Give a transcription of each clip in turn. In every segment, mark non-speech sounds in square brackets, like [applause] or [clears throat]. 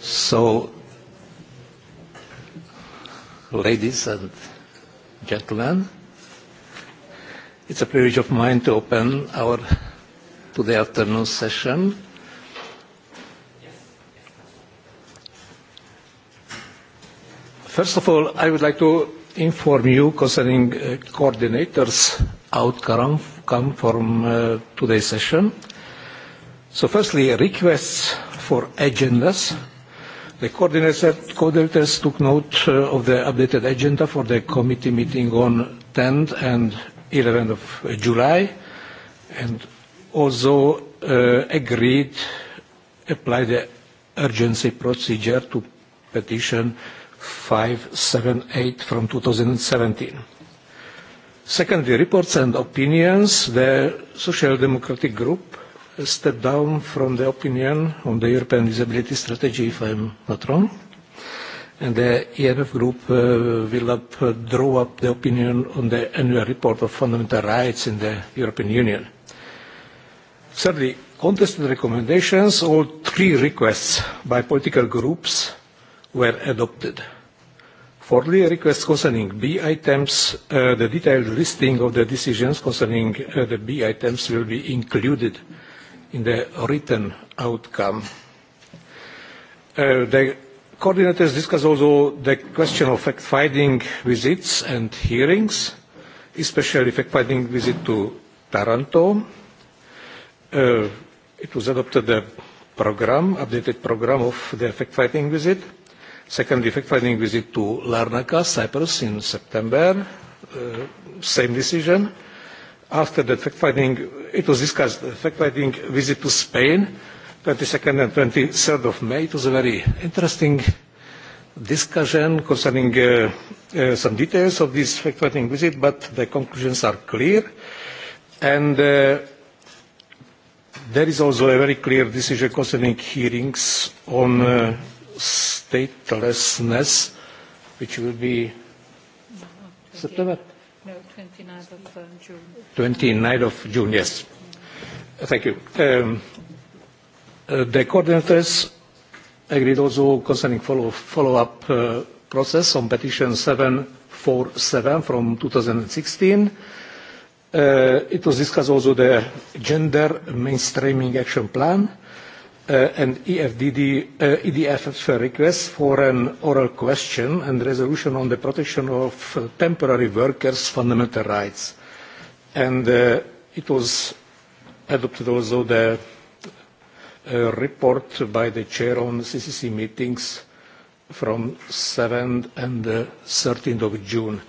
So, ladies and gentlemen, it's a privilege of mine to open our today afternoon session. First of all, I would like to inform you concerning uh, coordinators' outcome outcome from uh, today's session. So firstly, requests for agendas. The coordinators took note uh, of the updated agenda for the committee meeting on 10th and 11th of July, and also uh, agreed apply the urgency procedure to petition 578 from 2017. Secondly, reports and opinions. The Social Democratic Group stepped down from the opinion on the European Disability Strategy, if I'm not wrong. And the ENF Group uh, will up, uh, draw up the opinion on the annual report of fundamental rights in the European Union. Thirdly, contested recommendations, all three requests by political groups were adopted. For the request concerning B items, uh, the detailed listing of the decisions concerning uh, the B items will be included in the written outcome. Uh, the coordinators discuss also the question of fact-finding visits and hearings, especially fact-finding visit to Taranto. Uh, it was adopted the program, updated program of the fact-finding visit second fact-finding visit to Larnaca, Cyprus in September, uh, same decision. After the fact-finding, it was discussed, the fact-finding visit to Spain, 22nd and 23rd of May. It was a very interesting discussion concerning uh, uh, some details of this fact-finding visit, but the conclusions are clear. And uh, there is also a very clear decision concerning hearings on uh, statelessness, which will be September? No, 29th of uh, June. 29th of June, yes. Thank you. Um, uh, the coordinators agreed also concerning follow-up follow up, uh, process on petition 747 from 2016. Uh, it was discussed also the gender mainstreaming action plan Uh, and EFDD, uh, EDF request for an oral question and resolution on the protection of uh, temporary workers' fundamental rights. And uh, it was adopted also the uh, report by the chair on CCC meetings from 7th and uh, 13th of June.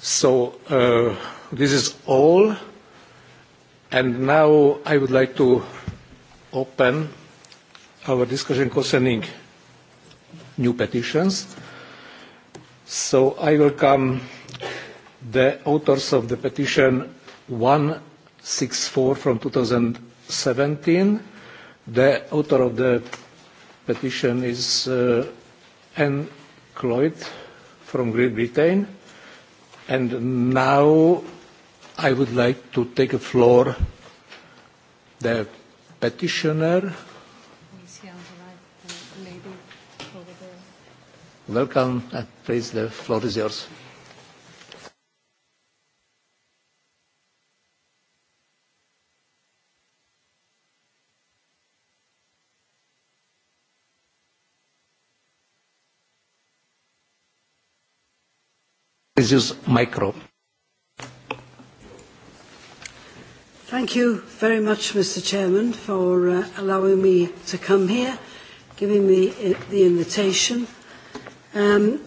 So uh, this is all. And now I would like to open our discussion concerning new petitions. So I welcome the authors of the petition 164 from 2017. The author of the petition is uh, Anne Cloyd from Great Britain. And now I would like to take the floor the petitioner Welcome and please the floor is yours. Please use micro. Thank you very much, Mr. Chairman, for uh, allowing me to come here, giving me the invitation Um,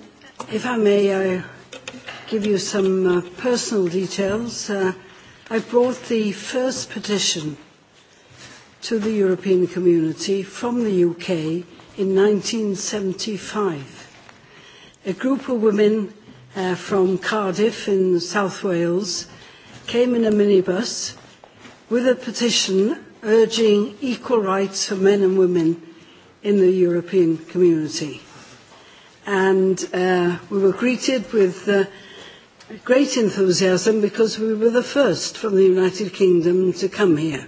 if I may, I uh, give you some uh, personal details. Uh, I brought the first petition to the European Community from the UK in 1975. A group of women uh, from Cardiff in South Wales came in a minibus with a petition urging equal rights for men and women in the European Community and uh, we were greeted with uh, great enthusiasm because we were the first from the United Kingdom to come here.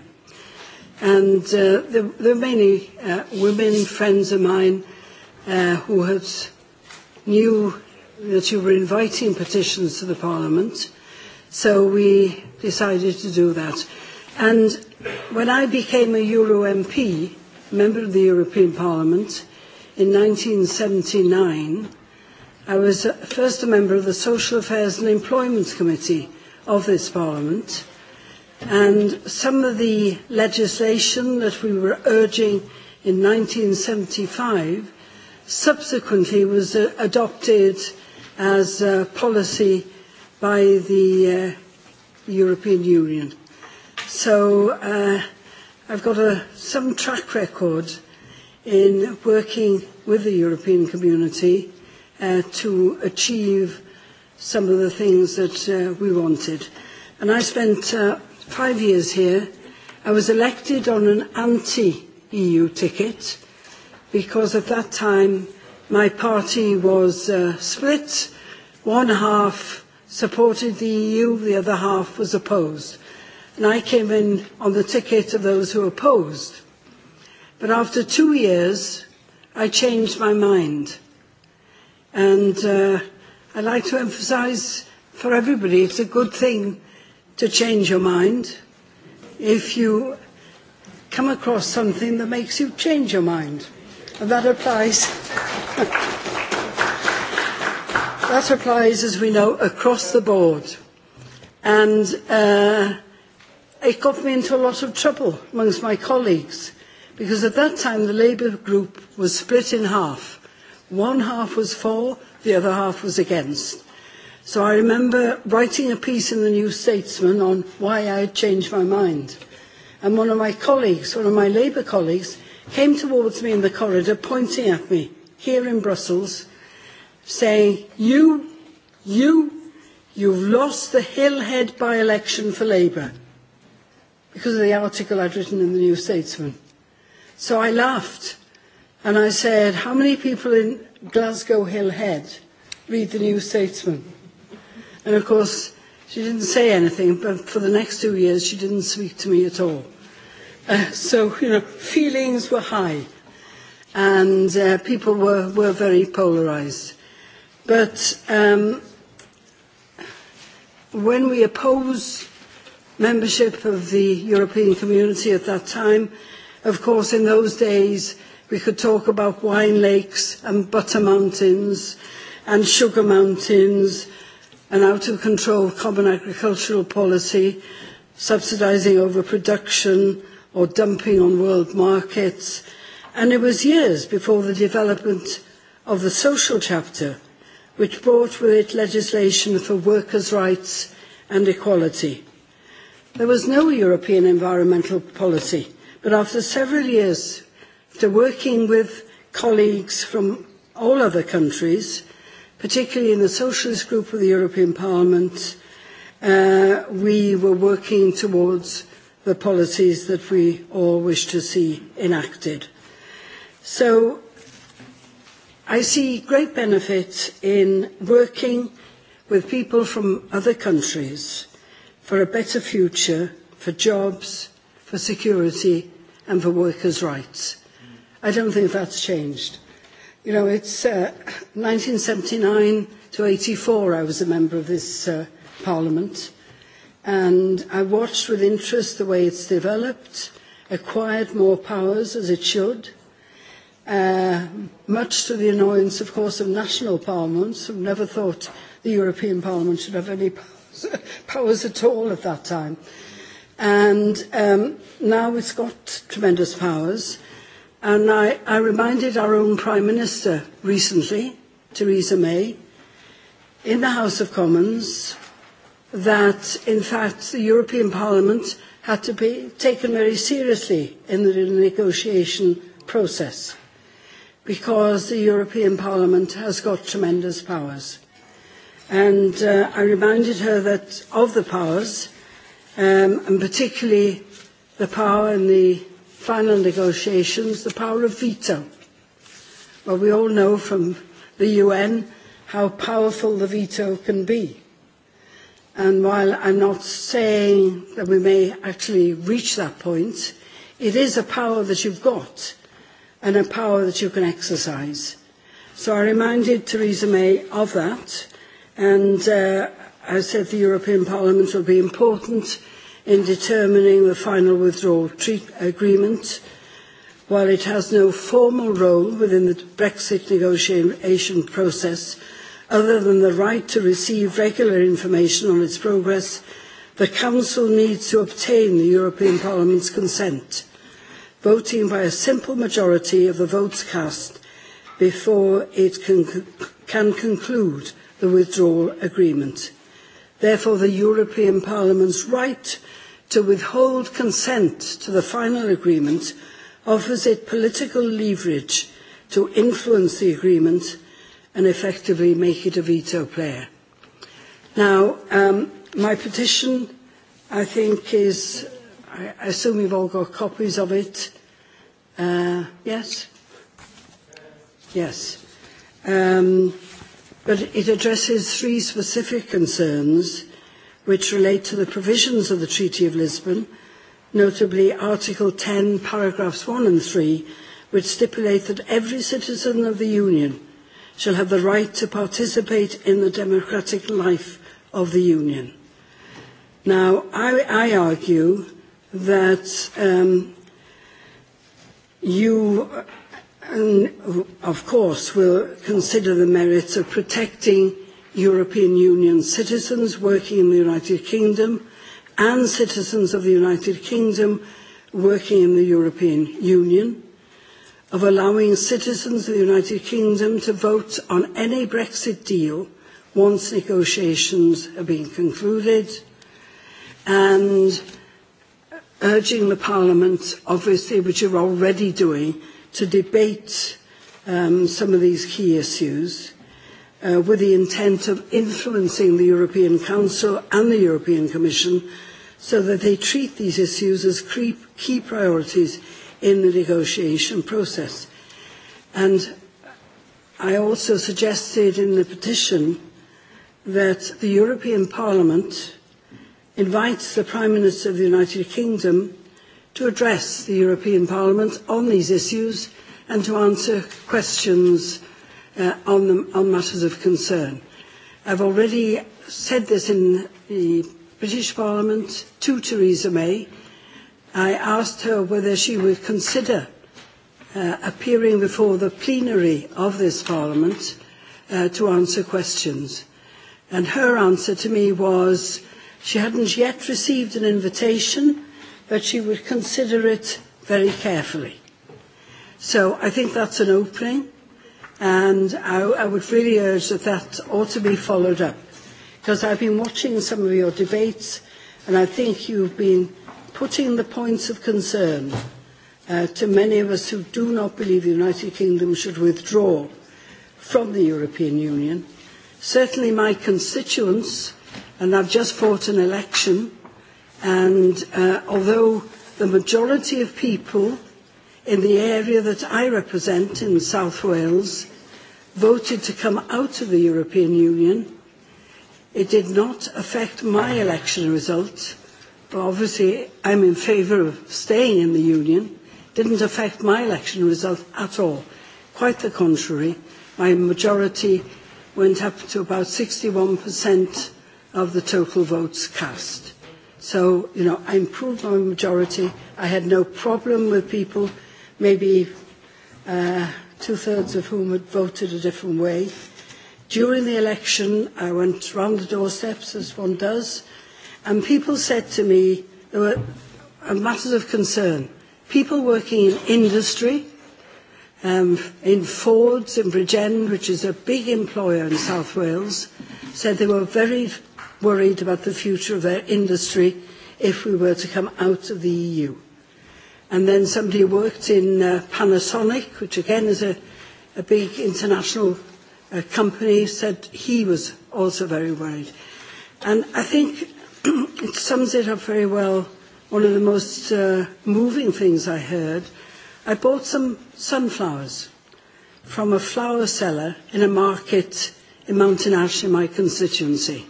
And uh, there, there are many uh, women, friends of mine, uh, who had knew that you were inviting petitions to the Parliament, so we decided to do that. And when I became a Euro MP, member of the European Parliament, in 1979, I was first a member of the Social Affairs and Employment Committee of this Parliament, and some of the legislation that we were urging in 1975 subsequently was uh, adopted as a policy by the uh, European Union. So uh, I've got a, some track record in working with the European community uh, to achieve some of the things that uh, we wanted. And I spent uh, five years here. I was elected on an anti-EU ticket because at that time my party was uh, split. One half supported the EU, the other half was opposed. And I came in on the ticket of those who opposed But after two years, I changed my mind. And uh, I like to emphasize for everybody it's a good thing to change your mind if you come across something that makes you change your mind. And that applies. [laughs] that applies, as we know, across the board. And uh, it got me into a lot of trouble amongst my colleagues because at that time the Labour group was split in half. One half was for, the other half was against. So I remember writing a piece in the New Statesman on why I had changed my mind. And one of my colleagues, one of my Labour colleagues, came towards me in the corridor pointing at me here in Brussels saying, you, you, you've lost the Hillhead by-election for Labour because of the article I'd written in the New Statesman. So I laughed and I said, How many people in Glasgow Hill Head read the New Statesman? And of course, she didn't say anything, but for the next two years, she didn't speak to me at all. Uh, so, you know, feelings were high and uh, people were, were very polarised. But um, when we opposed membership of the European community at that time, Of course, in those days, we could talk about wine lakes and butter mountains and sugar mountains and out of control common agricultural policy, subsidising overproduction or dumping on world markets. And it was years before the development of the social chapter, which brought with it legislation for workers' rights and equality. There was no European environmental policy But after several years, after working with colleagues from all other countries, particularly in the socialist group of the European Parliament, uh, we were working towards the policies that we all wish to see enacted. So I see great benefit in working with people from other countries for a better future, for jobs, for security and for workers' rights. I don't think that's changed. You know, it's uh, 1979 to 84 I was a member of this uh, parliament and I watched with interest the way it's developed, acquired more powers as it should, uh, much to the annoyance, of course, of national parliaments who never thought the European Parliament should have any powers, [laughs] powers at all at that time. And um, now it's got tremendous powers. And I, I reminded our own Prime Minister recently, Theresa May, in the House of Commons, that in fact the European Parliament had to be taken very seriously in the negotiation process because the European Parliament has got tremendous powers. And uh, I reminded her that of the powers, um, and particularly the power in the final negotiations, the power of veto. Well, we all know from the UN how powerful the veto can be. And while I'm not saying that we may actually reach that point, it is a power that you've got and a power that you can exercise. So I reminded Theresa May of that, and uh, said the European Parliament will be important in determining the final withdrawal treat agreement. While it has no formal role within the Brexit negotiation process, other than the right to receive regular information on its progress, the Council needs to obtain the European Parliament's consent, voting by a simple majority of the votes cast before it can, can conclude the withdrawal agreement. Therefore, the European Parliament's right to withhold consent to the final agreement offers it political leverage to influence the agreement and effectively make it a veto player. Now, um, my petition, I think, is, I assume you've all got copies of it. Uh, yes? Yes. Um, but it addresses three specific concerns which relate to the provisions of the Treaty of Lisbon, notably Article 10, paragraphs 1 and 3, which stipulate that every citizen of the Union shall have the right to participate in the democratic life of the Union. Now, I, I argue that um, you and of course will consider the merits of protecting European Union citizens working in the United Kingdom and citizens of the United Kingdom working in the European Union, of allowing citizens of the United Kingdom to vote on any Brexit deal once negotiations have been concluded, and urging the Parliament, obviously, which you're already doing, to debate um, some of these key issues uh, with the intent of influencing the European Council and the European Commission so that they treat these issues as key priorities in the negotiation process. And I also suggested in the petition that the European Parliament invites the Prime Minister of the United Kingdom to address the European Parliament on these issues and to answer questions uh, on, them, on matters of concern. I have already said this in the British Parliament to Theresa May. I asked her whether she would consider uh, appearing before the plenary of this Parliament uh, to answer questions. And her answer to me was she hadn't yet received an invitation that she would consider it very carefully. So I think that's an opening, and I, I would really urge that that ought to be followed up. Because I've been watching some of your debates, and I think you've been putting the points of concern uh, to many of us who do not believe the United Kingdom should withdraw from the European Union. Certainly my constituents, and I've just fought an election And uh, although the majority of people in the area that I represent in South Wales voted to come out of the European Union, it did not affect my election result. But obviously, I'm in favour of staying in the Union. Didn't affect my election result at all. Quite the contrary. My majority went up to about 61% of the total votes cast. So, you know, I improved my majority. I had no problem with people, maybe uh, two-thirds of whom had voted a different way. During the election, I went round the doorsteps, as one does, and people said to me, there were uh, matters of concern. People working in industry, um, in Ford's, in Bridgend, which is a big employer in South Wales, said they were very worried about the future of their industry if we were to come out of the EU. And then somebody worked in uh, Panasonic, which again is a, a big international uh, company, said he was also very worried. And I think [clears throat] it sums it up very well. One of the most uh, moving things I heard, I bought some sunflowers from a flower seller in a market in Mountain Ash in my constituency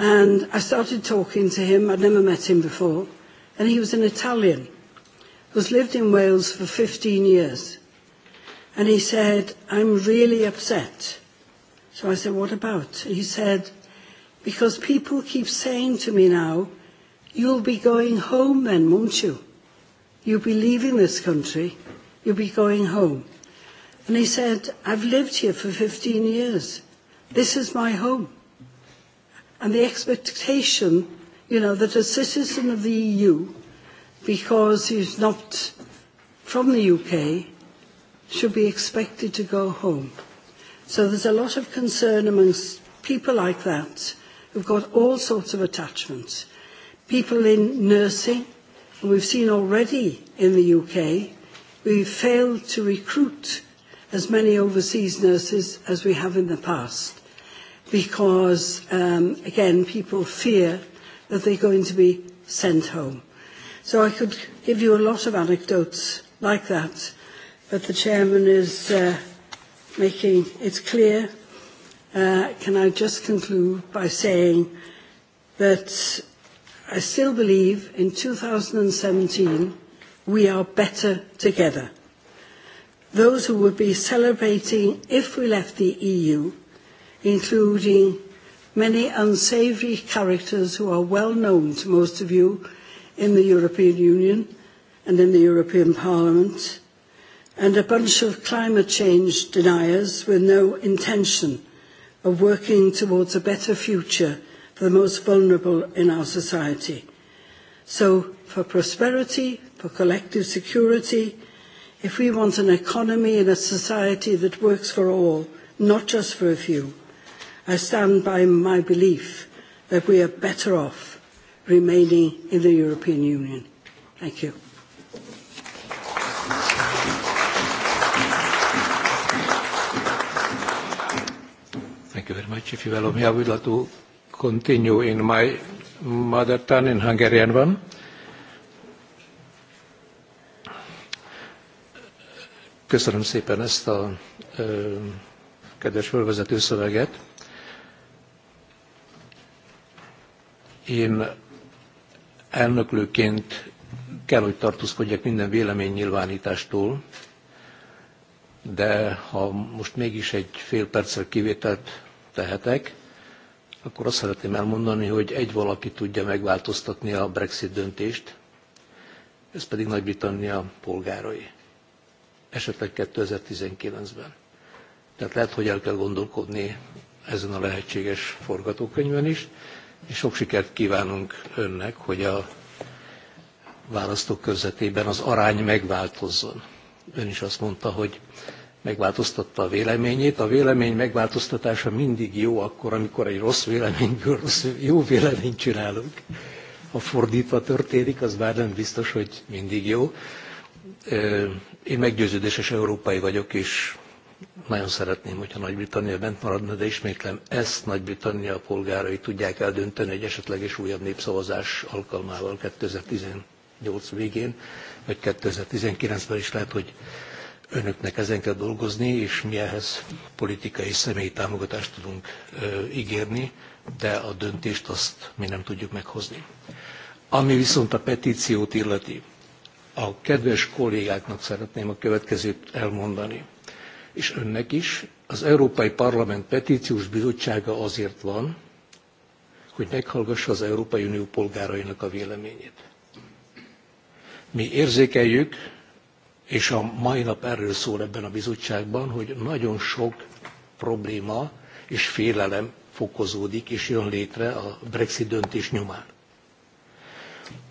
And I started talking to him. I'd never met him before. And he was an Italian who's lived in Wales for 15 years. And he said, I'm really upset. So I said, what about? He said, because people keep saying to me now, you'll be going home then, won't you? You'll be leaving this country. You'll be going home. And he said, I've lived here for 15 years. This is my home and the expectation, you know, that a citizen of the EU, because he's not from the UK, should be expected to go home. So there's a lot of concern amongst people like that who've got all sorts of attachments. People in nursing, and we've seen already in the UK, we've failed to recruit as many overseas nurses as we have in the past because, um, again, people fear that they're going to be sent home. So I could give you a lot of anecdotes like that, but the chairman is uh, making it clear. Uh, can I just conclude by saying that I still believe in 2017 we are better together. Those who would be celebrating if we left the EU including many unsavoury characters who are well known to most of you in the European Union and in the European Parliament, and a bunch of climate change deniers with no intention of working towards a better future for the most vulnerable in our society. So for prosperity, for collective security, if we want an economy and a society that works for all, not just for a few, i stand by my belief that we are better off remaining in the European Union. Thank you. Thank you very much. If you allow me, I would like to continue in my mother tongue in Hungarian one. Köszönöm szépen ezt a ö, kedves fölvezető szöveget. Én elnöklőként kell, hogy tartózkodjak minden véleménynyilvánítástól, de ha most mégis egy fél perccel kivételt tehetek, akkor azt szeretném elmondani, hogy egy valaki tudja megváltoztatni a Brexit döntést, ez pedig Nagy-Britannia polgárai, esetleg 2019-ben. Tehát lehet, hogy el kell gondolkodni ezen a lehetséges forgatókönyvön is és sok sikert kívánunk önnek, hogy a választók közvetében az arány megváltozzon. Ön is azt mondta, hogy megváltoztatta a véleményét. A vélemény megváltoztatása mindig jó akkor, amikor egy rossz véleményből rossz, jó véleményt csinálunk. Ha fordítva történik, az már nem biztos, hogy mindig jó. Én meggyőződéses európai vagyok, és Nagyon szeretném, hogyha Nagy-Britannia bent maradna, de ismétlem, ezt Nagy-Britannia polgárai tudják eldönteni egy esetleges újabb népszavazás alkalmával 2018 végén, vagy 2019-ben is lehet, hogy önöknek ezen kell dolgozni, és mi ehhez politikai személyi támogatást tudunk ö, ígérni, de a döntést azt mi nem tudjuk meghozni. Ami viszont a petíciót illeti, a kedves kollégáknak szeretném a következőt elmondani és önnek is, az Európai Parlament Petíciós Bizottsága azért van, hogy meghallgassa az Európai Unió polgárainak a véleményét. Mi érzékeljük, és a mai nap erről szól ebben a bizottságban, hogy nagyon sok probléma és félelem fokozódik és jön létre a Brexit döntés nyomán.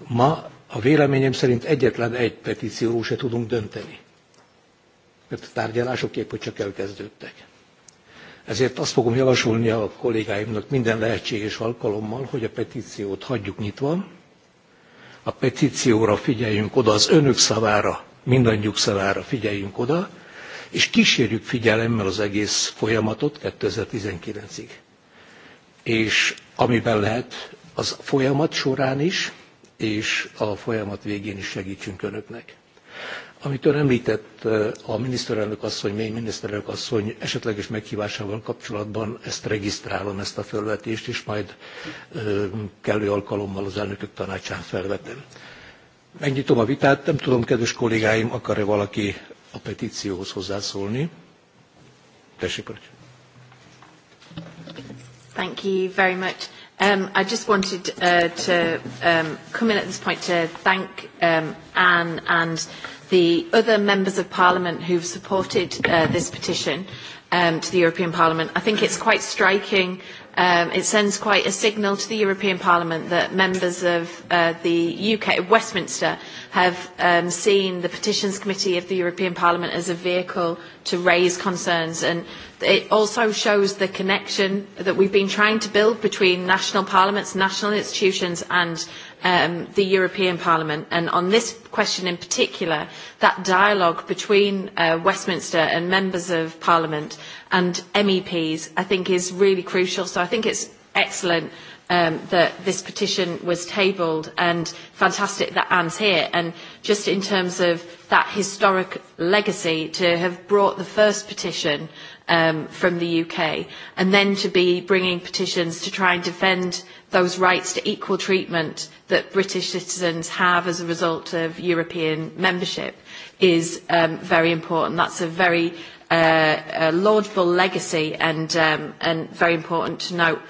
Ma a véleményem szerint egyetlen egy petícióról se tudunk dönteni mert a tárgyalások épp, hogy csak elkezdődtek. Ezért azt fogom javasolni a kollégáimnak minden lehetséges alkalommal, hogy a petíciót hagyjuk nyitva, a petícióra figyeljünk oda, az önök szavára, mindannyiuk szavára figyeljünk oda, és kísérjük figyelemmel az egész folyamatot 2019-ig. És amiben lehet, az folyamat során is, és a folyamat végén is segítsünk önöknek. Amitől említett a miniszterelnök asszony, mély miniszterelnök asszony esetleges meghívásával kapcsolatban, ezt regisztrálom, ezt a felvetést, és majd kellő alkalommal az elnökök tanácsán felvetem. Megnyitom a vitát, nem tudom, kedves kollégáim, akar-e valaki a petícióhoz hozzászólni? Tessék, parancsolj. Thank you very much. Um, I just wanted uh, to um, come in at this point to thank um, Anne and the other members of parliament who've supported uh, this petition um, to the European Parliament. I think it's quite striking. Um, it sends quite a signal to the European Parliament that members of uh, the UK, Westminster, have um, seen the Petitions Committee of the European Parliament as a vehicle to raise concerns. And it also shows the connection that we've been trying to build between national parliaments, national institutions, and um, the European Parliament and on this question in particular, that dialogue between uh, Westminster and members of Parliament and MEPs I think is really crucial. So I think it's excellent um, that this petition was tabled and fantastic that Anne's here. And just in terms of that historic legacy to have brought the first petition um, from the UK, and then to be bringing petitions to try and defend those rights to equal treatment that British citizens have as a result of European membership is um, very important. That's a very uh, a laudable legacy and, um, and very important to note.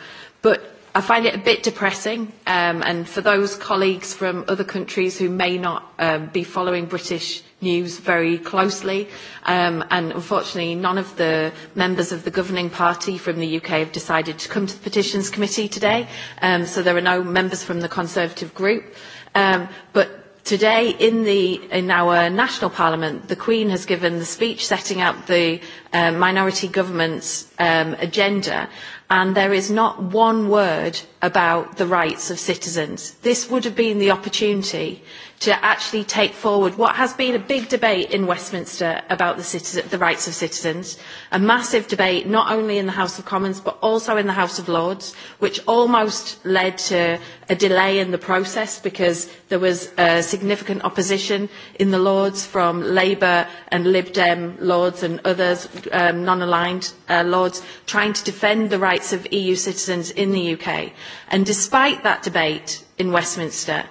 But I find it a bit depressing, um, and for those colleagues from other countries who may not um, be following British news very closely. Um, and unfortunately, none of the members of the governing party from the UK have decided to come to the Petitions Committee today. Um, so there are no members from the Conservative group. Um, but Today, in, the, in our national parliament, the Queen has given the speech setting out the uh, minority government's um, agenda, and there is not one word about the rights of citizens. This would have been the opportunity to actually take forward what has been a big debate in Westminster about the, citizen, the rights of citizens, a massive debate not only in the House of Commons but also in the House of Lords, which almost led to a delay in the process because there was significant opposition in the Lords from Labour and Lib Dem Lords and others, um, non-aligned uh, Lords, trying to defend the rights of EU citizens in the UK. And despite that debate in Westminster,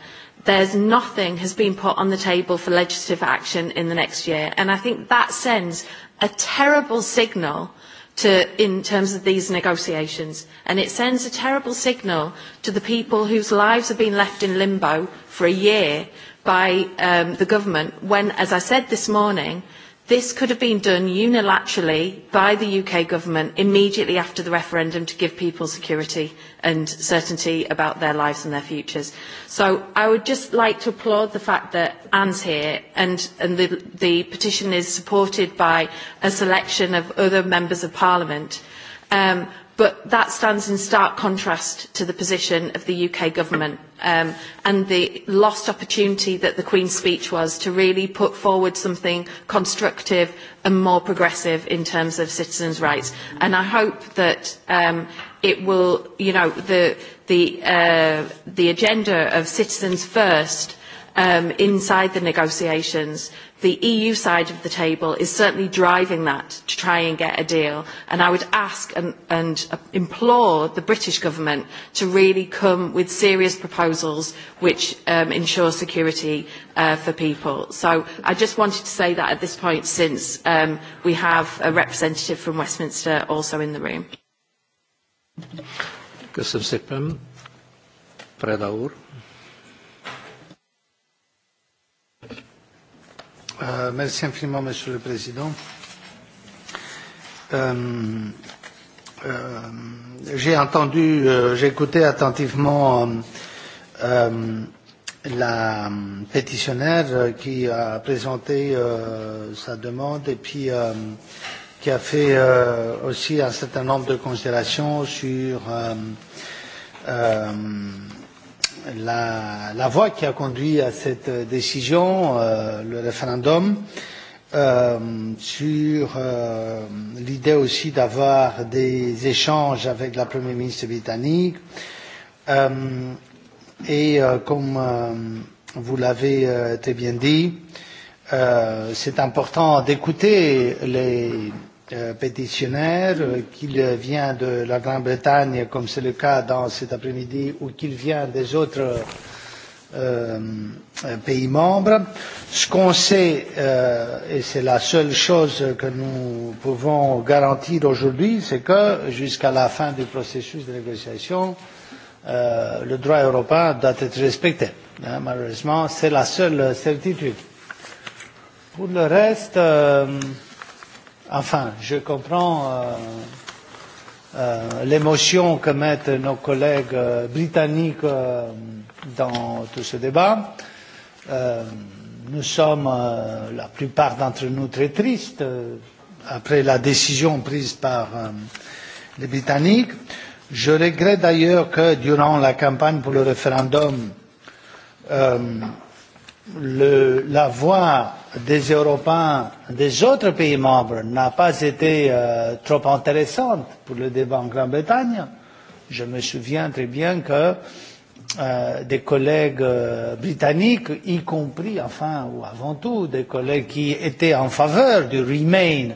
there's nothing has been put on the table for legislative action in the next year. And I think that sends a terrible signal to, in terms of these negotiations. And it sends a terrible signal to the people whose lives have been left in limbo for a year by um, the government when, as I said this morning, This could have been done unilaterally by the UK government immediately after the referendum to give people security and certainty about their lives and their futures. So I would just like to applaud the fact that Anne's here and, and the, the petition is supported by a selection of other members of parliament. Um, but that stands in stark contrast to the position of the UK government um, and the lost opportunity that the Queen's speech was to really put forward something constructive and more progressive in terms of citizens' rights. And I hope that um, it will, you know, the, the, uh, the agenda of citizens first um, inside the negotiations the EU side of the table is certainly driving that to try and get a deal. And I would ask and, and implore the British government to really come with serious proposals which um, ensure security uh, for people. So I just wanted to say that at this point since um, we have a representative from Westminster also in the room. Euh, merci infiniment, Monsieur le Président. Euh, euh, j'ai entendu, euh, j'ai écouté attentivement euh, euh, la pétitionnaire qui a présenté euh, sa demande et puis euh, qui a fait euh, aussi un certain nombre de considérations sur euh, euh, la, la voie qui a conduit à cette décision, euh, le référendum, euh, sur euh, l'idée aussi d'avoir des échanges avec la Première ministre britannique. Euh, et euh, comme euh, vous l'avez euh, très bien dit, euh, c'est important d'écouter les Euh, pétitionnaire, euh, qu'il vient de la Grande-Bretagne, comme c'est le cas dans cet après-midi, ou qu'il vient des autres euh, euh, pays membres. Ce qu'on sait, euh, et c'est la seule chose que nous pouvons garantir aujourd'hui, c'est que jusqu'à la fin du processus de négociation, euh, le droit européen doit être respecté. Hein, malheureusement, c'est la seule certitude. Pour le reste, euh, Enfin, je comprends euh, euh, l'émotion que mettent nos collègues euh, britanniques euh, dans tout ce débat. Euh, nous sommes, euh, la plupart d'entre nous, très tristes euh, après la décision prise par euh, les Britanniques. Je regrette d'ailleurs que durant la campagne pour le référendum, euh, le, la voix des Européens des autres pays membres n'a pas été euh, trop intéressante pour le débat en Grande-Bretagne. Je me souviens très bien que euh, des collègues euh, britanniques, y compris, enfin, ou avant tout, des collègues qui étaient en faveur du Remain,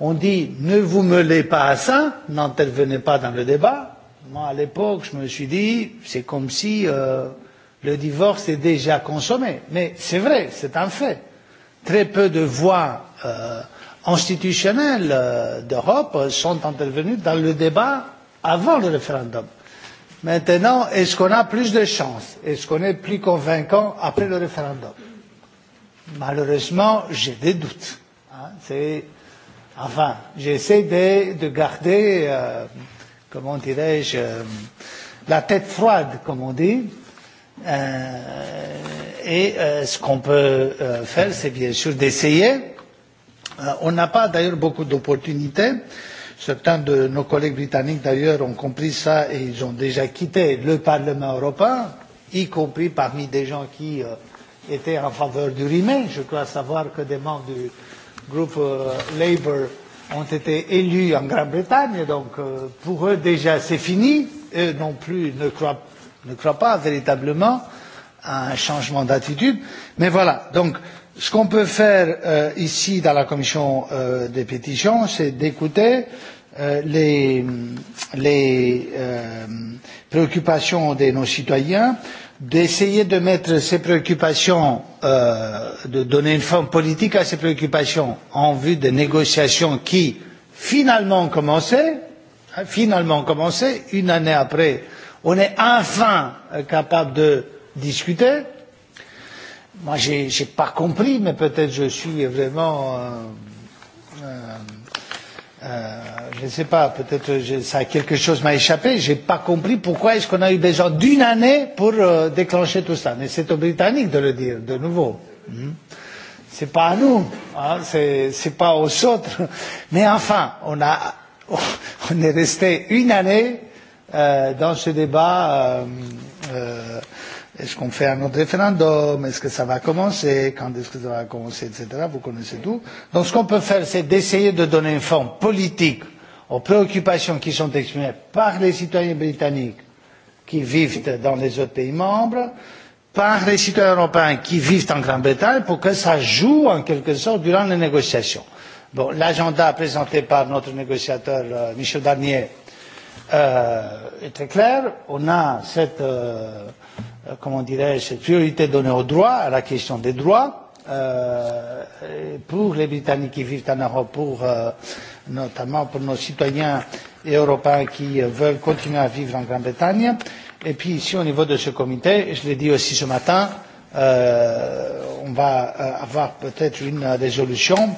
ont dit ne vous mêlez pas à ça, n'intervenez pas dans le débat. Moi, à l'époque, je me suis dit, c'est comme si euh, le divorce est déjà consommé. Mais c'est vrai, c'est un fait. Très peu de voix euh, institutionnelles euh, d'Europe sont intervenues dans le débat avant le référendum. Maintenant, est-ce qu'on a plus de chances Est-ce qu'on est plus convaincant après le référendum Malheureusement, j'ai des doutes. Hein, Enfin, j'essaie de, de garder, euh, comment dirais-je, euh, la tête froide, comme on dit, Euh, et euh, ce qu'on peut euh, faire, c'est bien sûr d'essayer. Euh, on n'a pas d'ailleurs beaucoup d'opportunités. Certains de nos collègues britanniques d'ailleurs ont compris ça et ils ont déjà quitté le Parlement européen, y compris parmi des gens qui euh, étaient en faveur du remain. Je crois savoir que des membres du groupe euh, Labour ont été élus en Grande-Bretagne, donc euh, pour eux déjà c'est fini. Eux non plus ne croient ne crois pas véritablement à un changement d'attitude. Mais voilà, donc ce qu'on peut faire euh, ici dans la commission euh, des pétitions, c'est d'écouter euh, les, les euh, préoccupations de nos citoyens, d'essayer de mettre ces préoccupations, euh, de donner une forme politique à ces préoccupations en vue des négociations qui finalement ont commencé, hein, finalement commencé une année après euh, on est enfin euh, capable de discuter. Moi, je n'ai pas compris, mais peut-être je suis vraiment. Euh, euh, euh, je ne sais pas, peut-être ça quelque chose m'a échappé. Je n'ai pas compris pourquoi est-ce qu'on a eu besoin d'une année pour euh, déclencher tout ça. Mais c'est aux Britanniques de le dire, de nouveau. Mmh. Ce n'est pas à nous, hein, ce n'est pas aux autres. Mais enfin, on, a, [laughs] on est resté une année euh, dans ce débat, euh, euh, est-ce qu'on fait un autre référendum, est-ce que ça va commencer, quand est-ce que ça va commencer, etc. Vous connaissez tout. Donc ce qu'on peut faire, c'est d'essayer de donner une forme politique aux préoccupations qui sont exprimées par les citoyens britanniques qui vivent dans les autres pays membres, par les citoyens européens qui vivent en Grande-Bretagne, pour que ça joue en quelque sorte durant les négociations. Bon, l'agenda présenté par notre négociateur euh, Michel Barnier euh, très clair. On a cette, euh, comment dirais cette priorité donnée au droit, à la question des droits. Euh, pour les Britanniques qui vivent en Europe, pour, euh, notamment pour nos citoyens européens qui euh, veulent continuer à vivre en Grande-Bretagne. Et puis ici, au niveau de ce comité, je l'ai dit aussi ce matin, euh, on va euh, avoir peut-être une résolution euh,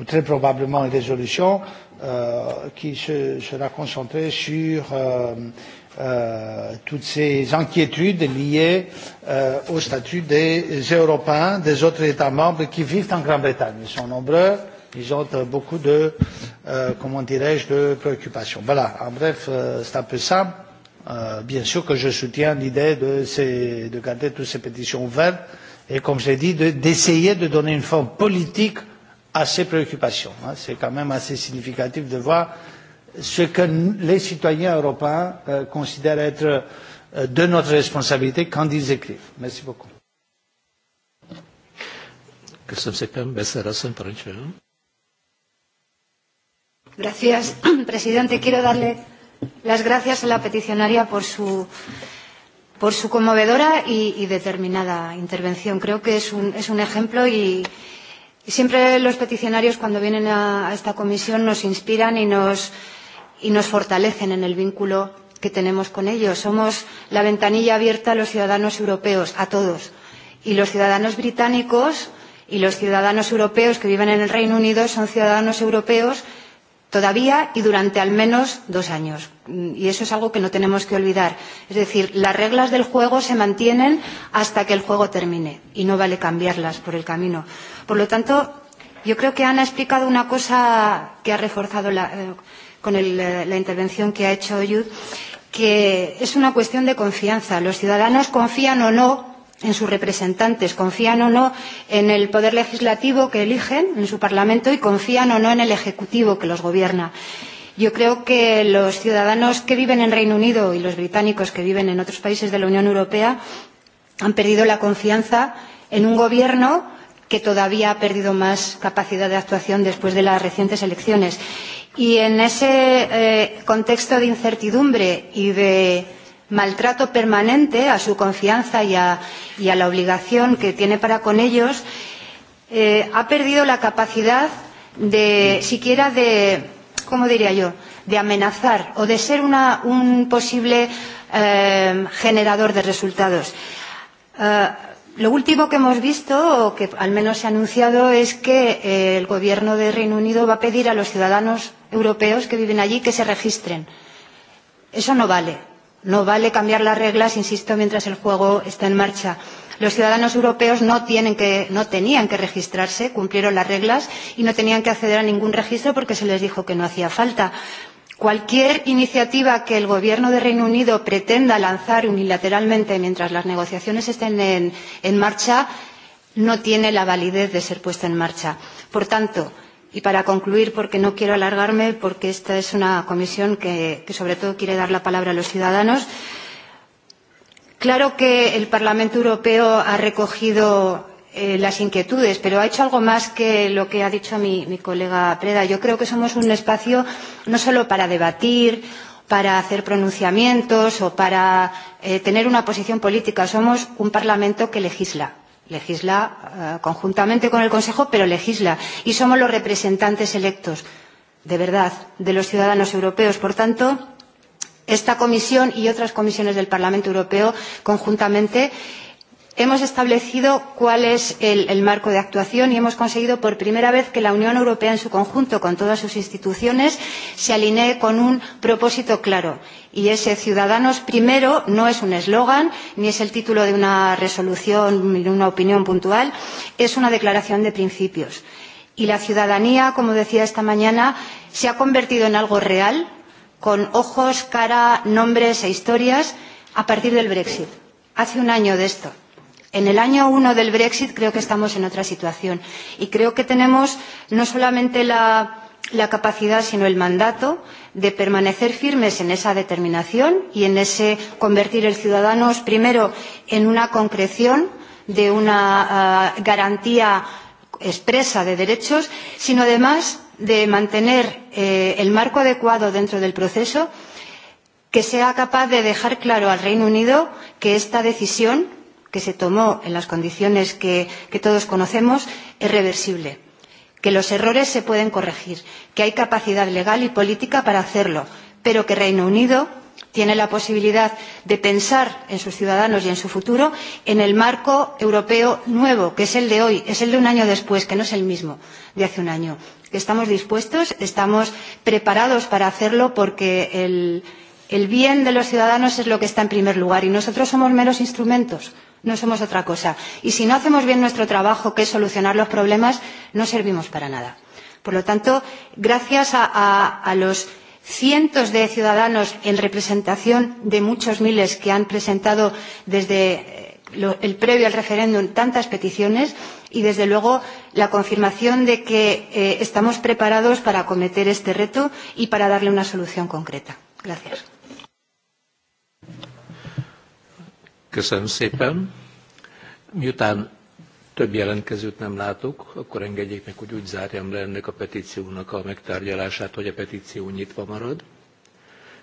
ou très probablement une résolution euh, qui se, sera concentrée sur euh, euh, toutes ces inquiétudes liées euh, au statut des Européens, des autres États membres qui vivent en Grande-Bretagne. Ils sont nombreux, ils ont euh, beaucoup de, euh, comment dirais-je, de préoccupations. Voilà, en bref, euh, c'est un peu ça. Euh, bien sûr que je soutiens l'idée de, de garder toutes ces pétitions ouvertes et, comme je l'ai dit, d'essayer de, de donner une forme politique à ces préoccupations. C'est quand même assez significatif de voir ce que les citoyens européens euh, considèrent être euh, de notre responsabilité quand ils écrivent. Merci beaucoup. Gracias, [clears throat] presidente. Quiero darle las gracias a la peticionaria por su, por su conmovedora y, y determinada intervención. Creo que es un, es un ejemplo y, Siempre los peticionarios cuando vienen a, a esta comisión nos inspiran y nos, y nos fortalecen en el vínculo que tenemos con ellos. Somos la ventanilla abierta a los ciudadanos europeos, a todos. Y los ciudadanos británicos y los ciudadanos europeos que viven en el Reino Unido son ciudadanos europeos todavía y durante al menos dos años. Y eso es algo que no tenemos que olvidar. Es decir, las reglas del juego se mantienen hasta que el juego termine y no vale cambiarlas por el camino. Por lo tanto, yo creo que Ana ha explicado una cosa que ha reforzado la, eh, con el, eh, la intervención que ha hecho Yud, que es una cuestión de confianza. Los ciudadanos confían o no en sus representantes, confían o no en el poder legislativo que eligen en su Parlamento y confían o no en el Ejecutivo que los gobierna. Yo creo que los ciudadanos que viven en Reino Unido y los británicos que viven en otros países de la Unión Europea han perdido la confianza en un gobierno que todavía ha perdido más capacidad de actuación después de las recientes elecciones. Y en ese eh, contexto de incertidumbre y de maltrato permanente a su confianza y a, y a la obligación que tiene para con ellos, eh, ha perdido la capacidad de siquiera de, ¿cómo diría yo?, de amenazar o de ser una, un posible eh, generador de resultados. Eh, Lo último que hemos visto, o que al menos se ha anunciado, es que eh, el Gobierno del Reino Unido va a pedir a los ciudadanos europeos que viven allí que se registren. Eso no vale. No vale cambiar las reglas, insisto, mientras el juego está en marcha. Los ciudadanos europeos no, tienen que, no tenían que registrarse, cumplieron las reglas y no tenían que acceder a ningún registro porque se les dijo que no hacía falta. Cualquier iniciativa que el Gobierno del Reino Unido pretenda lanzar unilateralmente mientras las negociaciones estén en, en marcha no tiene la validez de ser puesta en marcha. Por tanto, y para concluir, porque no quiero alargarme, porque esta es una comisión que, que sobre todo quiere dar la palabra a los ciudadanos, claro que el Parlamento Europeo ha recogido eh, las inquietudes, pero ha hecho algo más que lo que ha dicho mi, mi colega Preda. Yo creo que somos un espacio no solo para debatir, para hacer pronunciamientos o para eh, tener una posición política. Somos un Parlamento que legisla. Legisla eh, conjuntamente con el Consejo, pero legisla. Y somos los representantes electos, de verdad, de los ciudadanos europeos. Por tanto, esta comisión y otras comisiones del Parlamento Europeo conjuntamente hemos establecido cuál es el, el marco de actuación y hemos conseguido por primera vez que la Unión Europea en su conjunto, con todas sus instituciones, se alinee con un propósito claro. Y ese Ciudadanos primero no es un eslogan ni es el título de una resolución ni una opinión puntual, es una declaración de principios. Y la ciudadanía, como decía esta mañana, se ha convertido en algo real, con ojos, cara, nombres e historias, a partir del Brexit. Hace un año de esto En el año uno del Brexit creo que estamos en otra situación y creo que tenemos no solamente la, la capacidad, sino el mandato de permanecer firmes en esa determinación y en ese convertir el ciudadano primero en una concreción de una uh, garantía expresa de derechos, sino además de mantener eh, el marco adecuado dentro del proceso que sea capaz de dejar claro al Reino Unido que esta decisión que se tomó en las condiciones que, que todos conocemos es reversible, que los errores se pueden corregir, que hay capacidad legal y política para hacerlo, pero que Reino Unido tiene la posibilidad de pensar en sus ciudadanos y en su futuro en el marco europeo nuevo, que es el de hoy, es el de un año después, que no es el mismo de hace un año. Estamos dispuestos, estamos preparados para hacerlo porque el, El bien de los ciudadanos es lo que está en primer lugar y nosotros somos meros instrumentos, no somos otra cosa. Y si no hacemos bien nuestro trabajo, que es solucionar los problemas, no servimos para nada. Por lo tanto, gracias a, a, a los cientos de ciudadanos en representación de muchos miles que han presentado desde eh, lo, el previo al referéndum tantas peticiones y, desde luego, la confirmación de que eh, estamos preparados para acometer este reto y para darle una solución concreta. Gracias. Köszönöm szépen. Miután több jelentkezőt nem látok, akkor engedjék meg, hogy úgy zárjam le ennek a petíciónak a megtárgyalását, hogy a petíció nyitva marad.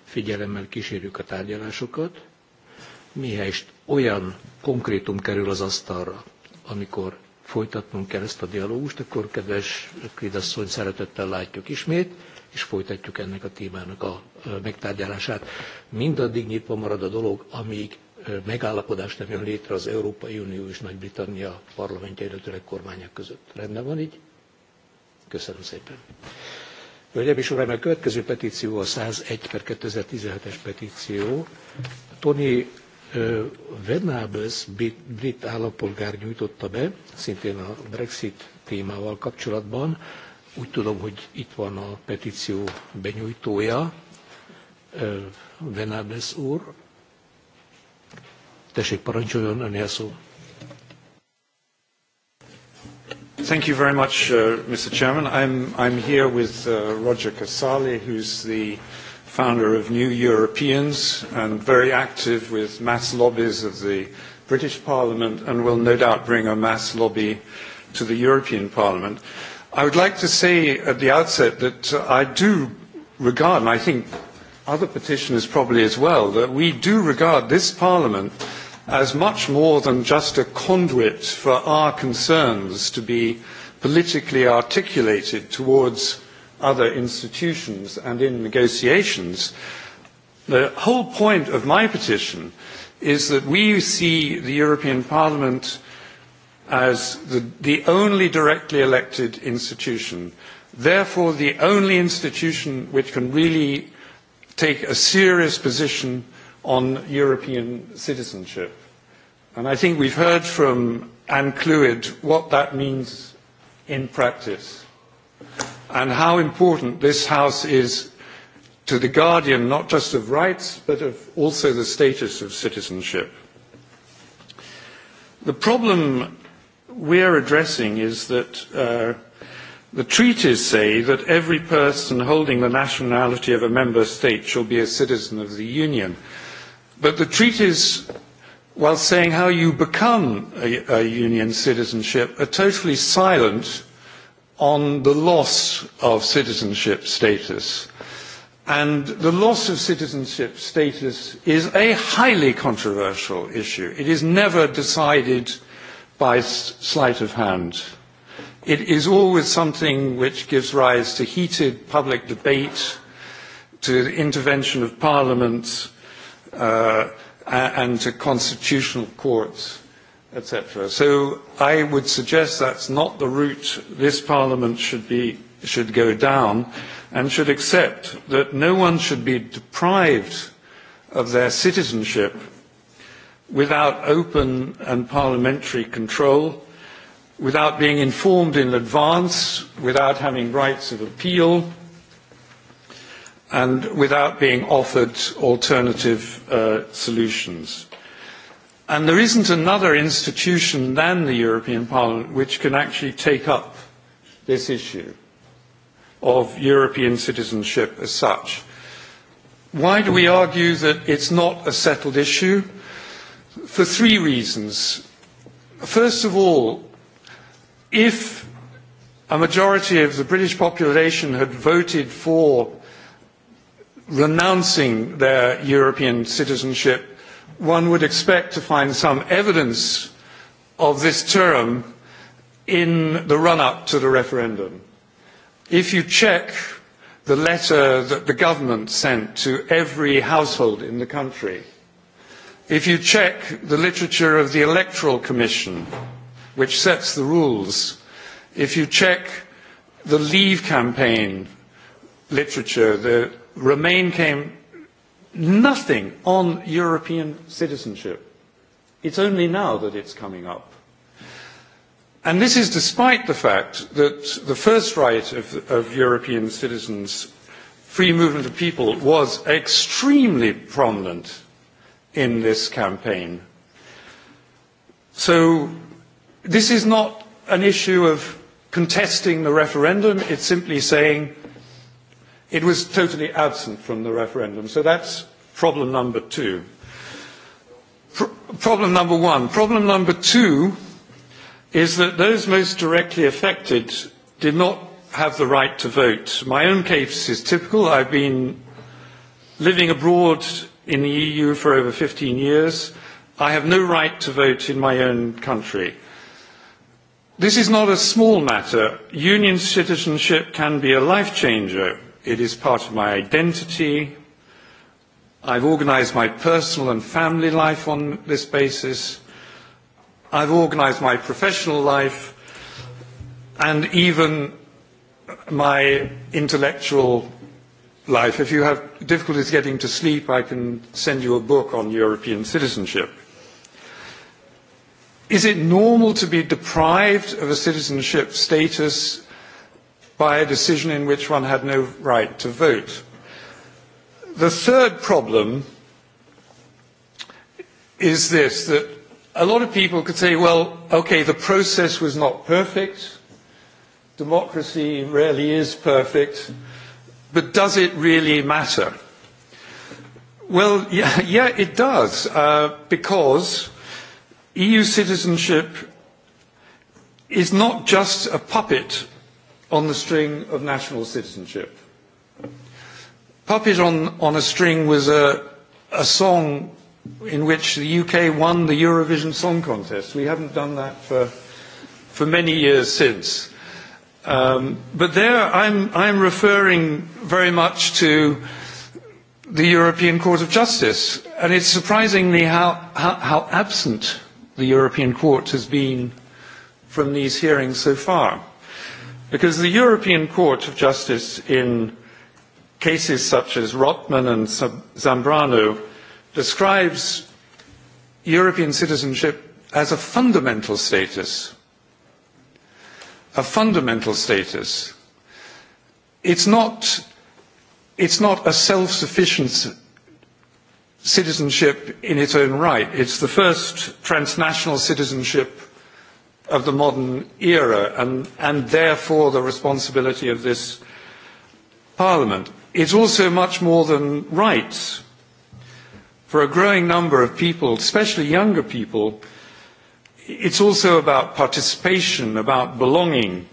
Figyelemmel kísérjük a tárgyalásokat. Mihelyst olyan konkrétum kerül az asztalra, amikor folytatnunk kell ezt a dialógust, akkor kedves Kridasszony szeretettel látjuk ismét, és folytatjuk ennek a témának a megtárgyalását. Mindaddig nyitva marad a dolog, amíg megállapodást, ami jön létre az Európai Unió és Nagy-Britannia parlamentje, illetőleg kormányak között. Rendben van így? Köszönöm szépen. Hölgyeim és Uraim, a következő petíció a 101 per 2017-es petíció. Tony Venables, brit állampolgár nyújtotta be, szintén a Brexit témával kapcsolatban. Úgy tudom, hogy itt van a petíció benyújtója, Venables úr. Tessék, parancsoljon szó. Thank you very much, uh, Mr. Chairman. I'm, I'm here with uh, Roger Casale, who's the founder of New Europeans and very active with mass lobbies of the British Parliament and will no doubt bring a mass lobby to the European Parliament. I would like to say at the outset that uh, I do regard, and I think other petitioners probably as well, that we do regard this Parliament as much more than just a conduit for our concerns to be politically articulated towards other institutions and in negotiations. The whole point of my petition is that we see the European Parliament as the, the only directly elected institution, therefore the only institution which can really take a serious position on European citizenship. And I think we've heard from Anne Cluid what that means in practice and how important this House is to the guardian not just of rights but of also the status of citizenship. The problem we're addressing is that uh, the treaties say that every person holding the nationality of a member state shall be a citizen of the Union. But the treaties, while saying how you become a, a union citizenship, are totally silent on the loss of citizenship status. And the loss of citizenship status is a highly controversial issue. It is never decided by sleight of hand. It is always something which gives rise to heated public debate, to the intervention of parliaments, uh, and to constitutional courts, etc. So I would suggest that's not the route this Parliament should, be, should go down and should accept that no one should be deprived of their citizenship without open and parliamentary control, without being informed in advance, without having rights of appeal, and without being offered alternative uh, solutions. And there isn't another institution than the European Parliament which can actually take up this issue of European citizenship as such. Why do we argue that it's not a settled issue? For three reasons. First of all, if a majority of the British population had voted for renouncing their European citizenship, one would expect to find some evidence of this term in the run-up to the referendum. If you check the letter that the government sent to every household in the country, if you check the literature of the Electoral Commission, which sets the rules, if you check the Leave campaign literature, the Remain came nothing on European citizenship. It's only now that it's coming up. And this is despite the fact that the first right of, of European citizens, free movement of people, was extremely prominent in this campaign. So this is not an issue of contesting the referendum, it's simply saying It was totally absent from the referendum. So that's problem number two. Pro- problem number one. Problem number two is that those most directly affected did not have the right to vote. My own case is typical. I've been living abroad in the EU for over 15 years. I have no right to vote in my own country. This is not a small matter. Union citizenship can be a life changer It is part of my identity. I've organised my personal and family life on this basis. I've organised my professional life and even my intellectual life. If you have difficulties getting to sleep, I can send you a book on European citizenship. Is it normal to be deprived of a citizenship status by a decision in which one had no right to vote. The third problem is this, that a lot of people could say, well, okay, the process was not perfect. Democracy rarely is perfect. But does it really matter? Well, [laughs] yeah, yeah it does, uh, because EU citizenship is not just a puppet on the string of national citizenship. Puppet on, on a String was a, a song in which the UK won the Eurovision Song Contest. We haven't done that for, for many years since. Um, but there I'm, I'm referring very much to the European Court of Justice. And it's surprisingly how, how, how absent the European Court has been from these hearings so far. Because the European Court of Justice in cases such as Rotman and Zambrano describes European citizenship as a fundamental status. A fundamental status. It's not, it's not a self-sufficient citizenship in its own right. It's the first transnational citizenship of the modern era and, and therefore the responsibility of this parliament. It's also much more than rights. For a growing number of people, especially younger people, it's also about participation, about belonging,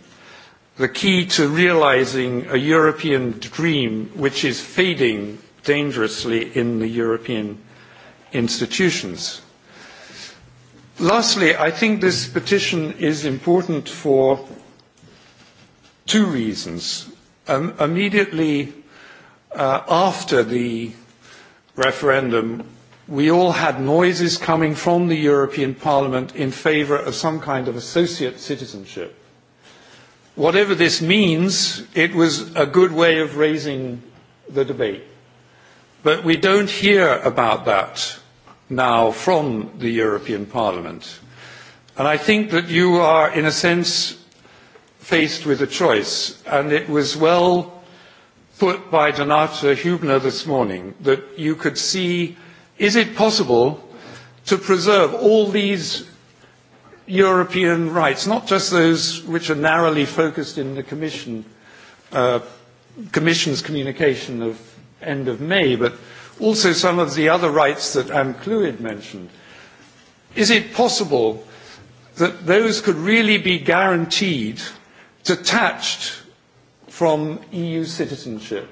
the key to realising a European dream which is fading dangerously in the European institutions. Lastly, I think this petition is important for two reasons. Um, immediately uh, after the referendum, we all had noises coming from the European Parliament in favour of some kind of associate citizenship. Whatever this means, it was a good way of raising the debate. But we don't hear about that now from the European Parliament. And I think that you are, in a sense, faced with a choice. And it was well put by Donata Hubner this morning that you could see, is it possible to preserve all these European rights, not just those which are narrowly focused in the Commission, uh, Commission's communication of end of May, but also some of the other rights that Anne Cluid mentioned. Is it possible that those could really be guaranteed, detached from EU citizenship,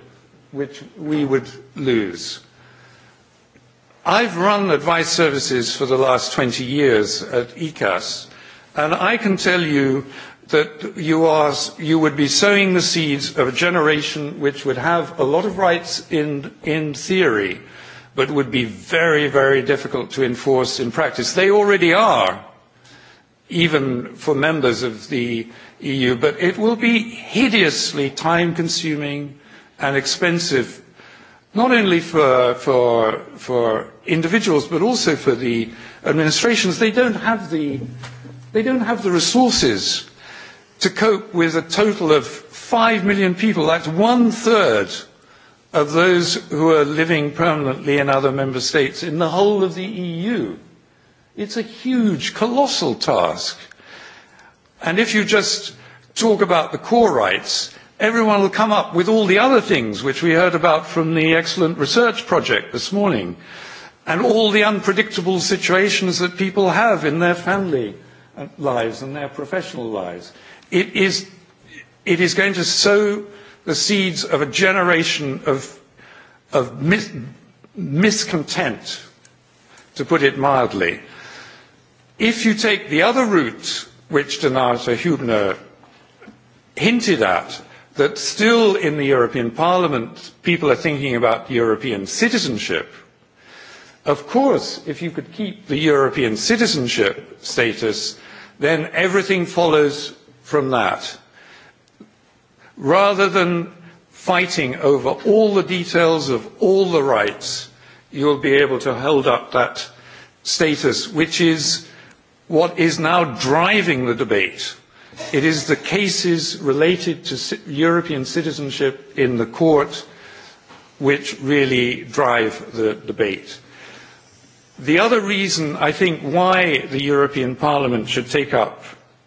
which we would lose? I've run advice services for the last 20 years at ECAS, and I can tell you that you, are, you would be sowing the seeds of a generation which would have a lot of rights in, in theory, but would be very, very difficult to enforce in practice. They already are, even for members of the EU, but it will be hideously time-consuming and expensive, not only for, for, for individuals, but also for the administrations. They don't have the, they don't have the resources to cope with a total of 5 million people. That's one third of those who are living permanently in other member states in the whole of the EU. It's a huge, colossal task. And if you just talk about the core rights, everyone will come up with all the other things which we heard about from the excellent research project this morning and all the unpredictable situations that people have in their family lives and their professional lives it is, it is going to sow the seeds of a generation of, of mis, miscontent, to put it mildly. If you take the other route, which Donata Hübner hinted at, that still in the European Parliament people are thinking about European citizenship, of course, if you could keep the European citizenship status, then everything follows from that. Rather than fighting over all the details of all the rights, you'll be able to hold up that status, which is what is now driving the debate. It is the cases related to European citizenship in the court which really drive the debate. The other reason I think why the European Parliament should take up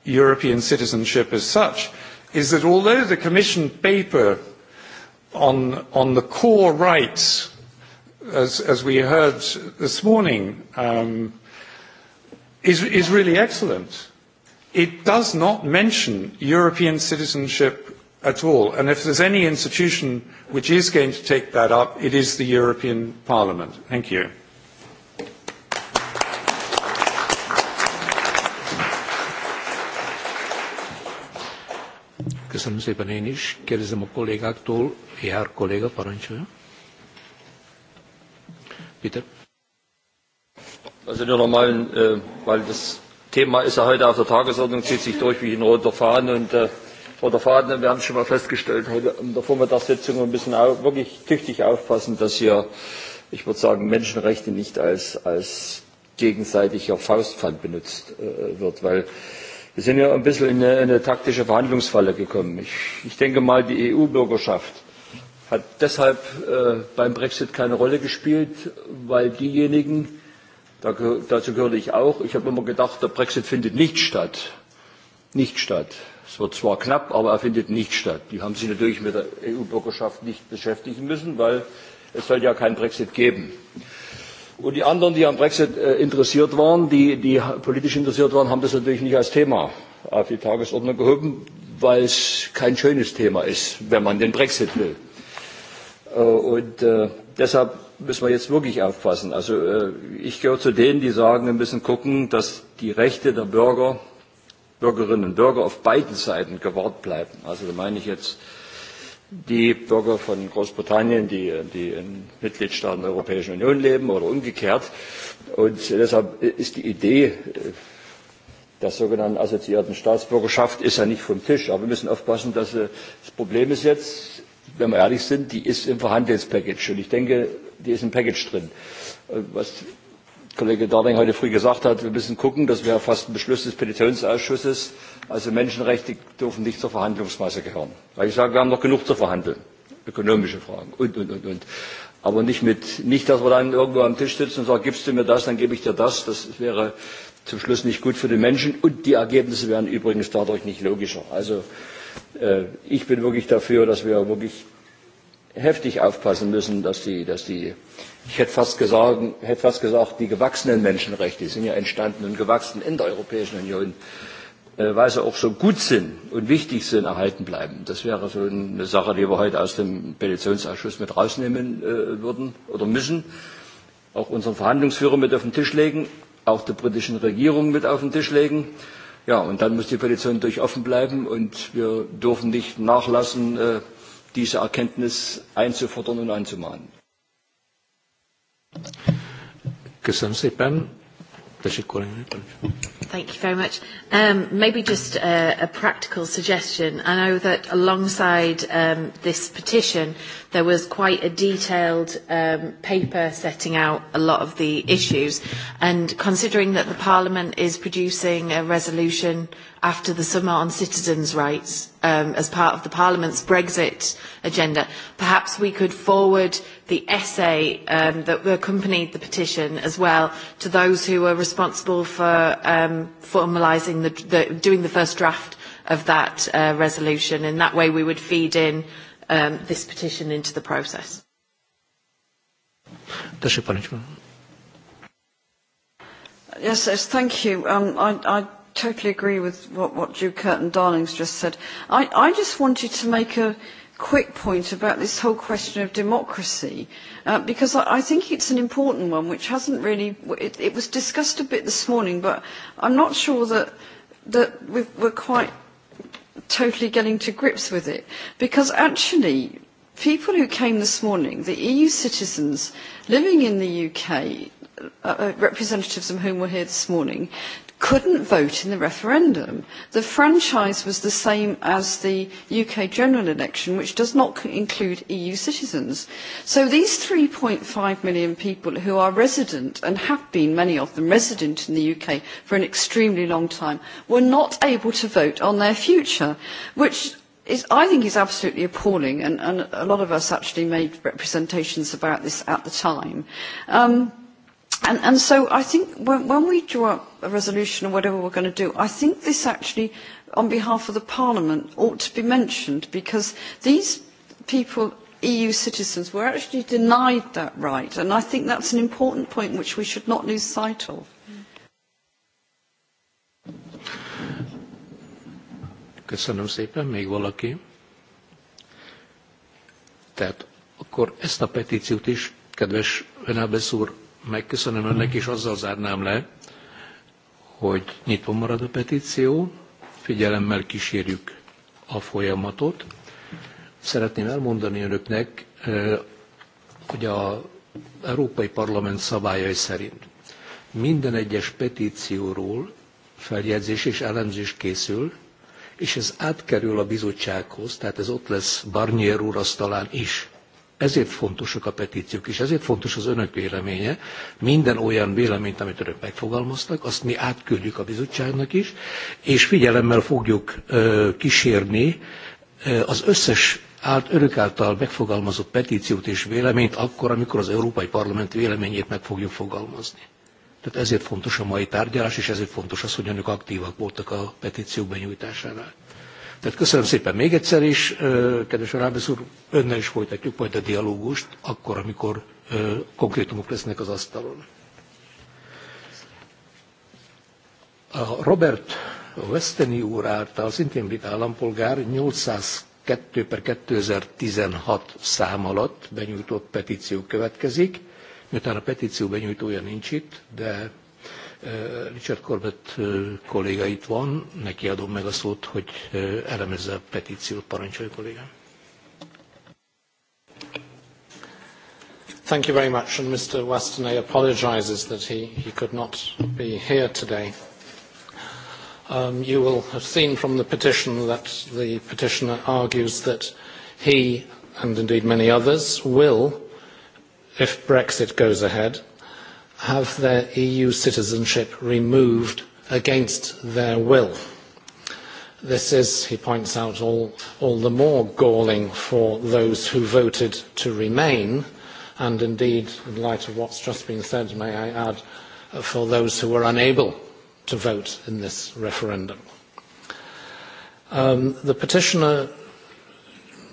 European citizenship as such is that although the Commission paper on, on the core rights, as, as we heard this morning, um, is, is really excellent, it does not mention European citizenship at all. And if there's any institution which is going to take that up, it is the European Parliament. Thank you. Köszönöm szépen én is. Kérdezem a kollégáktól, jár kolléga, parancsolja. Also nur nochmal, äh, weil das Thema ist ja heute auf der Tagesordnung, zieht sich durch wie ein roter Faden und äh, roter Faden, wir haben es schon mal festgestellt, heute in der Vormittagssitzung wir müssen auch wirklich tüchtig aufpassen, dass hier, ich würde sagen, Menschenrechte nicht als, als gegenseitiger Faustpfand benutzt äh, wird, weil äh, Wir sind ja ein bisschen in eine, in eine taktische Verhandlungsfalle gekommen. Ich, ich denke mal, die EU-Bürgerschaft hat deshalb äh, beim Brexit keine Rolle gespielt, weil diejenigen, da, dazu gehörte ich auch, ich habe immer gedacht, der Brexit findet nicht statt. Nicht statt. Es wird zwar knapp, aber er findet nicht statt. Die haben sich natürlich mit der EU-Bürgerschaft nicht beschäftigen müssen, weil es soll ja keinen Brexit geben. soll. Und die anderen, die am Brexit äh, interessiert waren, die, die politisch interessiert waren, haben das natürlich nicht als Thema auf die Tagesordnung gehoben, weil es kein schönes Thema ist, wenn man den Brexit will. Äh, und äh, deshalb müssen wir jetzt wirklich aufpassen. Also ich gehöre zu denen, die sagen, wir müssen gucken, dass die Rechte der Bürger, Bürgerinnen und Bürger auf beiden Seiten gewahrt bleiben. Also da meine ich jetzt die Bürger von Großbritannien, die, die in Mitgliedstaaten der Europäischen Union leben oder umgekehrt. Und deshalb ist die Idee äh, der sogenannten assoziierten Staatsbürgerschaft ist ja nicht vom Tisch. Aber wir müssen aufpassen, dass äh, das Problem ist jetzt, wenn wir ehrlich sind, die ist im Verhandelspackage. Und ich denke, die ist im Package drin. Äh, was Kollege Darling heute früh gesagt hat, wir müssen gucken, dass wir fast ein Beschluss des Petitionsausschusses, also Menschenrechte dürfen nicht zur Verhandlungsmasse gehören. Weil ich sage, wir haben noch genug zu verhandeln, ökonomische Fragen und, und, und, und. Aber nicht, mit, nicht, dass wir dann irgendwo am Tisch sitzen und sagen, gibst du mir das, dann gebe ich dir das. Das wäre zum Schluss nicht gut für den Menschen und die Ergebnisse wären übrigens dadurch nicht logischer. Also äh, ich bin wirklich dafür, dass wir wirklich heftig aufpassen müssen, dass die, dass die ich hätte fast, gesagt, hätte fast gesagt, die gewachsenen Menschenrechte, die sind ja entstanden und gewachsen in der Europäischen Union, äh, weil sie auch so gut sind und wichtig sind, erhalten bleiben. Das wäre so eine Sache, die wir heute aus dem Petitionsausschuss mit rausnehmen äh, würden oder müssen. Auch unseren Verhandlungsführer mit auf den Tisch legen, auch der britischen Regierung mit auf den Tisch legen. Ja, und dann muss die Petition durch offen bleiben und wir dürfen nicht nachlassen, äh, diese Erkenntnis einzufordern und anzumahnen. Thank you very much. Um, maybe just a, a practical suggestion. I know that alongside um, this petition, there was quite a detailed um, paper setting out a lot of the issues. And considering that the Parliament is producing a resolution after the summer on citizens' rights um, as part of the Parliament's Brexit agenda, perhaps we could forward the essay um, that accompanied the petition as well to those who were responsible for um, formalising the, the, doing the first draft of that uh, resolution. In that way, we would feed in um, this petition into the process. Yes, yes, thank you. Um, I, I totally agree with what, what Drew Curtin Darling's just said. I, I just wanted to make a quick point about this whole question of democracy, uh, because I, I think it's an important one, which hasn't really, it, it was discussed a bit this morning, but I'm not sure that, that we've, we're quite totally getting to grips with it. Because actually, people who came this morning, the EU citizens living in the UK, uh, uh, representatives of whom were here this morning, couldn't vote in the referendum. The franchise was the same as the UK general election, which does not include EU citizens. So these three five million people who are resident and have been, many of them, resident in the UK for an extremely long time, were not able to vote on their future, which is, I think is absolutely appalling, and, and a lot of us actually made representations about this at the time. Um, and, and so I think when, when we draw up a resolution or whatever we're going to do. I think this actually, on behalf of the Parliament, ought to be mentioned because these people EU citizens were actually denied that right, and I think that's an important point which we should not lose sight of. Köszönöm szépen, még valaki? Tehát akkor ezt a petíciót is, kedves Venábesz úr, megköszönöm önnek, és azzal zárnám le, hogy nyitva marad a petíció, figyelemmel kísérjük a folyamatot. Szeretném elmondani önöknek, hogy az Európai Parlament szabályai szerint minden egyes petícióról feljegyzés és elemzés készül, és ez átkerül a bizottsághoz, tehát ez ott lesz Barnier úr asztalán is. Ezért fontosak a petíciók, és ezért fontos az önök véleménye. Minden olyan véleményt, amit önök megfogalmaztak, azt mi átküldjük a bizottságnak is, és figyelemmel fogjuk kísérni az összes állt, önök által megfogalmazott petíciót és véleményt akkor, amikor az Európai Parlament véleményét meg fogjuk fogalmazni. Tehát ezért fontos a mai tárgyalás, és ezért fontos az, hogy önök aktívak voltak a petíciók benyújtásánál. Tehát köszönöm szépen még egyszer is, kedves Rábesz úr, önnel is folytatjuk majd a dialógust, akkor, amikor konkrétumok lesznek az asztalon. A Robert Westeni úr által szintén brit állampolgár 802 per 2016 szám alatt benyújtott petíció következik. Miután a petíció benyújtója nincs itt, de Eh, Richard Corbett eh, kolléga itt van, neki adom meg a szót, hogy eh, elemezze a petíciót, parancsolja kollégám. Thank you very much, and Mr. Westonay apologizes that he, he could not be here today. Um, you will have seen from the petition that the petitioner argues that he, and indeed many others, will, if Brexit goes ahead, have their EU citizenship removed against their will. This is, he points out, all, all the more galling for those who voted to remain, and indeed, in light of what's just been said, may I add, uh, for those who were unable to vote in this referendum. Um, the petitioner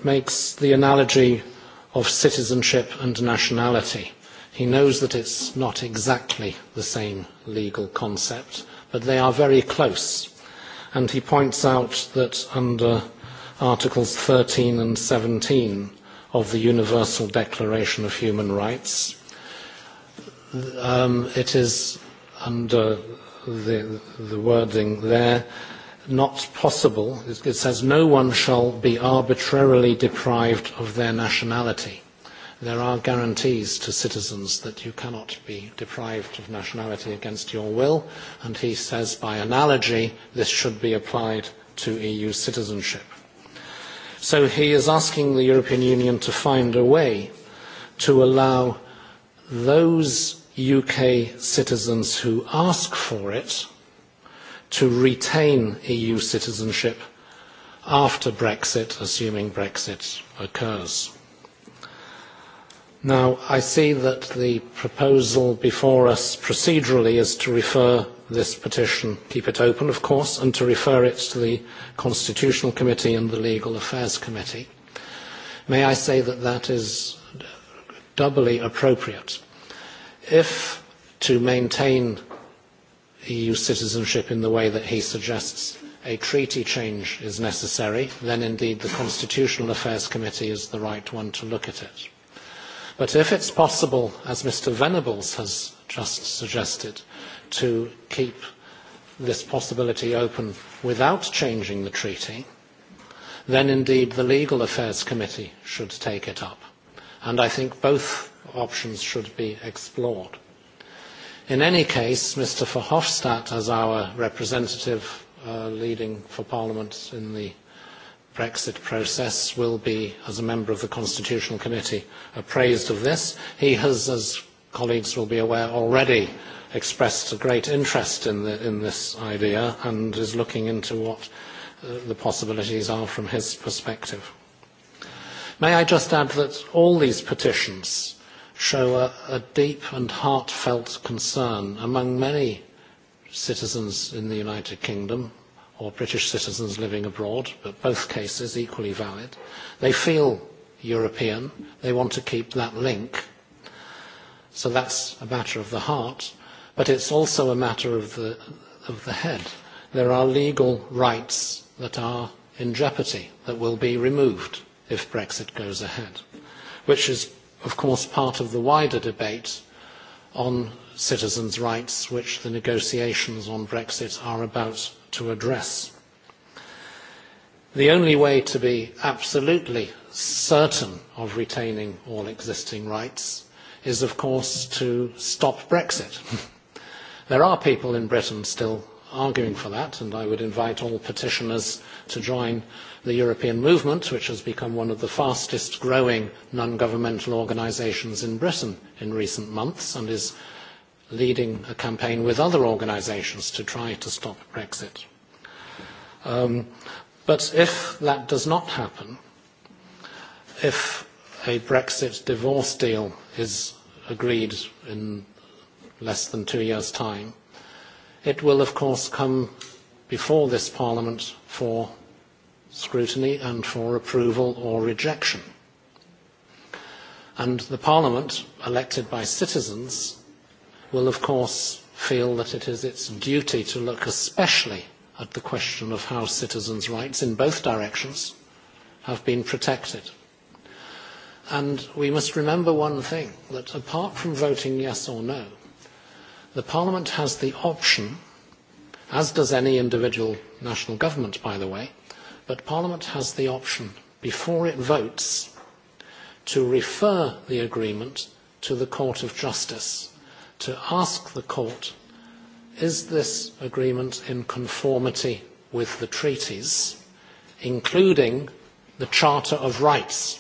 makes the analogy of citizenship and nationality He knows that it's not exactly the same legal concept, but they are very close. And he points out that under Articles 13 and 17 of the Universal Declaration of Human Rights, um, it is under the, the wording there, not possible. It, it says no one shall be arbitrarily deprived of their nationality there are guarantees to citizens that you cannot be deprived of nationality against your will, and he says by analogy this should be applied to EU citizenship. So he is asking the European Union to find a way to allow those UK citizens who ask for it to retain EU citizenship after Brexit, assuming Brexit occurs. Now, I see that the proposal before us procedurally is to refer this petition, keep it open, of course, and to refer it to the Constitutional Committee and the Legal Affairs Committee. May I say that that is doubly appropriate. If to maintain EU citizenship in the way that he suggests a treaty change is necessary, then indeed the Constitutional Affairs Committee is the right one to look at it. But if it's possible, as Mr Venables has just suggested, to keep this possibility open without changing the treaty, then indeed the Legal Affairs Committee should take it up. And I think both options should be explored. In any case, Mr Verhofstadt, as our representative uh, leading for Parliament in the Brexit process will be, as a member of the Constitutional Committee, appraised of this. He has, as colleagues will be aware, already expressed a great interest in, the, in this idea and is looking into what uh, the possibilities are from his perspective. May I just add that all these petitions show a, a deep and heartfelt concern among many citizens in the United Kingdom or British citizens living abroad, but both cases equally valid. They feel European. They want to keep that link. So that's a matter of the heart, but it's also a matter of the, of the head. There are legal rights that are in jeopardy that will be removed if Brexit goes ahead, which is, of course, part of the wider debate on citizens' rights, which the negotiations on Brexit are about to address. The only way to be absolutely certain of retaining all existing rights is, of course, to stop Brexit. [laughs] there are people in Britain still arguing for that, and I would invite all petitioners to join the European movement, which has become one of the fastest growing non-governmental organisations in Britain in recent months and is leading a campaign with other organisations to try to stop Brexit. Um, but if that does not happen, if a Brexit divorce deal is agreed in less than two years' time, it will, of course, come before this Parliament for scrutiny and for approval or rejection. And the Parliament, elected by citizens, will of course feel that it is its duty to look especially at the question of how citizens' rights in both directions have been protected. And we must remember one thing, that apart from voting yes or no, the Parliament has the option, as does any individual national government, by the way, but Parliament has the option, before it votes, to refer the agreement to the Court of Justice to ask the court, is this agreement in conformity with the treaties, including the Charter of Rights?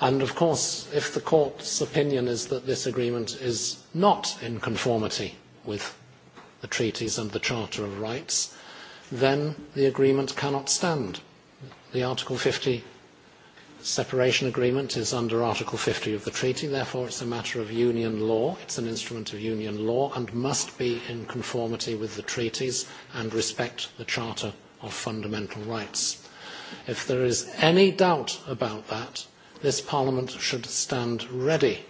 And of course, if the court's opinion is that this agreement is not in conformity with the treaties and the Charter of Rights, then the agreement cannot stand. The Article 50 separation agreement is under Article 50 of the treaty. Therefore, it's a matter of union law. It's an instrument of union law and must be in conformity with the treaties and respect the Charter of Fundamental Rights. If there is any doubt about that, this Parliament should stand ready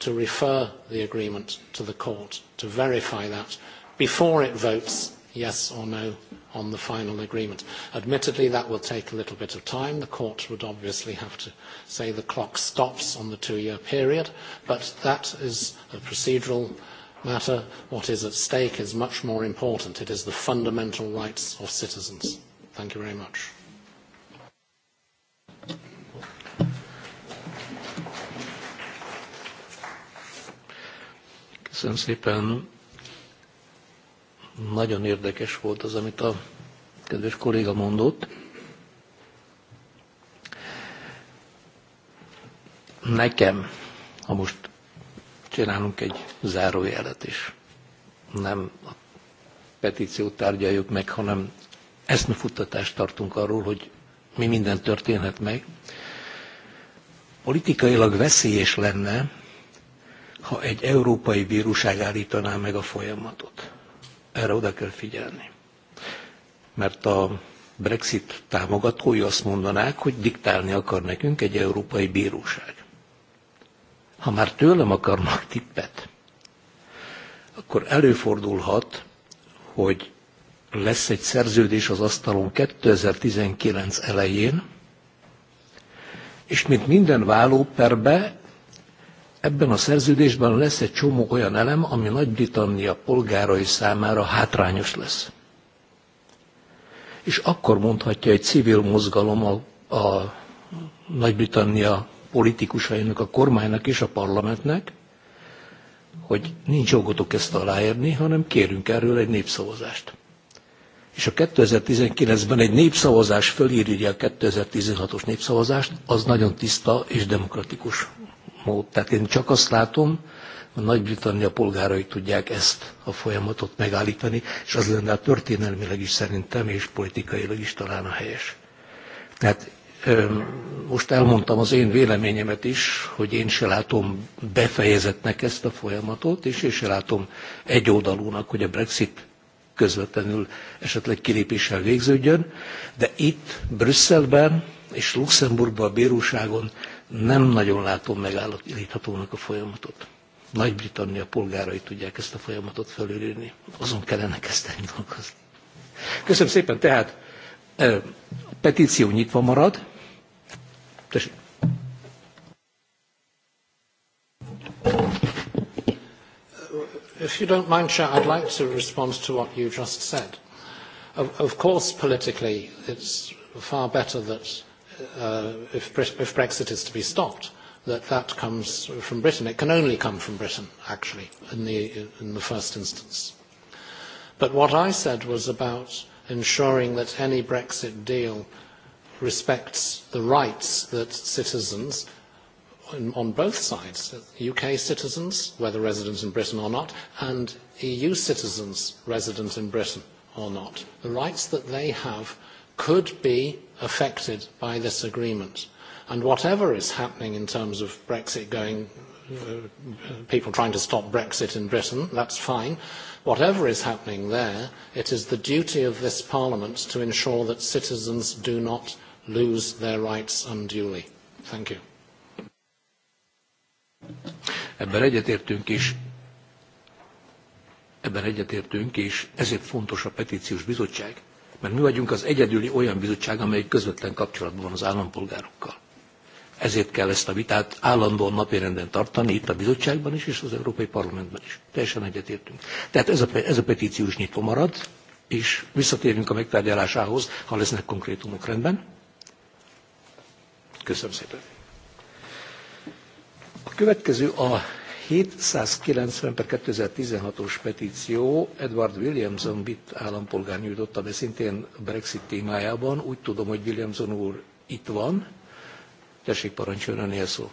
to refer the agreement to the court to verify that before it votes yes or no on the final agreement. Admittedly, that will take a little bit of time. The court would obviously have to say the clock stops on the two-year period, but that is a procedural matter. What is at stake is much more important. It is the fundamental rights of citizens. Thank you very much. Nagyon érdekes volt az, amit a kedves kolléga mondott. Nekem, ha most csinálunk egy zárójelet is, nem a petíciót tárgyaljuk meg, hanem eszmefuttatást tartunk arról, hogy mi minden történhet meg. Politikailag veszélyes lenne, ha egy európai bíróság állítaná meg a folyamatot erre oda kell figyelni. Mert a Brexit támogatói azt mondanák, hogy diktálni akar nekünk egy európai bíróság. Ha már tőlem akarnak tippet, akkor előfordulhat, hogy lesz egy szerződés az asztalon 2019 elején, és mint minden vállóperbe ebben a szerződésben lesz egy csomó olyan elem, ami Nagy-Britannia polgárai számára hátrányos lesz. És akkor mondhatja egy civil mozgalom a, a Nagy-Britannia politikusainak, a kormánynak és a parlamentnek, hogy nincs jogotok ezt aláírni, hanem kérünk erről egy népszavazást. És a 2019-ben egy népszavazás fölírja a 2016-os népszavazást, az nagyon tiszta és demokratikus módot. Tehát csak azt látom, a Nagy-Britannia polgárai tudják ezt a folyamatot megállítani, és az lenne a történelmileg is szerintem, és politikailag is talán a helyes. Tehát most elmondtam az én véleményemet is, hogy én se látom befejezetnek ezt a folyamatot, és én se látom egyoldalúnak, hogy a Brexit közvetlenül esetleg kilépéssel végződjön, de itt Brüsszelben és Luxemburgban a bíróságon nem nagyon látom megállíthatónak a folyamatot. Nagy-Britannia polgárai tudják ezt a folyamatot felülírni. Azon kellene kezdeni dolgozni. Köszönöm szépen, tehát a petíció nyitva marad. Tessék. If you don't mind, Chair, I'd like to respond to what you just said. Of, of course, politically, it's far better that uh, if, if Brexit is to be stopped, that that comes from Britain. It can only come from Britain, actually, in the, in the first instance. But what I said was about ensuring that any Brexit deal respects the rights that citizens on both sides, UK citizens, whether resident in Britain or not, and EU citizens resident in Britain or not, the rights that they have could be affected by this agreement. And whatever is happening in terms of Brexit going, uh, people trying to stop Brexit in Britain, that's fine. Whatever is happening there, it is the duty of this Parliament to ensure that citizens do not lose their rights unduly. Thank you. Ebben egyetértünk is, ebben egyetértünk, ezért fontos a petíciós bizottság, mert mi vagyunk az egyedüli olyan bizottság, amely közvetlen kapcsolatban van az állampolgárokkal. Ezért kell ezt a vitát állandóan napirenden tartani, itt a bizottságban is, és az Európai Parlamentben is. Teljesen egyetértünk. Tehát ez a, ez a petíció is nyitva marad, és visszatérünk a megtárgyalásához, ha lesznek konkrétumok rendben. Köszönöm szépen. A következő a 790 per 2016-os petíció Edward Williamson brit állampolgár nyújtotta be szintén Brexit témájában. Úgy tudom, hogy Williamson úr itt van. Tessék parancsoljon önél szó.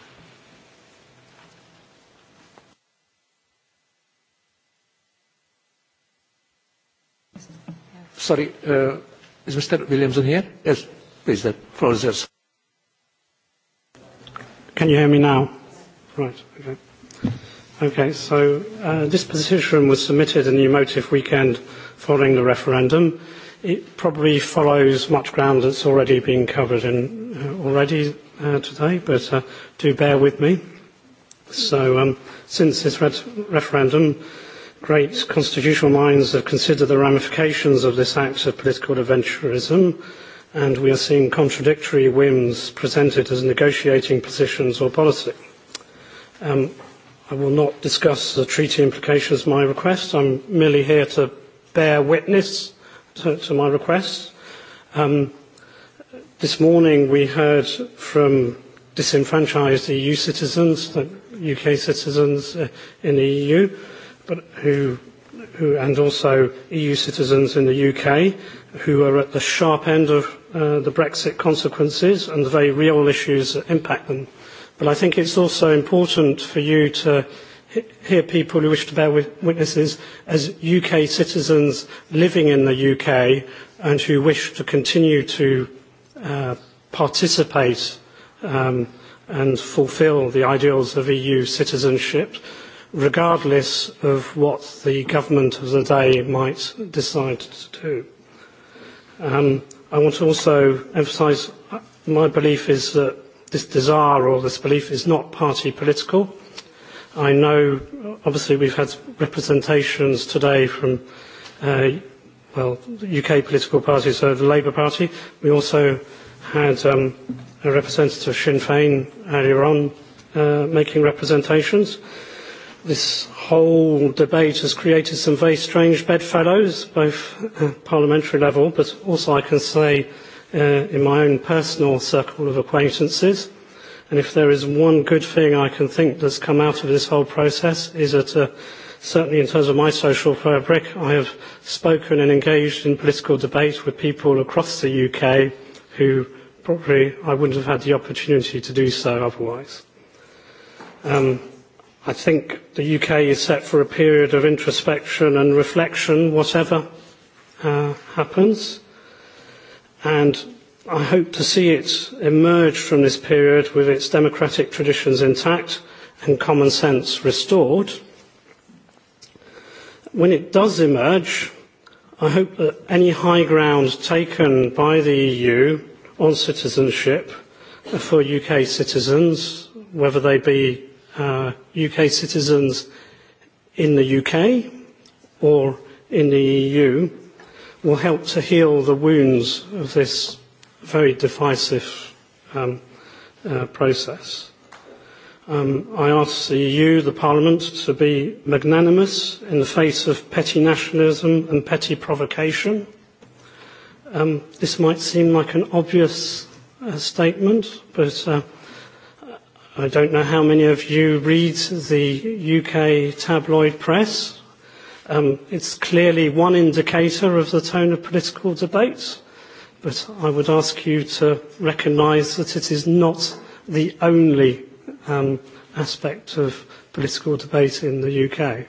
Sorry, uh, is Mr. Williamson here? Yes, please, the floor is yours. Can you hear me now? Right, okay. Okay, so uh, this petition was submitted in the emotive weekend following the referendum. It probably follows much ground that's already been covered in, uh, already uh, today, but uh, do bear with me. So um, since this red referendum, great constitutional minds have considered the ramifications of this act of political adventurism, and we are seeing contradictory whims presented as negotiating positions or policy. Um, i will not discuss the treaty implications of my request. I'm merely here to bear witness to, to my request. Um, this morning we heard from disenfranchised EU citizens, the UK citizens uh, in the EU, but who, who and also EU citizens in the UK who are at the sharp end of uh, the Brexit consequences and the very real issues that impact them. But I think it's also important for you to hear people who wish to bear witnesses as UK citizens living in the UK and who wish to continue to uh, participate um, and fulfil the ideals of EU citizenship, regardless of what the government of the day might decide to do. Um, I want to also emphasise uh, my belief is that this desire or this belief is not party political. I know, obviously, we've had representations today from, uh, well, UK political parties, so the Labour Party. We also had um, a representative of Sinn Féin earlier on uh, making representations. This whole debate has created some very strange bedfellows, both at uh, parliamentary level, but also I can say uh, in my own personal circle of acquaintances. And if there is one good thing I can think that's come out of this whole process is that uh, certainly in terms of my social fabric, I have spoken and engaged in political debate with people across the UK who probably I wouldn't have had the opportunity to do so otherwise. Um, I think the UK is set for a period of introspection and reflection, whatever uh, happens and I hope to see it emerge from this period with its democratic traditions intact and common sense restored. When it does emerge, I hope that any high ground taken by the EU on citizenship for UK citizens, whether they be uh, UK citizens in the UK or in the EU, will help to heal the wounds of this very divisive um, uh, process. Um, I ask the EU, the Parliament, to be magnanimous in the face of petty nationalism and petty provocation. Um, this might seem like an obvious uh, statement, but uh, I don't know how many of you read the UK tabloid press Um, it's clearly one indicator of the tone of political debate, but I would ask you to recognise that it is not the only um, aspect of political debate in the UK.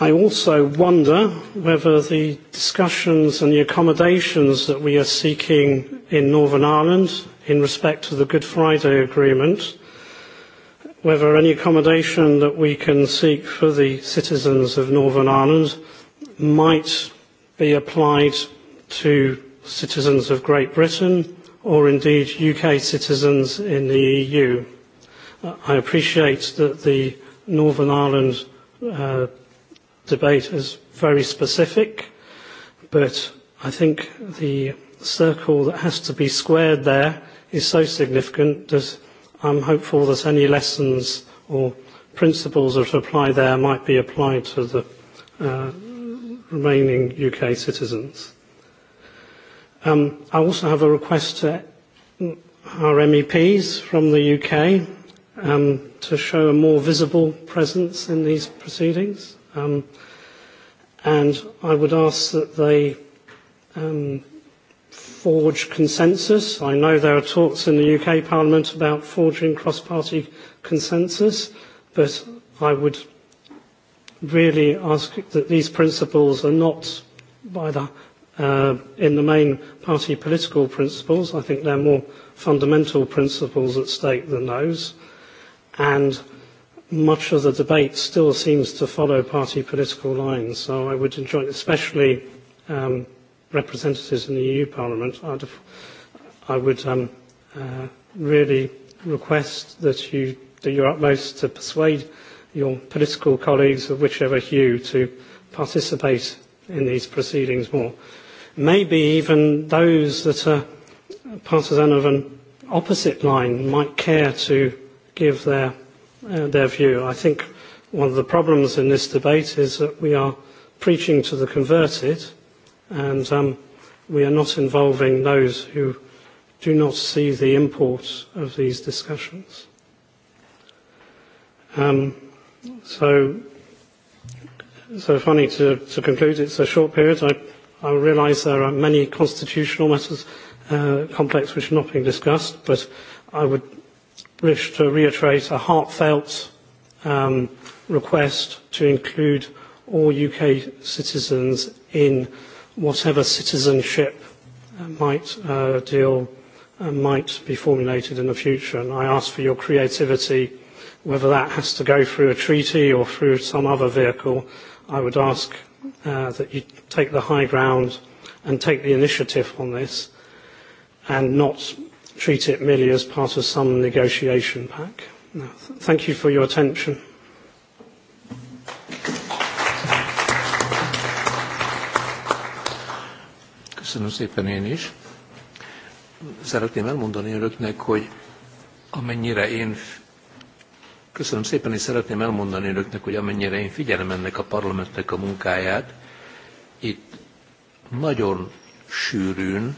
I also wonder whether the discussions and the accommodations that we are seeking in Northern Ireland in respect to the Good Friday Agreement whether any accommodation that we can seek for the citizens of Northern Ireland might be applied to citizens of Great Britain or indeed UK citizens in the EU. Uh, I appreciate that the Northern Ireland uh, debate is very specific, but I think the circle that has to be squared there is so significant that I'm hopeful that any lessons or principles that apply there might be applied to the uh, remaining UK citizens. Um, I also have a request to our MEPs from the UK um, to show a more visible presence in these proceedings. Um, and I would ask that they um, forge consensus. I know there are talks in the UK Parliament about forging cross-party consensus, but I would really ask that these principles are not by the, uh, in the main party political principles. I think they're more fundamental principles at stake than those. And much of the debate still seems to follow party political lines. So I would enjoy, especially um, representatives in the EU Parliament, I'd, I would um, uh, really request that you do your utmost to persuade your political colleagues of whichever hue to participate in these proceedings more. Maybe even those that are partisan of an opposite line might care to give their, uh, their view. I think one of the problems in this debate is that we are preaching to the converted and um, we are not involving those who do not see the import of these discussions. Um, so, so funny to, to conclude, it's a short period. I, I realise there are many constitutional matters, uh, complex, which are not being discussed, but I would wish to reiterate a heartfelt um, request to include all UK citizens in whatever citizenship uh, might uh, deal uh, might be formulated in the future. And I ask for your creativity, whether that has to go through a treaty or through some other vehicle. I would ask uh, that you take the high ground and take the initiative on this and not treat it merely as part of some negotiation pack. No, th thank you for your attention. Köszönöm szépen én is. Szeretném elmondani önöknek, hogy amennyire én Köszönöm szépen, és szeretném elmondani önöknek, hogy amennyire én figyelem ennek a parlamentnek a munkáját, itt nagyon sűrűn,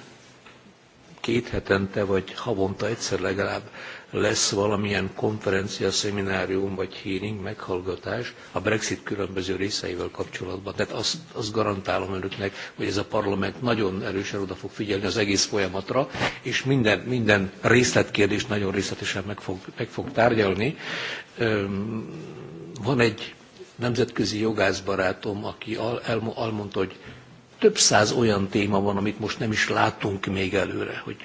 két hetente vagy havonta egyszer legalább lesz valamilyen konferencia, szeminárium vagy hearing, meghallgatás a Brexit különböző részeivel kapcsolatban. Tehát azt, azt garantálom önöknek, hogy ez a parlament nagyon erősen oda fog figyelni az egész folyamatra, és minden, minden részletkérdést nagyon részletesen meg fog, meg fog tárgyalni. Van egy nemzetközi jogászbarátom, aki elmondta, hogy több száz olyan téma van, amit most nem is látunk még előre, hogy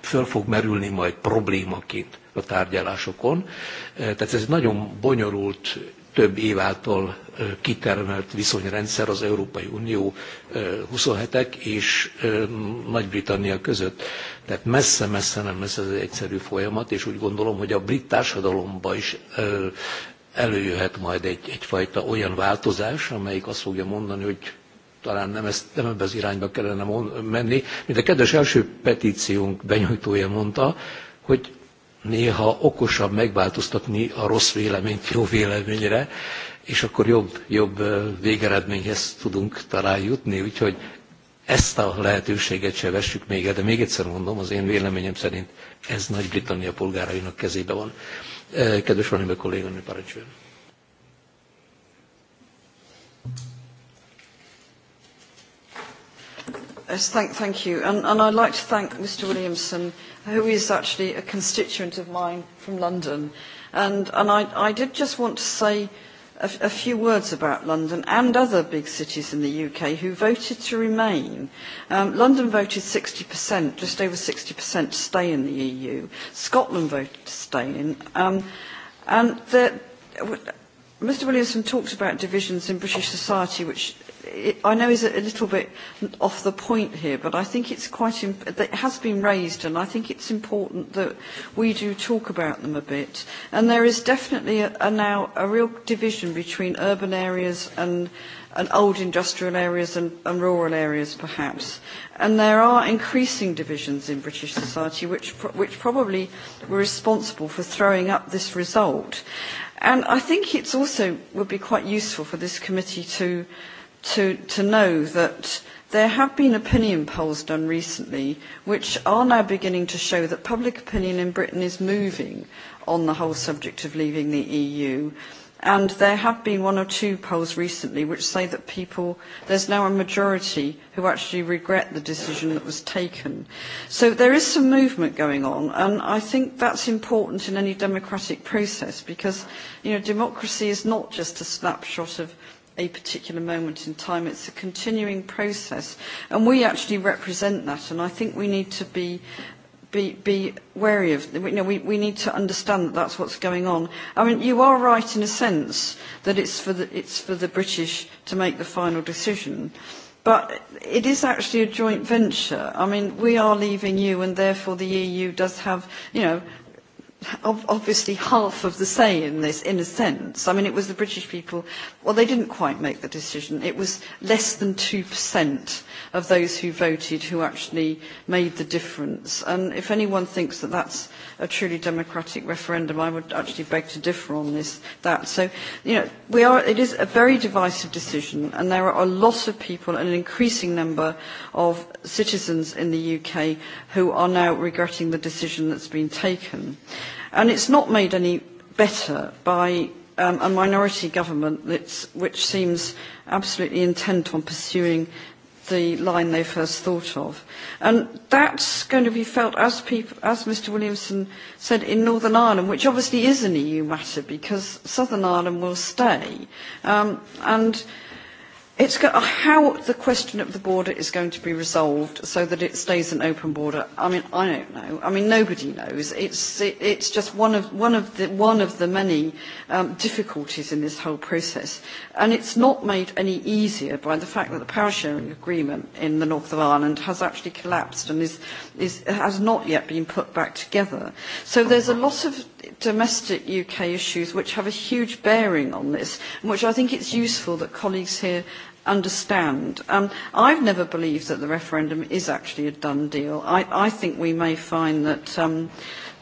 föl fog merülni majd problémaként a tárgyalásokon. E, tehát ez egy nagyon bonyolult, több év által e, kitermelt viszonyrendszer az Európai Unió 27-ek e, és Nagy-Britannia között. Tehát messze-messze nem lesz ez egy egyszerű folyamat, és úgy gondolom, hogy a brit társadalomba is előjöhet majd egy, egyfajta olyan változás, amelyik azt fogja mondani, hogy talán nem, ezt, nem ebbe az irányba kellene menni, mint a kedves első petíciónk benyújtója mondta, hogy néha okosabb megváltoztatni a rossz véleményt jó véleményre, és akkor jobb, jobb végeredményhez tudunk talán jutni, úgyhogy ezt a lehetőséget se vessük még el, de még egyszer mondom, az én véleményem szerint ez Nagy-Britannia polgárainak kezébe van. Kedves valami kolléganő, parancsoljon! Yes, thank, thank you. And, and I'd like to thank Mr Williamson, who is actually a constituent of mine from London. And, and I, I did just want to say a, a few words about London and other big cities in the UK who voted to remain. Um, London voted 60%, just over 60% to stay in the EU. Scotland voted to stay in. Um, and the, Mr Williamson talked about divisions in British society, which i know is a little bit off the point here, but I think it's quite, imp it has been raised and I think it's important that we do talk about them a bit. And there is definitely a, a now a real division between urban areas and, and old industrial areas and, and rural areas perhaps. And there are increasing divisions in British society which, which probably were responsible for throwing up this result. And I think it's also would be quite useful for this committee to to, to know that there have been opinion polls done recently which are now beginning to show that public opinion in Britain is moving on the whole subject of leaving the EU. And there have been one or two polls recently which say that people, there's now a majority who actually regret the decision that was taken. So there is some movement going on, and I think that's important in any democratic process because, you know, democracy is not just a snapshot of a particular moment in time. It's a continuing process. And we actually represent that. And I think we need to be be, be wary of. You know, we, we need to understand that that's what's going on. I mean, you are right in a sense that it's for the, it's for the British to make the final decision. But it is actually a joint venture. I mean, we are leaving you, and therefore the EU does have, you know, obviously half of the say in this, in a sense. I mean, it was the British people, well, they didn't quite make the decision. It was less than 2% of those who voted who actually made the difference. And if anyone thinks that that's a truly democratic referendum, I would actually beg to differ on this, that. So, you know, we are, it is a very divisive decision, and there are a lot of people and an increasing number of citizens in the UK who are now regretting the decision that's been taken. And it's not made any better by um, a minority government that's, which seems absolutely intent on pursuing the line they first thought of. And that's going to be felt, as, people, as Mr Williamson said, in Northern Ireland, which obviously is an EU matter because Southern Ireland will stay. Um, and It's go- uh, how the question of the border is going to be resolved so that it stays an open border. I mean, I don't know. I mean, nobody knows. It's it, it's just one of one of the one of the many um, difficulties in this whole process, and it's not made any easier by the fact that the power sharing agreement in the north of Ireland has actually collapsed and is is has not yet been put back together. So there's a lot of domestic UK issues which have a huge bearing on this, and which I think it's useful that colleagues here understand. Um, I've never believed that the referendum is actually a done deal. I, I think we may find that, um,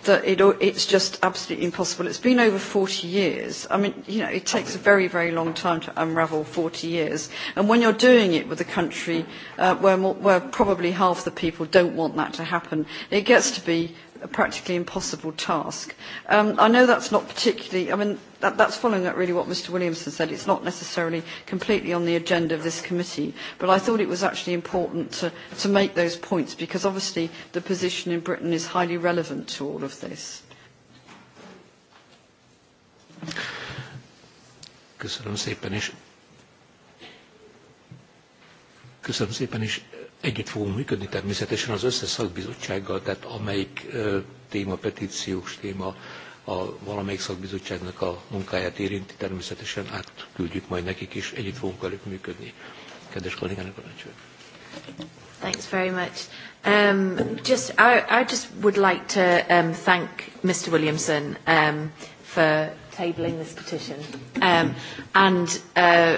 that it, it's just absolutely impossible. It's been over 40 years. I mean, you know, it takes a very, very long time to unravel 40 years. And when you're doing it with a country uh, where, more, where probably half the people don't want that to happen, it gets to be a practically impossible task. Um, I know that's not particularly, I mean, that, that's following up really what Mr Williamson said. It's not necessarily completely on the agenda of this committee, but I thought it was actually important to, to make those points because obviously the position in Britain is highly relevant to all of this. Köszönöm szépen is. Köszönöm szépen is Együtt fogunk működni természetesen az összes szakbizottsággal, tehát amelyik téma, petíciós téma a valamelyik szakbizottságnak a munkáját érinti, természetesen átküldjük majd nekik, is, együtt fogunk velük működni. Kedves kollégának a Thanks very much. Um, just, I, I just would like to um, thank Mr. Williamson um, for tabling this petition um, and uh,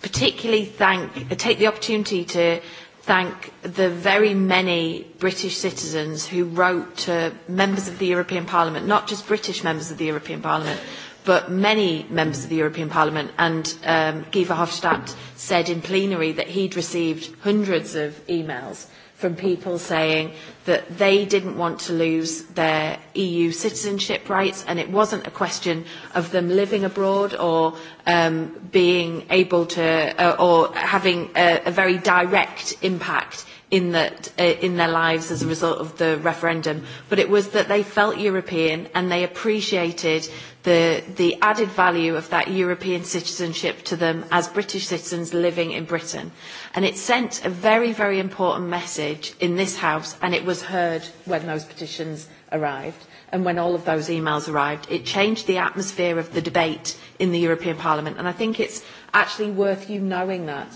particularly thank, take the opportunity to thank the very many British citizens who wrote to members of the European Parliament, not just British members of the European Parliament, but many members of the European Parliament. And um, Guy Verhofstadt said in plenary that he'd received hundreds of emails from people saying that they didn't want to lose their EU citizenship rights and it wasn't a question of them living abroad or um, being able to uh, or having a, a very direct impact in, that, uh, in their lives as a result of the referendum, but it was that they felt European and they appreciated the, the added value of that European citizenship to them as British citizens living in Britain. And it sent a very, very important message in this House, and it was heard when those petitions arrived and when all of those emails arrived. It changed the atmosphere of the debate in the European Parliament, and I think it's actually worth you knowing that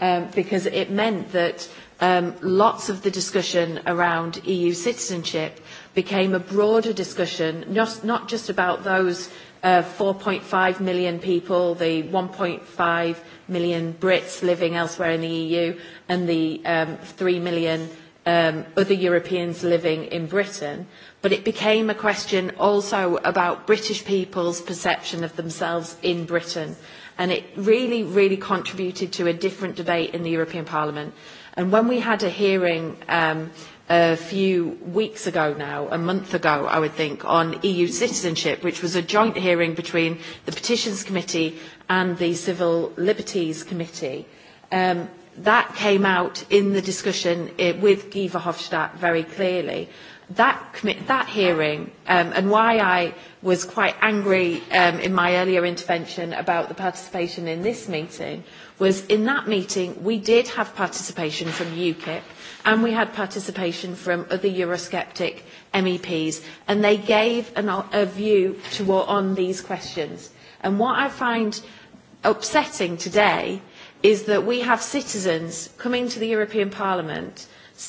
um, because it meant that um, lots of the discussion around EU citizenship – became a broader discussion, not, not just about those uh, 4.5 million people, the 1.5 million Brits living elsewhere in the EU, and the um, 3 million um, other Europeans living in Britain, but it became a question also about British people's perception of themselves in Britain. And it really, really contributed to a different debate in the European Parliament. And when we had a hearing um, a few weeks ago now, a month ago, I would think, on EU citizenship, which was a joint hearing between the Petitions Committee and the Civil Liberties Committee. Um, that came out in the discussion eh, with Guy Verhofstadt very clearly. That, that hearing, um, and why I was quite angry um, in my earlier intervention about the participation in this meeting, was in that meeting we did have participation from UKIP and we had participation from other Eurosceptic MEPs, and they gave an, a view to, on these questions. And what I find upsetting today is that we have citizens coming to the European Parliament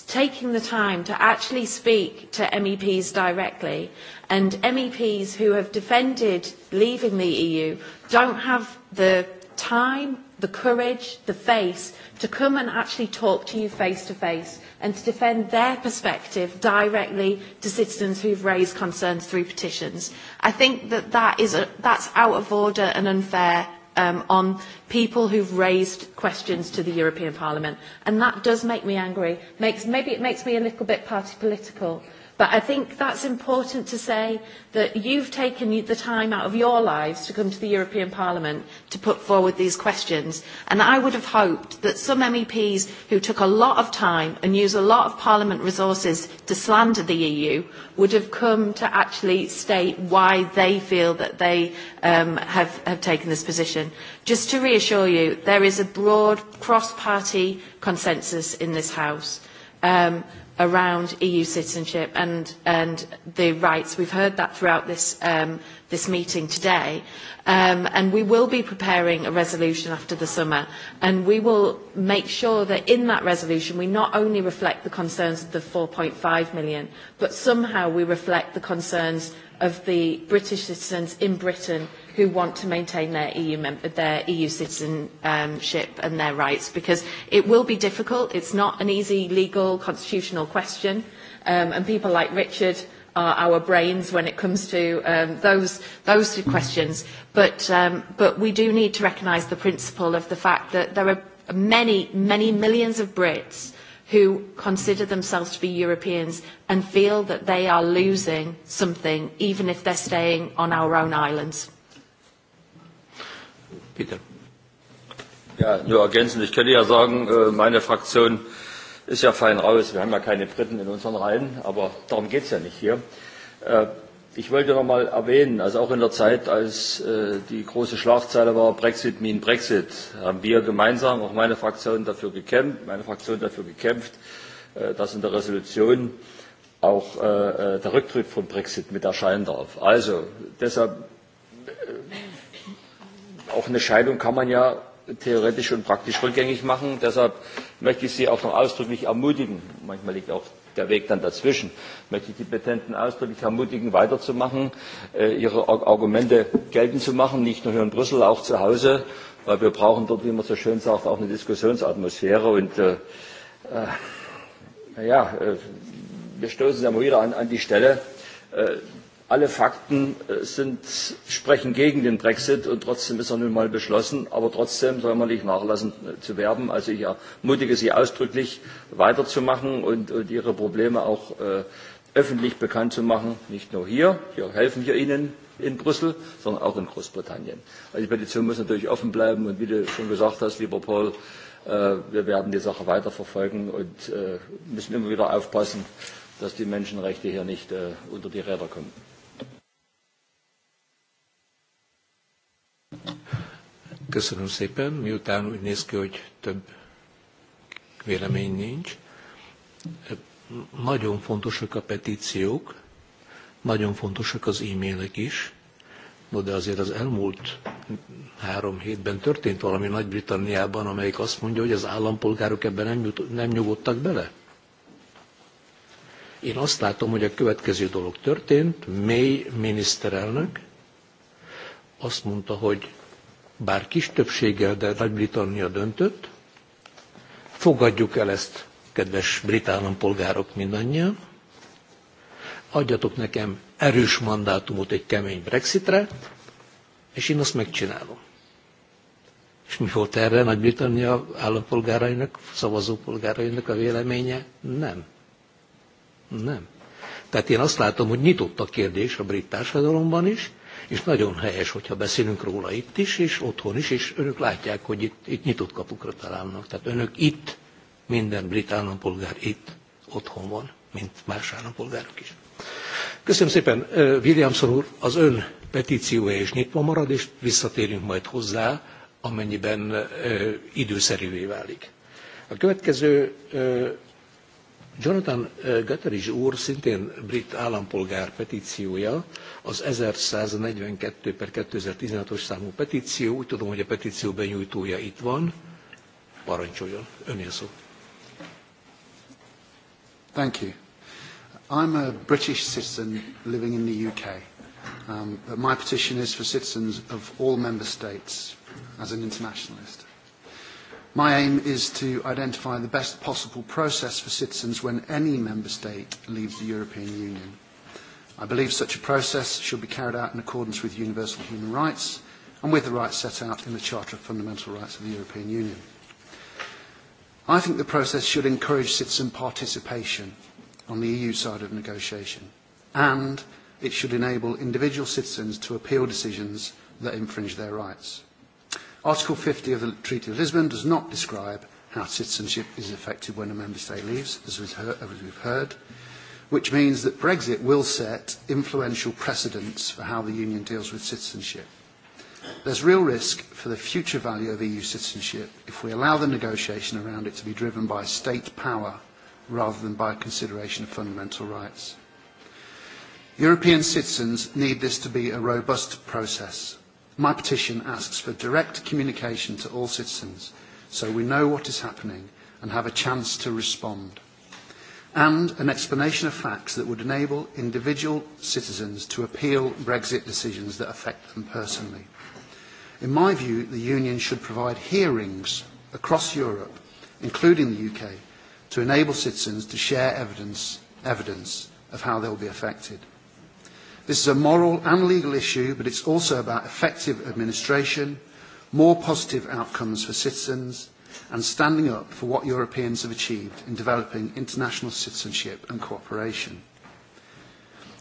taking the time to actually speak to MEPs directly and MEPs who have defended leaving the EU don't have the time, the courage, the face to come and actually talk to you face to face and to defend their perspective directly to citizens who've raised concerns through petitions. I think that, that is a, that's out of order and unfair um, on people who've raised questions to the European Parliament. And that does make me angry. Makes, maybe it makes me a little bit party political, But I think that's important to say that you've taken the time out of your lives to come to the European Parliament to put forward these questions. And I would have hoped that some MEPs who took a lot of time and use a lot of Parliament resources to slander the EU would have come to actually state why they feel that they um, have, have taken this position. Just to reassure you, there is a broad cross-party consensus in this House. Um, around EU citizenship and, and the rights. We've heard that throughout this, um, this meeting today. Um, and we will be preparing a resolution after the summer. And we will make sure that in that resolution we not only reflect the concerns of the 4.5 million, but somehow we reflect the concerns of the British citizens in Britain who want to maintain their EU, mem- their EU citizenship and their rights because it will be difficult. It's not an easy legal constitutional question. Um, and people like Richard are our brains when it comes to um, those, those two questions. But, um, but we do need to recognise the principle of the fact that there are many, many millions of Brits who consider themselves to be Europeans and feel that they are losing something even if they're staying on our own islands. Ja, nur ergänzend. Ich könnte ja sagen, äh, meine Fraktion ist ja fein raus. Wir haben ja keine Briten in unseren Reihen, aber darum geht es ja nicht hier. Äh, ich wollte noch mal erwähnen, also auch in der Zeit, als äh, die große Schlagzeile war, Brexit mean Brexit, haben wir gemeinsam, auch meine Fraktion dafür gekämpft, meine Fraktion dafür gekämpft, dass in der Resolution auch der Rücktritt von Brexit mit erscheinen darf. Also deshalb auch eine Scheidung kann man ja theoretisch und praktisch rückgängig machen. Deshalb möchte ich Sie auch noch ausdrücklich ermutigen, manchmal liegt auch der Weg dann dazwischen, möchte ich die Petenten ausdrücklich ermutigen, weiterzumachen, äh, ihre Argumente geltend zu machen, nicht nur hier in Brüssel, auch zu Hause, weil wir brauchen dort, wie man so schön sagt, auch eine Diskussionsatmosphäre. Und äh, äh naja, äh, wir stoßen ja immer wieder an, an die Stelle, alle Fakten äh, sind, sprechen gegen den Brexit und trotzdem ist er nun mal beschlossen. Aber trotzdem soll man nicht nachlassen äh, zu werben. Also ich ermutige Sie ausdrücklich weiterzumachen und, und Ihre Probleme auch äh, öffentlich bekannt zu machen. Nicht nur hier, hier helfen wir Ihnen in Brüssel, sondern auch in Großbritannien. Also die Petition muss natürlich offen bleiben und wie du schon gesagt hast, lieber Paul, äh, wir werden die Sache weiterverfolgen und äh, müssen immer wieder aufpassen, dass die Menschenrechte hier nicht äh, unter die Räder kommen. Köszönöm szépen. Miután úgy néz ki, hogy több vélemény nincs, nagyon fontosak a petíciók, nagyon fontosak az e-mailek is, no de azért az elmúlt három hétben történt valami Nagy-Britanniában, amelyik azt mondja, hogy az állampolgárok ebben nem, jut, nem nyugodtak bele. Én azt látom, hogy a következő dolog történt. May miniszterelnök azt mondta, hogy bár kis többséggel, de Nagy-Britannia döntött. Fogadjuk el ezt, kedves brit állampolgárok mindannyian. Adjatok nekem erős mandátumot egy kemény Brexitre, és én azt megcsinálom. És mi volt erre Nagy-Britannia állampolgárainak, szavazópolgárainak a véleménye? Nem. Nem. Tehát én azt látom, hogy nyitott a kérdés a brit társadalomban is, és nagyon helyes, hogyha beszélünk róla itt is, és otthon is, és önök látják, hogy itt, itt nyitott kapukra találnak. Tehát önök itt, minden brit állampolgár itt, otthon van, mint más állampolgárok is. Köszönöm szépen, Williamson úr, az ön petíciója is nyitva marad, és visszatérünk majd hozzá, amennyiben időszerűvé válik. A következő Jonathan Gutteridge úr, szintén brit állampolgár petíciója, az 1142 per 2016-os számú petíció. Úgy tudom, hogy a petíció benyújtója itt van. Parancsoljon, önél szó. Thank you. I'm a British citizen living in the UK. Um, but my petition is for citizens of all member states as an internationalist. My aim is to identify the best possible process for citizens when any member state leaves the European Union. I believe such a process should be carried out in accordance with universal human rights and with the rights set out in the Charter of Fundamental Rights of the European Union. I think the process should encourage citizen participation on the EU side of negotiation, and it should enable individual citizens to appeal decisions that infringe their rights. Article 50 of the Treaty of Lisbon does not describe how citizenship is affected when a member state leaves, as we've heard. As we've heard which means that Brexit will set influential precedents for how the Union deals with citizenship. There's real risk for the future value of EU citizenship if we allow the negotiation around it to be driven by state power rather than by consideration of fundamental rights. European citizens need this to be a robust process. My petition asks for direct communication to all citizens so we know what is happening and have a chance to respond and an explanation of facts that would enable individual citizens to appeal Brexit decisions that affect them personally. In my view, the Union should provide hearings across Europe, including the UK, to enable citizens to share evidence, evidence of how they will be affected. This is a moral and legal issue, but it's also about effective administration, more positive outcomes for citizens, and standing up for what Europeans have achieved in developing international citizenship and cooperation.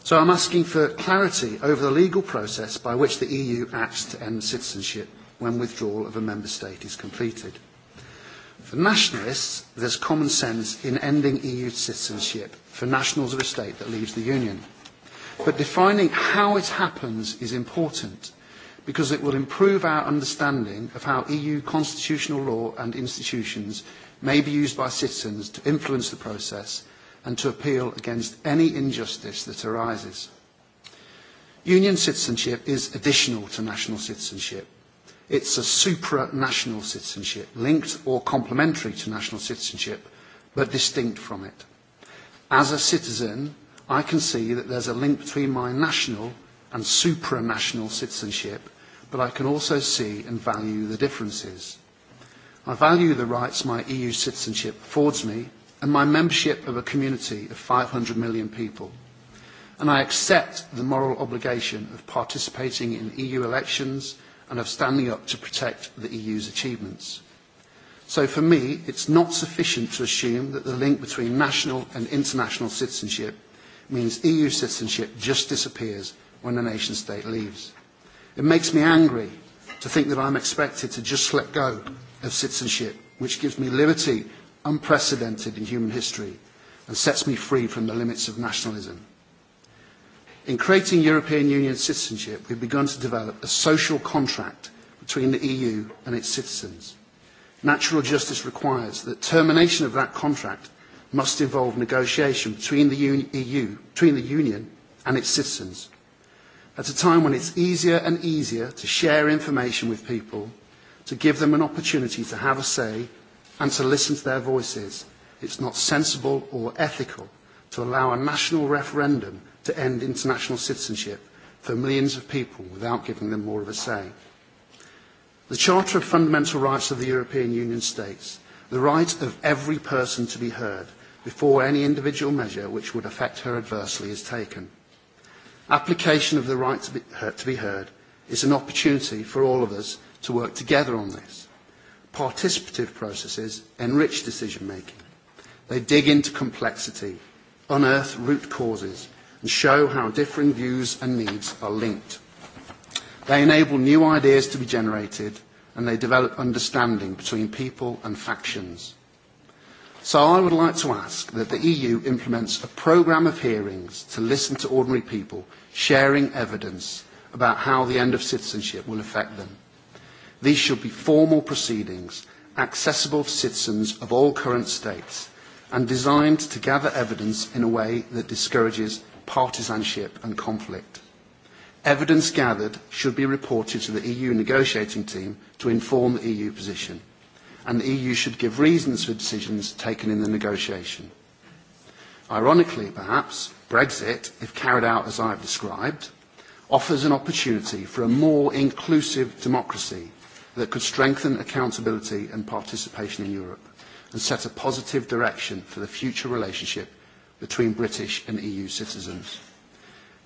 So I'm asking for clarity over the legal process by which the EU acts to end citizenship when withdrawal of a member state is completed. For nationalists, there's common sense in ending EU citizenship for nationals of a state that leaves the Union. But defining how it happens is important because it will improve our understanding of how EU constitutional law and institutions may be used by citizens to influence the process and to appeal against any injustice that arises. Union citizenship is additional to national citizenship. It's a supranational citizenship, linked or complementary to national citizenship, but distinct from it. As a citizen, I can see that there's a link between my national and supranational citizenship but I can also see and value the differences. I value the rights my EU citizenship affords me and my membership of a community of 500 million people. And I accept the moral obligation of participating in EU elections and of standing up to protect the EU's achievements. So for me, it's not sufficient to assume that the link between national and international citizenship means EU citizenship just disappears when a nation state leaves. It makes me angry to think that I'm expected to just let go of citizenship, which gives me liberty unprecedented in human history and sets me free from the limits of nationalism. In creating European Union citizenship, we've begun to develop a social contract between the EU and its citizens. Natural justice requires that termination of that contract must involve negotiation between the EU, between the Union and its citizens at a time when it's easier and easier to share information with people, to give them an opportunity to have a say and to listen to their voices, it's not sensible or ethical to allow a national referendum to end international citizenship for millions of people without giving them more of a say. The Charter of Fundamental Rights of the European Union states the right of every person to be heard before any individual measure which would affect her adversely is taken. Application of the right to be, to be heard is an opportunity for all of us to work together on this. Participative processes enrich decision making. They dig into complexity, unearth root causes, and show how differing views and needs are linked. They enable new ideas to be generated, and they develop understanding between people and factions. So I would like to ask that the EU implements a programme of hearings to listen to ordinary people sharing evidence about how the end of citizenship will affect them. These should be formal proceedings accessible to citizens of all current states and designed to gather evidence in a way that discourages partisanship and conflict. Evidence gathered should be reported to the EU negotiating team to inform the EU position and the EU should give reasons for decisions taken in the negotiation. Ironically, perhaps, Brexit, if carried out as I have described, offers an opportunity for a more inclusive democracy that could strengthen accountability and participation in Europe and set a positive direction for the future relationship between British and EU citizens.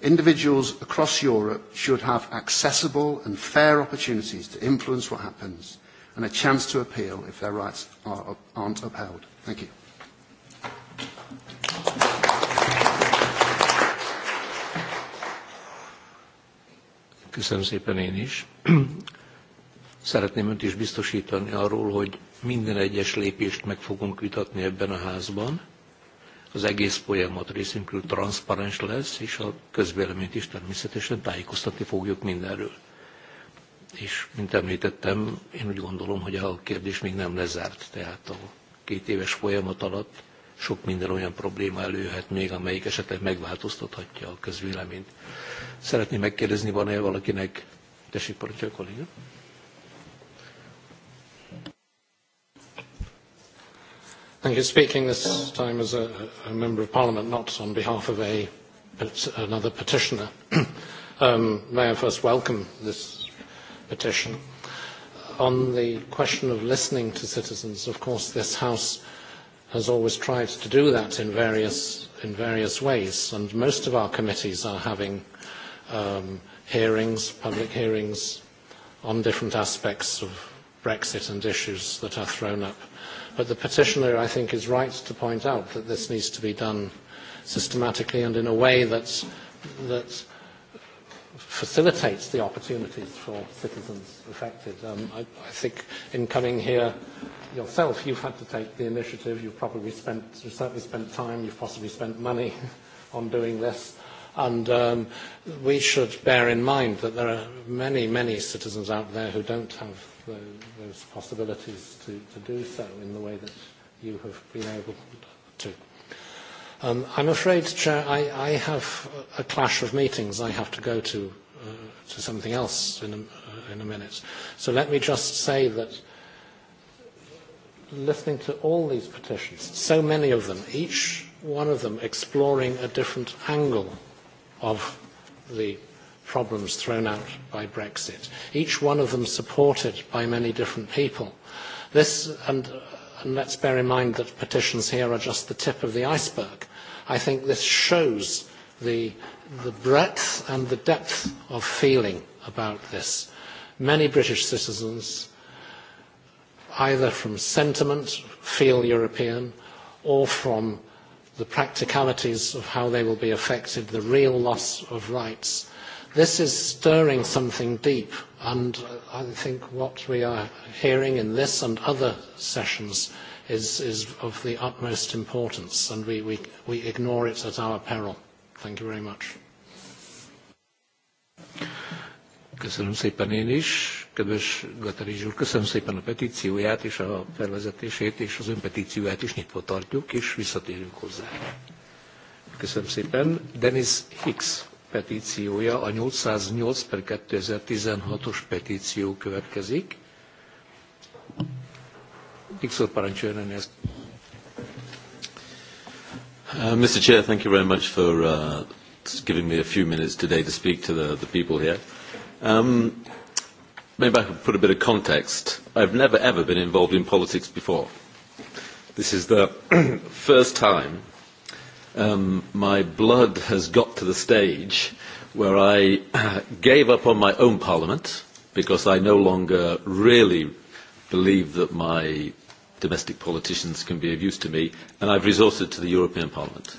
Individuals across Europe should have accessible and fair opportunities to influence what happens and a chance to appeal if their rights are, aren't upheld. Thank you. Köszönöm szépen én is. [clears throat] Szeretném önt is biztosítani arról, hogy minden egyes lépést meg fogunk vitatni ebben a házban. Az egész folyamat részünkről transzparens lesz, és a közvéleményt is természetesen tájékoztatni fogjuk mindenről és mint említettem, én úgy gondolom, hogy a kérdés még nem lezárt, tehát a két éves folyamat alatt sok minden olyan probléma előhet még, amelyik esetleg megváltoztathatja a közvéleményt. Szeretném megkérdezni, van-e valakinek... Tessék, parancsolja, kolléga. Thank you. Speaking this time as a, a member of parliament, not on behalf of a, another petitioner, [clears throat] um, may I first welcome this petition. On the question of listening to citizens, of course, this House has always tried to do that in various, in various ways, and most of our committees are having um, hearings, public hearings on different aspects of Brexit and issues that are thrown up. But the petitioner, I think, is right to point out that this needs to be done systematically and in a way that, that facilitates the opportunities for citizens affected. Um, I, I think in coming here yourself, you've had to take the initiative. You've probably spent, you've certainly spent time. You've possibly spent money [laughs] on doing this. And um, we should bear in mind that there are many, many citizens out there who don't have the, those possibilities to, to do so in the way that you have been able Um, I'm afraid, Chair, I, I have a clash of meetings I have to go to, uh, to something else in a, uh, in a minute. So let me just say that listening to all these petitions, so many of them, each one of them exploring a different angle of the problems thrown out by Brexit, each one of them supported by many different people. This, and and let's bear in mind that petitions here are just the tip of the iceberg. I think this shows the, the breadth and the depth of feeling about this. Many British citizens, either from sentiment, feel European, or from the practicalities of how they will be affected, the real loss of rights, This is stirring something deep, and I think what we are hearing in this and other sessions is, is of the utmost importance, and we, we, we ignore it at our peril. Thank you very much. Köszönöm szépen én is, kedves Gatari Zsúr, köszönöm szépen a petícióját és a felvezetését, és az ön petícióját is nyitva tartjuk, és visszatérünk hozzá. Köszönöm szépen. Dennis Hicks petíciója, a 808 per 2016-os petíció következik. Nixor parancsoljon ezt. Uh, Mr. Chair, thank you very much for uh, giving me a few minutes today to speak to the, the people here. Um, maybe I could put a bit of context. I've never ever been involved in politics before. This is the [clears throat] first time um, my blood has got to the stage where I [coughs] gave up on my own parliament because I no longer really believe that my domestic politicians can be of use to me, and I've resorted to the European Parliament.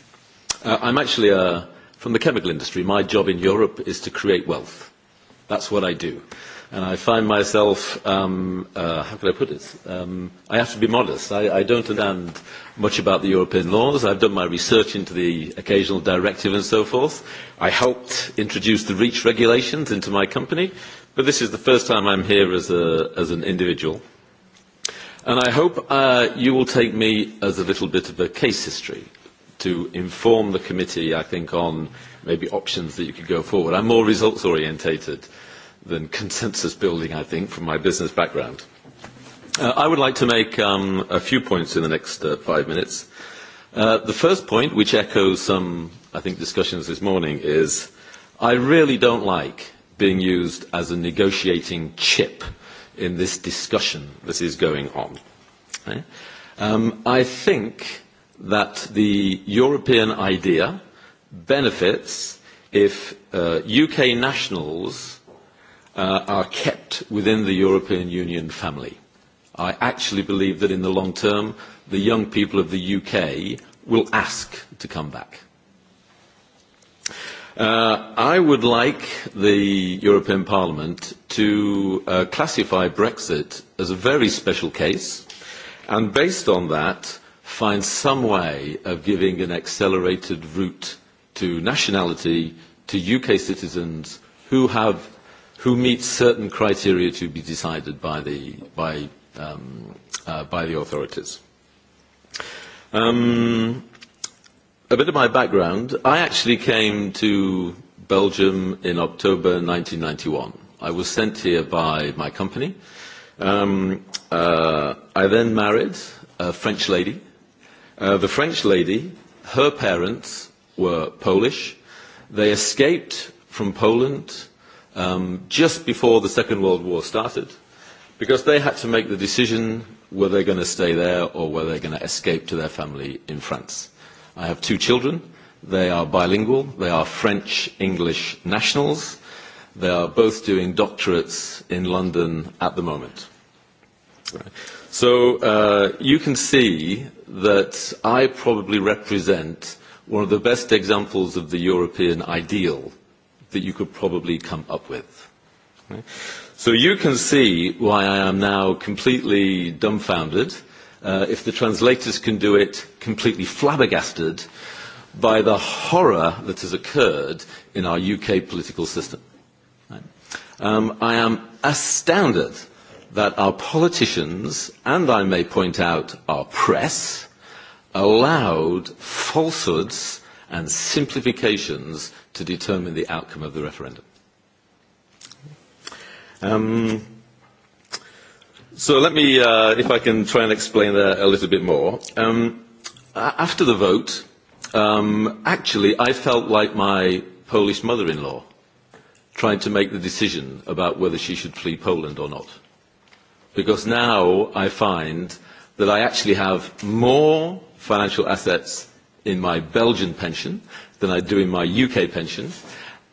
Uh, I'm actually uh from the chemical industry. My job in Europe is to create wealth. That's what I do and I find myself, um, uh, how can I put it? Um, I have to be modest. I, I don't understand much about the European laws. I've done my research into the occasional directive and so forth. I helped introduce the REACH regulations into my company, but this is the first time I'm here as, a, as an individual. And I hope uh, you will take me as a little bit of a case history to inform the committee, I think, on maybe options that you could go forward. I'm more results orientated than consensus building, I think, from my business background. Uh, I would like to make um, a few points in the next uh, five minutes. Uh, the first point, which echoes some, I think, discussions this morning, is I really don't like being used as a negotiating chip in this discussion that is going on. Okay? Eh? Um, I think that the European idea benefits if uh, UK nationals uh, are kept within the European Union family. I actually believe that in the long term, the young people of the UK will ask to come back. Uh, I would like the European Parliament to uh, classify Brexit as a very special case and based on that find some way of giving an accelerated route to nationality to UK citizens who have who meet certain criteria to be decided by the, by, um, uh, by the authorities. Um, a bit of my background. I actually came to Belgium in October 1991. I was sent here by my company. Um, uh, I then married a French lady. Uh, the French lady, her parents were Polish. They escaped from Poland um, just before the Second World War started because they had to make the decision were they going to stay there or were they going to escape to their family in France. I have two children. They are bilingual. They are French-English nationals. They are both doing doctorates in London at the moment. Right. So uh, you can see that I probably represent one of the best examples of the European ideal that you could probably come up with. So you can see why I am now completely dumbfounded uh, if the translators can do it completely flabbergasted by the horror that has occurred in our UK political system. Um, I am astounded that our politicians, and I may point out our press, allowed falsehoods and simplifications to determine the outcome of the referendum. Um, so let me, uh, if I can try and explain that a little bit more. Um, after the vote, um, actually, I felt like my Polish mother-in-law trying to make the decision about whether she should flee Poland or not. Because now I find that I actually have more financial assets in my Belgian pension than I do in my UK pension.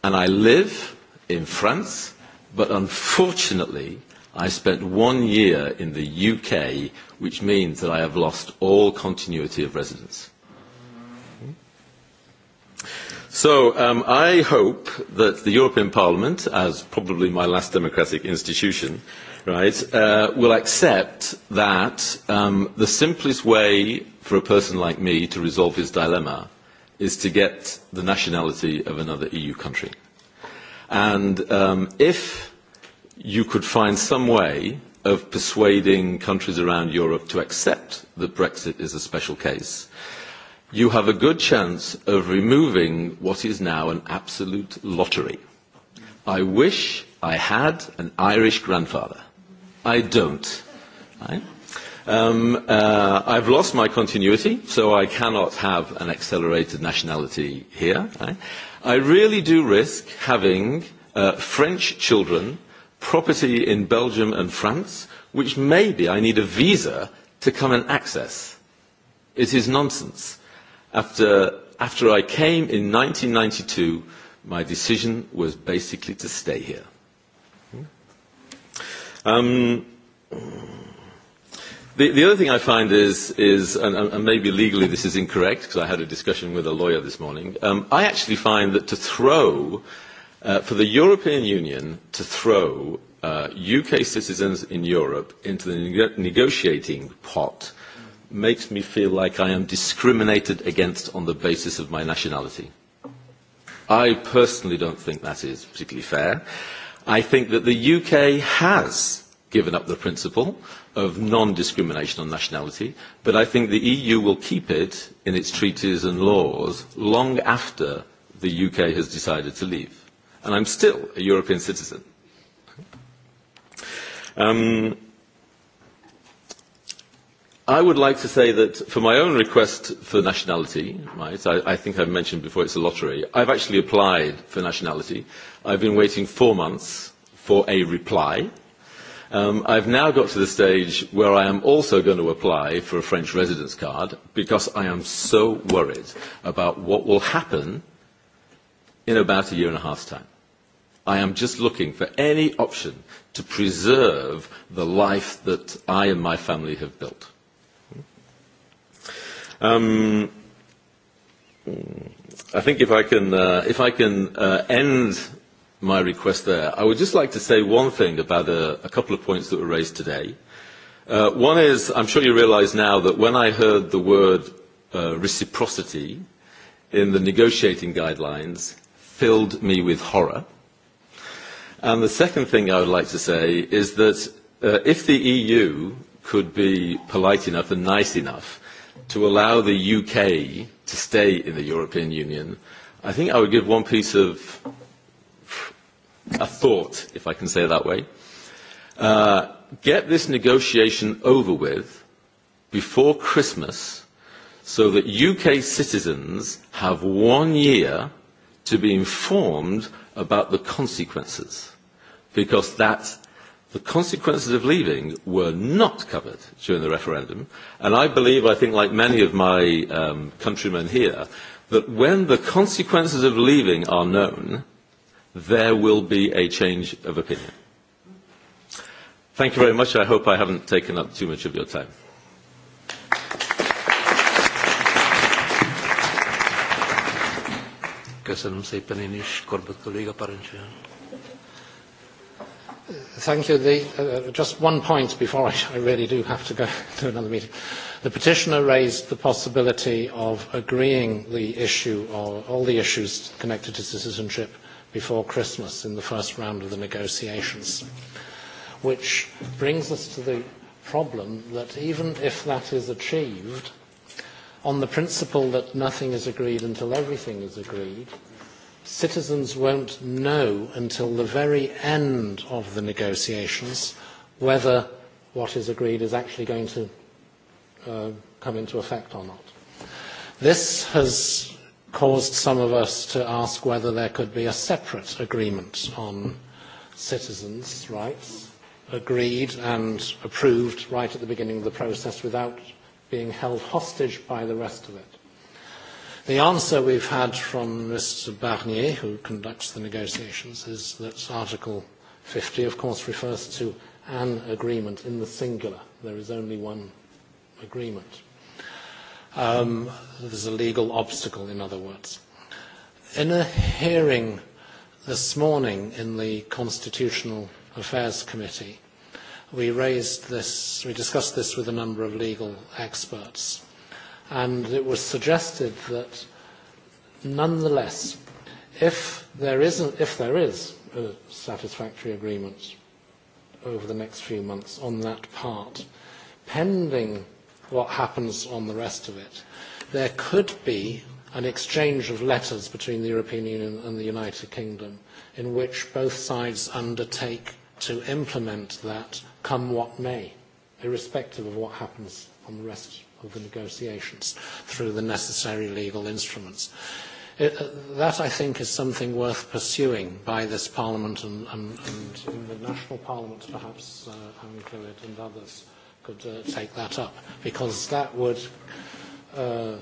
And I live in France, but unfortunately, I spent one year in the UK, which means that I have lost all continuity of residence. So um, I hope that the European Parliament, as probably my last democratic institution, right, uh, will accept that um, the simplest way for a person like me to resolve his dilemma is to get the nationality of another EU country. And um, if you could find some way of persuading countries around Europe to accept that Brexit is a special case, you have a good chance of removing what is now an absolute lottery. I wish I had an Irish grandfather. I don't. Right? Um, uh, I've lost my continuity, so I cannot have an accelerated nationality here. Right? I really do risk having uh, French children property in Belgium and France, which maybe I need a visa to come and access. It is nonsense. After, after I came in 1992, my decision was basically to stay here. Hmm? Um, The, the other thing I find is, is and, and maybe legally this is incorrect because I had a discussion with a lawyer this morning, um, I actually find that to throw, uh, for the European Union to throw uh, UK citizens in Europe into the neg- negotiating pot makes me feel like I am discriminated against on the basis of my nationality. I personally don't think that is particularly fair. I think that the UK has given up the principle of non-discrimination on nationality, but I think the EU will keep it in its treaties and laws long after the UK has decided to leave. And I'm still a European citizen. Um, i would like to say that for my own request for nationality, right, I, I think I've mentioned before it's a lottery, I've actually applied for nationality. I've been waiting four months for a reply. Um, I've now got to the stage where I am also going to apply for a French residence card because I am so worried about what will happen in about a year and a half's time. I am just looking for any option to preserve the life that I and my family have built. Um, I think if I can, uh, if I can uh, end my request there. I would just like to say one thing about a, a couple of points that were raised today. Uh, one is, I'm sure you realise now that when I heard the word uh, reciprocity in the negotiating guidelines, filled me with horror. And the second thing I would like to say is that uh, if the EU could be polite enough and nice enough to allow the UK to stay in the European Union, I think I would give one piece of a thought, if I can say it that way. Uh, get this negotiation over with before Christmas so that UK citizens have one year to be informed about the consequences. Because that, the consequences of leaving were not covered during the referendum. And I believe, I think like many of my um, countrymen here, that when the consequences of leaving are known, there will be a change of opinion. Thank you very much. I hope I haven't taken up too much of your time. Köszönöm szépen én is, kolléga parancsoljon. Thank you. The, uh, just one point before I, I really do have to go to another meeting. The petitioner raised the possibility of agreeing the issue or all the issues connected to citizenship before Christmas in the first round of the negotiations. Which brings us to the problem that even if that is achieved, on the principle that nothing is agreed until everything is agreed, citizens won't know until the very end of the negotiations whether what is agreed is actually going to uh, come into effect or not. This has caused some of us to ask whether there could be a separate agreement on citizens' rights, agreed and approved right at the beginning of the process without being held hostage by the rest of it. The answer we've had from Mr. Barnier, who conducts the negotiations, is that Article 50, of course, refers to an agreement in the singular. There is only one agreement. Um, there's a legal obstacle, in other words. In a hearing this morning in the Constitutional Affairs Committee, we raised this, we discussed this with a number of legal experts, and it was suggested that nonetheless, if there, isn't, if there is a satisfactory agreement over the next few months on that part, pending what happens on the rest of it. There could be an exchange of letters between the European Union and the United Kingdom in which both sides undertake to implement that come what may, irrespective of what happens on the rest of the negotiations through the necessary legal instruments. It, uh, that, I think, is something worth pursuing by this Parliament and, and, and the national parliaments, perhaps, uh, included, and others could uh, take that up, because that would uh,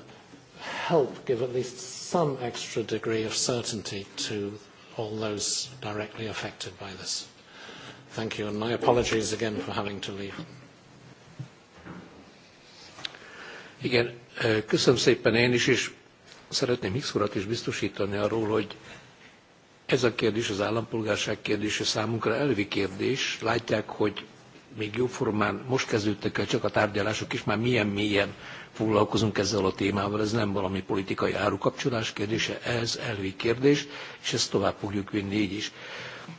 help give at least some extra degree of certainty to all those directly affected by this. Thank you, and my apologies again for having to leave. Igen, köszönöm szépen én is, és szeretném Hicks urat is biztosítani arról, hogy ez a kérdés, az állampolgárság kérdése számunkra elvi kérdés. Látják, hogy még jóformán most kezdődtek el csak a tárgyalások, és már milyen mélyen foglalkozunk ezzel a témával. Ez nem valami politikai árukapcsolás kérdése, ez elvi kérdés, és ezt tovább fogjuk vinni így is.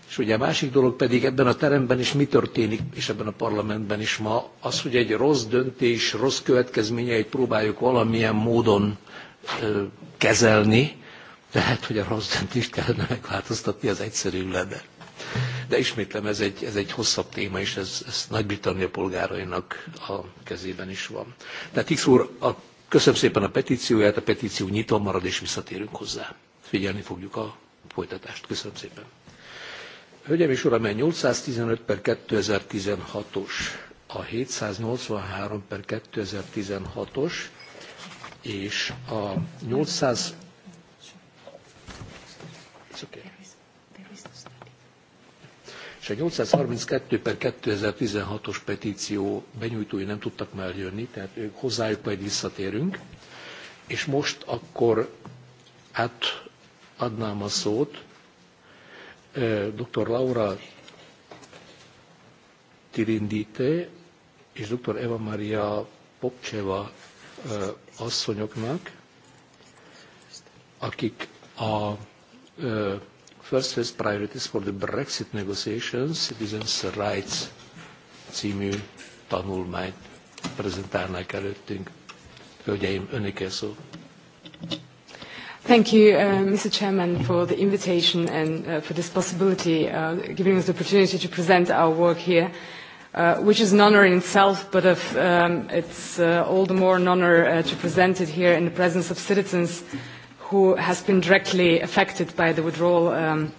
És ugye a másik dolog pedig ebben a teremben is mi történik, és ebben a parlamentben is ma, az, hogy egy rossz döntés, rossz következményeit próbáljuk valamilyen módon ö, kezelni, lehet, hogy a rossz döntést kellene megváltoztatni, az egyszerű lenne. De ismétlem, ez egy, ez egy hosszabb téma, és ez, ez Nagy-Britannia polgárainak a kezében is van. De Tix úr, a, köszönöm szépen a petícióját, a petíció nyitva marad, és visszatérünk hozzá. Figyelni fogjuk a folytatást. Köszönöm szépen. Hölgyeim és Uram, 815 per 2016-os, a 783 per 2016-os és a 800 és 832 per 2016-os petíció benyújtói nem tudtak már jönni, tehát ők hozzájuk majd visszatérünk, és most akkor átadnám a szót dr. Laura Tirindite és dr. Eva Maria Popcseva asszonyoknak, akik a First has priorities for the Brexit negotiations, citizens' rights című tanulmányt prezentálnák előttünk. Hölgyeim, önöké szó. Thank you, uh, Mr. Chairman, for the invitation and uh, for this possibility, uh, giving us the opportunity to present our work here, uh, which is an honor in itself, but of, um, it's uh, all the more an honor uh, to present it here in the presence of citizens who has been directly affected by the withdrawal um,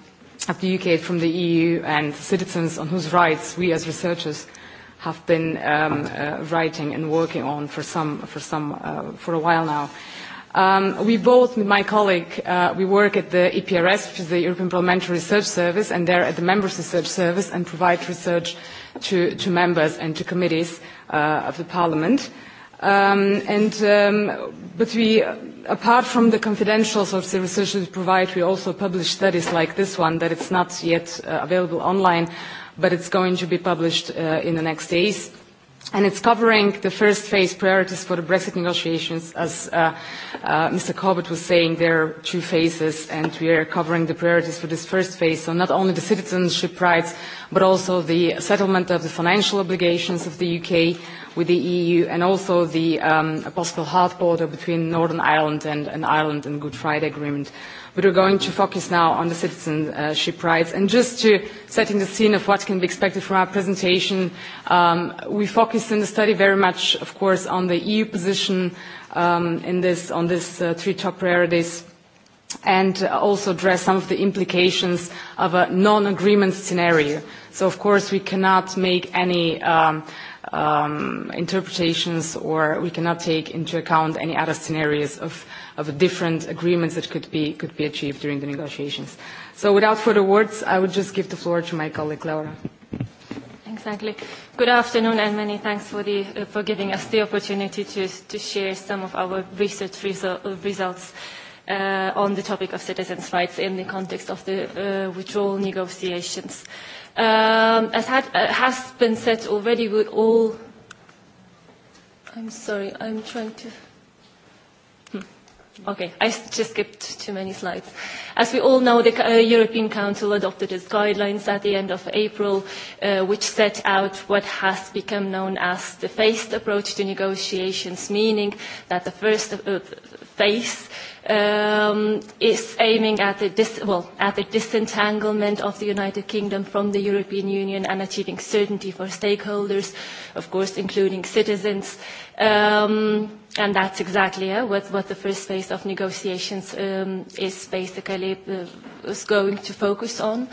of the UK from the EU and citizens on whose rights we as researchers have been um, uh, writing and working on for, some, for, some, uh, for a while now. Um, we both, with my colleague, uh, we work at the EPRS, which is the European Parliamentary Research Service, and they're at the Members Research Service and provide research to, to members and to committees uh, of the Parliament. Um, and, um, but we, apart from the confidential sort of research we provide, we also publish studies like this one that it's not yet uh, available online, but it's going to be published uh, in the next days. And it's covering the first phase priorities for the Brexit negotiations. As uh, uh, Mr. Corbett was saying, there are two phases, and we are covering the priorities for this first phase. So not only the citizenship rights, but also the settlement of the financial obligations of the UK, with the EU and also the um, a possible hard border between Northern Ireland and, and Ireland and Good Friday Agreement. But we're going to focus now on the citizenship rights. And just to setting the scene of what can be expected from our presentation, um, we focused in the study very much, of course, on the EU position um, in this, on these uh, three top priorities and also address some of the implications of a non-agreement scenario. So of course we cannot make any um, um, interpretations or we cannot take into account any other scenarios of, of different agreements that could be, could be achieved during the negotiations. So without further words, I would just give the floor to my colleague Laura. Exactly. Good afternoon and many thanks for, the, uh, for giving us the opportunity to, to share some of our research resu uh, results uh, on the topic of citizens' rights in the context of the uh, withdrawal negotiations. Uh, Um, as had, uh, has been said already, we all... I'm sorry, I'm trying to... Hmm. Okay, I just skipped too many slides. As we all know, the uh, European Council adopted its guidelines at the end of April, uh, which set out what has become known as the phased approach to negotiations, meaning that the first uh, phase um, is aiming at the, dis well, at the disentanglement of the United Kingdom from the European Union and achieving certainty for stakeholders, of course, including citizens. Um, and that's exactly uh, what, what the first phase of negotiations um, is basically uh, is going to focus on.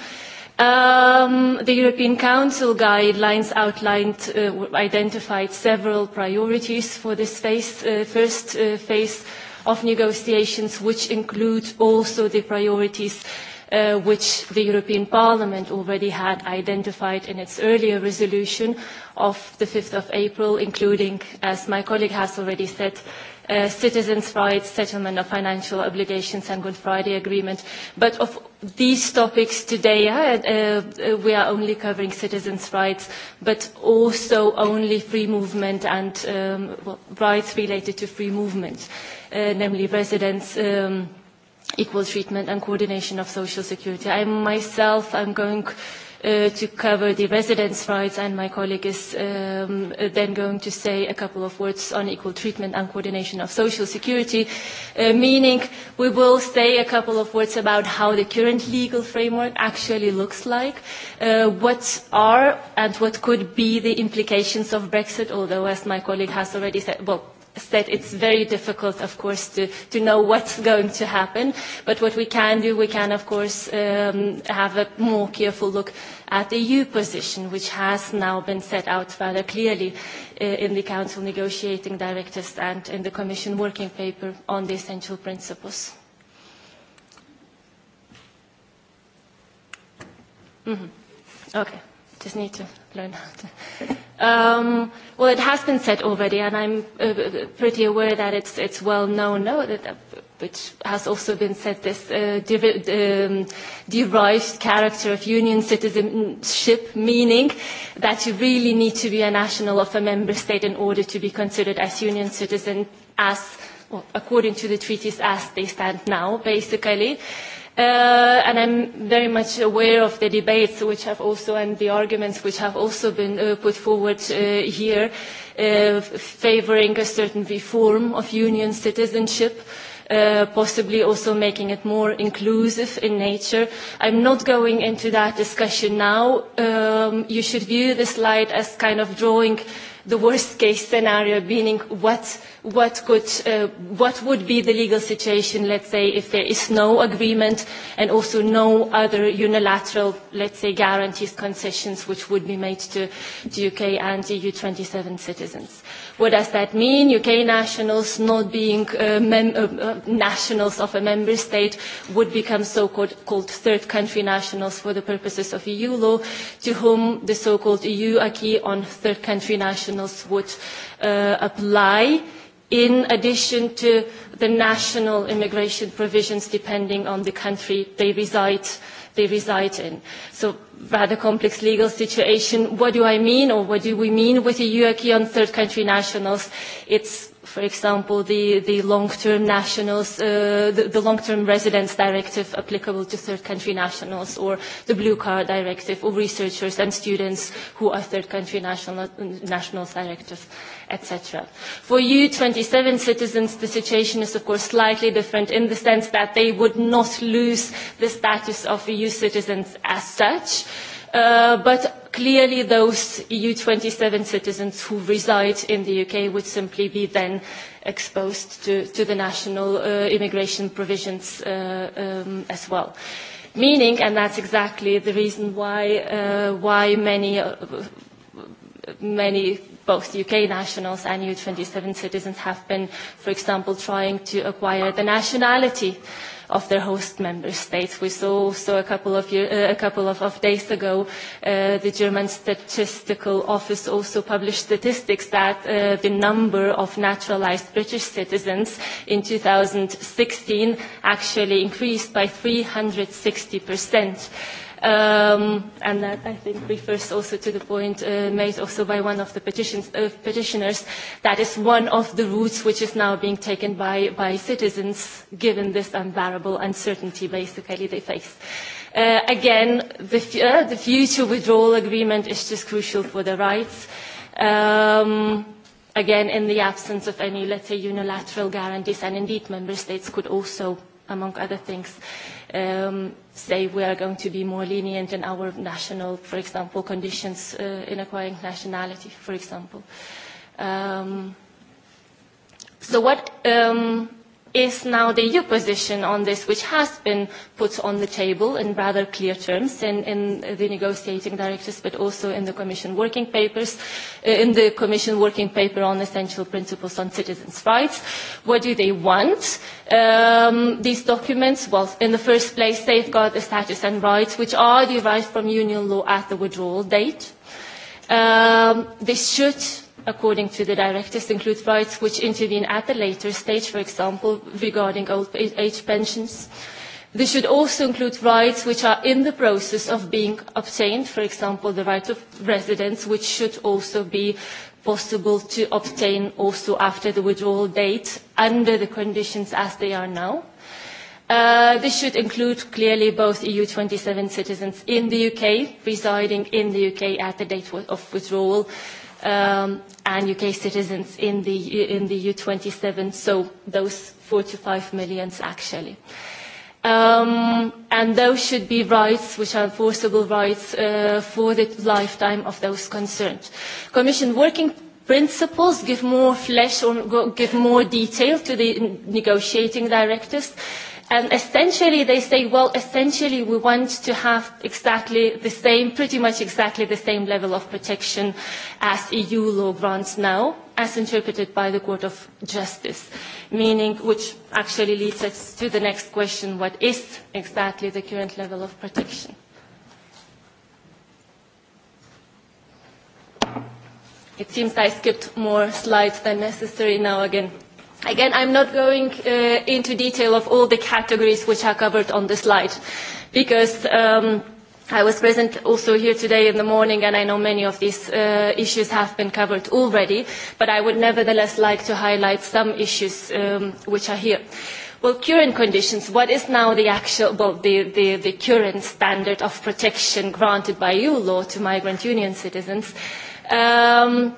Um, the European Council guidelines outlined, uh, identified several priorities for this phase, uh, first uh, phase of negotiations which include also the priorities uh, which the European Parliament already had identified in its earlier resolution of the 5th of April, including, as my colleague has already said, uh, citizens' rights, settlement of financial obligations and Good Friday Agreement. But of these topics today, uh, uh, we are only covering citizens' rights, but also only free movement and um, well, rights related to free movement. Uh, uh, namely residents, um, equal treatment and coordination of social security. I myself, am going uh, to cover the residents' rights and my colleague is um, then going to say a couple of words on equal treatment and coordination of social security, uh, meaning we will say a couple of words about how the current legal framework actually looks like, uh, what are and what could be the implications of Brexit, although as my colleague has already said, well, said it's very difficult, of course, to, to know what's going to happen. But what we can do, we can, of course, um, have a more careful look at the EU position, which has now been set out rather clearly uh, in the Council negotiating directives and in the Commission working paper on the essential principles. Mm -hmm. Okay, just need to Um, well, it has been said already, and I'm uh, uh pretty aware that it's, it's well known, no, that, uh, which has also been said, this uh, de um, derived character of union citizenship, meaning that you really need to be a national of a member state in order to be considered as union citizen, as well, according to the treaties as they stand now, basically. Uh, and I'm very much aware of the debates which have also and the arguments which have also been uh, put forward uh, here uh, favoring a certain reform of union citizenship. Uh, possibly also making it more inclusive in nature. I'm not going into that discussion now. Um, you should view this slide as kind of drawing the worst case scenario being what, what, could, uh, what would be the legal situation, let's say, if there is no agreement and also no other unilateral, let's say, guarantees, concessions which would be made to the UK and EU 27 citizens. What does that mean? UK nationals not being uh, mem uh, uh, nationals of a member state would become so-called called third country nationals for the purposes of EU law, to whom the so-called EU acquis on third country nationals would uh, apply in addition to the national immigration provisions depending on the country they reside in they reside in. So rather complex legal situation. What do I mean or what do we mean with a UAC on third country nationals? It's for example, the, the long-term nationals, uh, the, the long-term residence directive applicable to third country nationals, or the blue card directive, or researchers and students who are third country national, nationals directive, etc. For U27 citizens, the situation is, of course, slightly different in the sense that they would not lose the status of EU citizens as such Uh, but clearly those EU twenty seven citizens who reside in the UK would simply be then exposed to, to the national uh, immigration provisions uh, um, as well. Meaning, and that's exactly the reason why, uh, why many, uh, many both UK nationals and EU twenty seven citizens have been, for example, trying to acquire the nationality uh, of their host member states. We saw also a couple of, year, uh, a couple of, of days ago uh, the German Statistical Office also published statistics that uh, the number of naturalized British citizens in 2016 actually increased by 360 percent. Um, and that, I think, refers also to the point uh, made also by one of the petitions, uh, petitioners. That is one of the routes which is now being taken by, by citizens, given this unbearable uncertainty, basically, they face. Uh, again, the, uh, the future withdrawal agreement is just crucial for the rights. Um, again, in the absence of any, let's say, unilateral guarantees, and indeed member states could also, among other things, uh, um, say we are going to be more lenient in our national, for example, conditions uh, in acquiring nationality, for example. Um, so what um, is now the EU position on this, which has been put on the table in rather clear terms in, in the negotiating directives, but also in the Commission working papers, uh, in the Commission working paper on essential principles on citizens' rights. What do they want? Um, these documents, well, in the first place, safeguard the status and rights which are derived from union law at the withdrawal date. Um, they should according to the directives includes rights which intervene at a later stage, for example, regarding old age pensions. This should also include rights which are in the process of being obtained, for example, the right of residence, which should also be possible to obtain also after the withdrawal date under the conditions as they are now. Uh, this should include clearly both EU 27 citizens in the UK, residing in the UK at the date of withdrawal, um, and UK citizens in the, in the u 27 so those 4 to 5 millions actually. Um, and those should be rights which are enforceable rights uh, for the lifetime of those concerned. Commission working principles give more flesh or give more detail to the negotiating directives And essentially, they say, well, essentially, we want to have exactly the same, pretty much exactly the same level of protection as EU law grants now, as interpreted by the Court of Justice, meaning, which actually leads us to the next question, what is exactly the current level of protection? It seems I skipped more slides than necessary now again. Again, I'm not going uh, into detail of all the categories which are covered on the slide because um, I was present also here today in the morning and I know many of these uh, issues have been covered already, but I would nevertheless like to highlight some issues um, which are here. Well, current conditions, what is now the actual, well, the, the, the current standard of protection granted by EU law to migrant union citizens? Um,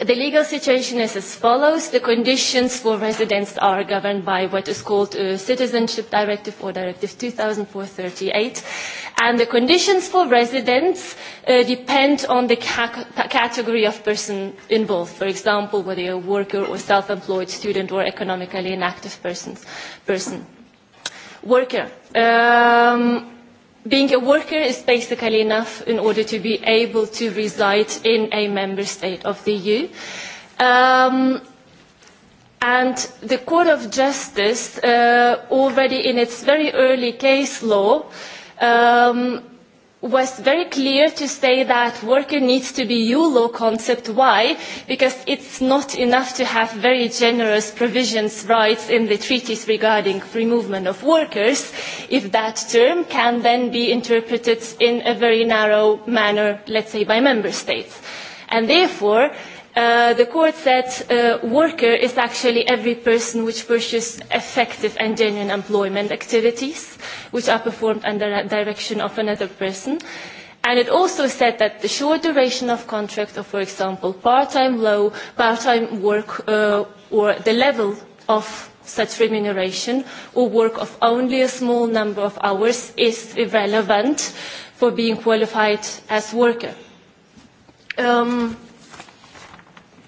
The legal situation is as follows. The conditions for residence are governed by what is called a Citizenship Directive or Directive 2004-38. And the conditions for residence uh, depend on the ca category of person involved. For example, whether you're a worker or self-employed student or economically inactive persons, person. Worker. Um, being a worker is basically enough in order to be able to reside in a member state of the EU. Um, and the Court of Justice, uh, already in its very early case law, um, was very clear to say that worker needs to be EU law concept. Why? Because it's not enough to have very generous provisions rights in the treaties regarding free movement of workers if that term can then be interpreted in a very narrow manner, let's say by member states. And therefore, Uh, the court said uh, worker is actually every person which pursues effective and genuine employment activities which are performed under the direction of another person. And it also said that the short duration of contract or, for example, part-time low, part-time work uh, or the level of such remuneration or work of only a small number of hours is irrelevant for being qualified as worker. Um,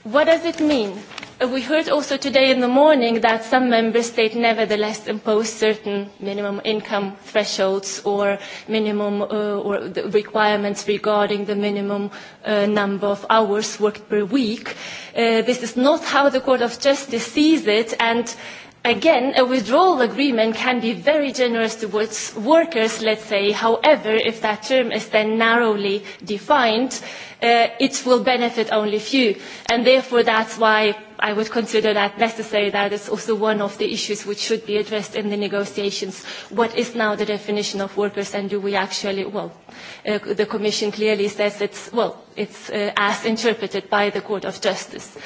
What does it mean? Uh, we heard also today in the morning that some member states nevertheless impose certain minimum income thresholds or minimum uh, or the requirements regarding the minimum uh, number of hours worked per week. Uh, this is not how the Court of Justice sees it and uh, Again, a withdrawal agreement can be very generous towards workers, let's say. However, if that term is then narrowly defined, uh, it will benefit only few. And therefore, that's why I would consider that necessary. That is also one of the issues which should be addressed in the negotiations. What is now the definition of workers and do we actually, well, uh, the Commission clearly says it's, well, it's uh, as interpreted by the Court of Justice. Uh,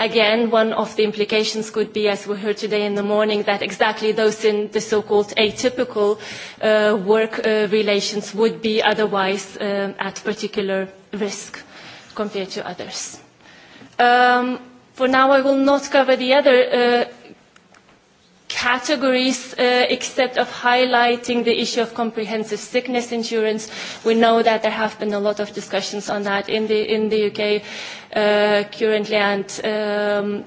Again, one of the implications could be, as we heard today in the morning, that exactly those in the so-called atypical uh, work uh, relations would be otherwise um, at particular risk compared to others. Um, for now, I will not cover the other uh, categories uh, except of highlighting the issue of comprehensive sickness insurance. We know that there have been a lot of discussions on that in the, in the UK uh, currently and um,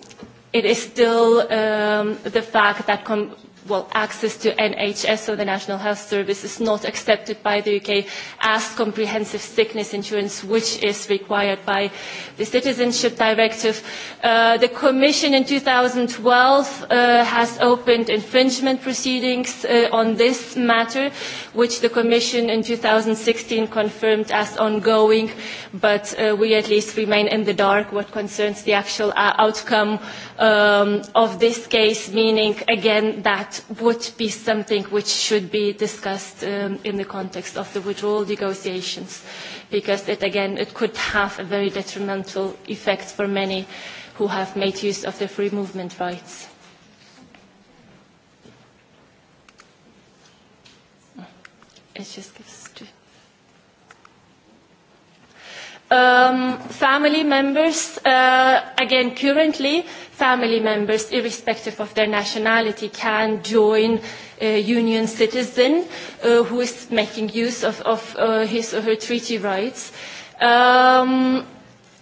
it is still um, the fact that com well, access to NHS or the National Health Service is not accepted by the UK as comprehensive sickness insurance, which is required by the Citizenship Directive. Uh, the Commission in 2012 uh, has opened infringement proceedings uh, on this matter, which the Commission in 2016 confirmed as ongoing, but uh, we at least remain in the dark what concerns the actual uh, outcome um, of this case, meaning again that would be something which should be discussed um, in the context of the withdrawal negotiations, because it, again, it could have a very detrimental effect for many who have made use of their free movement rights. It's just um, family members, uh, again, currently, family members, irrespective of their nationality, can join a union citizen uh, who is making use of, of uh, his or her treaty rights. Um,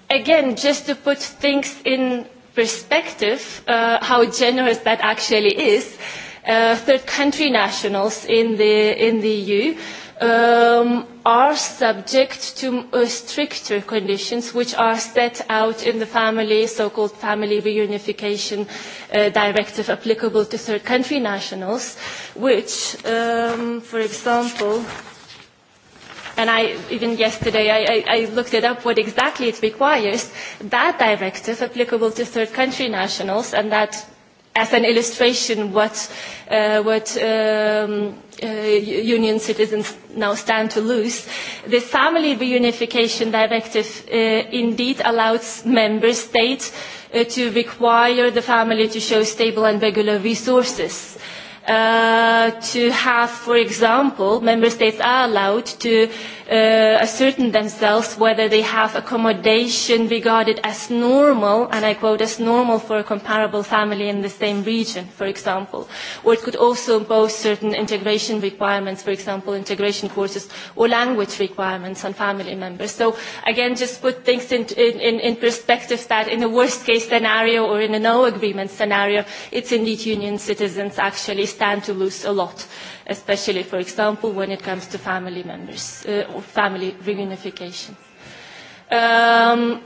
again, just to put things in perspective, uh, how generous that actually is, uh, third country nationals in the, in the EU um, are subject to uh, stricter conditions which are set out in the family, so-called family reunification uh, directive applicable to third country nationals, which, um, for example, and I, even yesterday I, I, I looked it up what exactly it requires, that directive applicable to third country nationals and that as an illustration what, uh, what um, uh, union citizens now stand to lose. The Family Reunification Directive uh, indeed allows member states uh, to require the family to show stable and regular resources. Uh, to have, for example, member states are allowed to uh, uh, ascertain themselves whether they have accommodation regarded as normal, and I quote, as normal for a comparable family in the same region, for example. Or it could also impose certain integration requirements, for example, integration courses or language requirements on family members. So again, just put things in, in, in perspective that in a worst case scenario or in a no agreement scenario, it's indeed union citizens actually stand to lose a lot especially, for example, when it comes to family members uh, or family reunification. Um,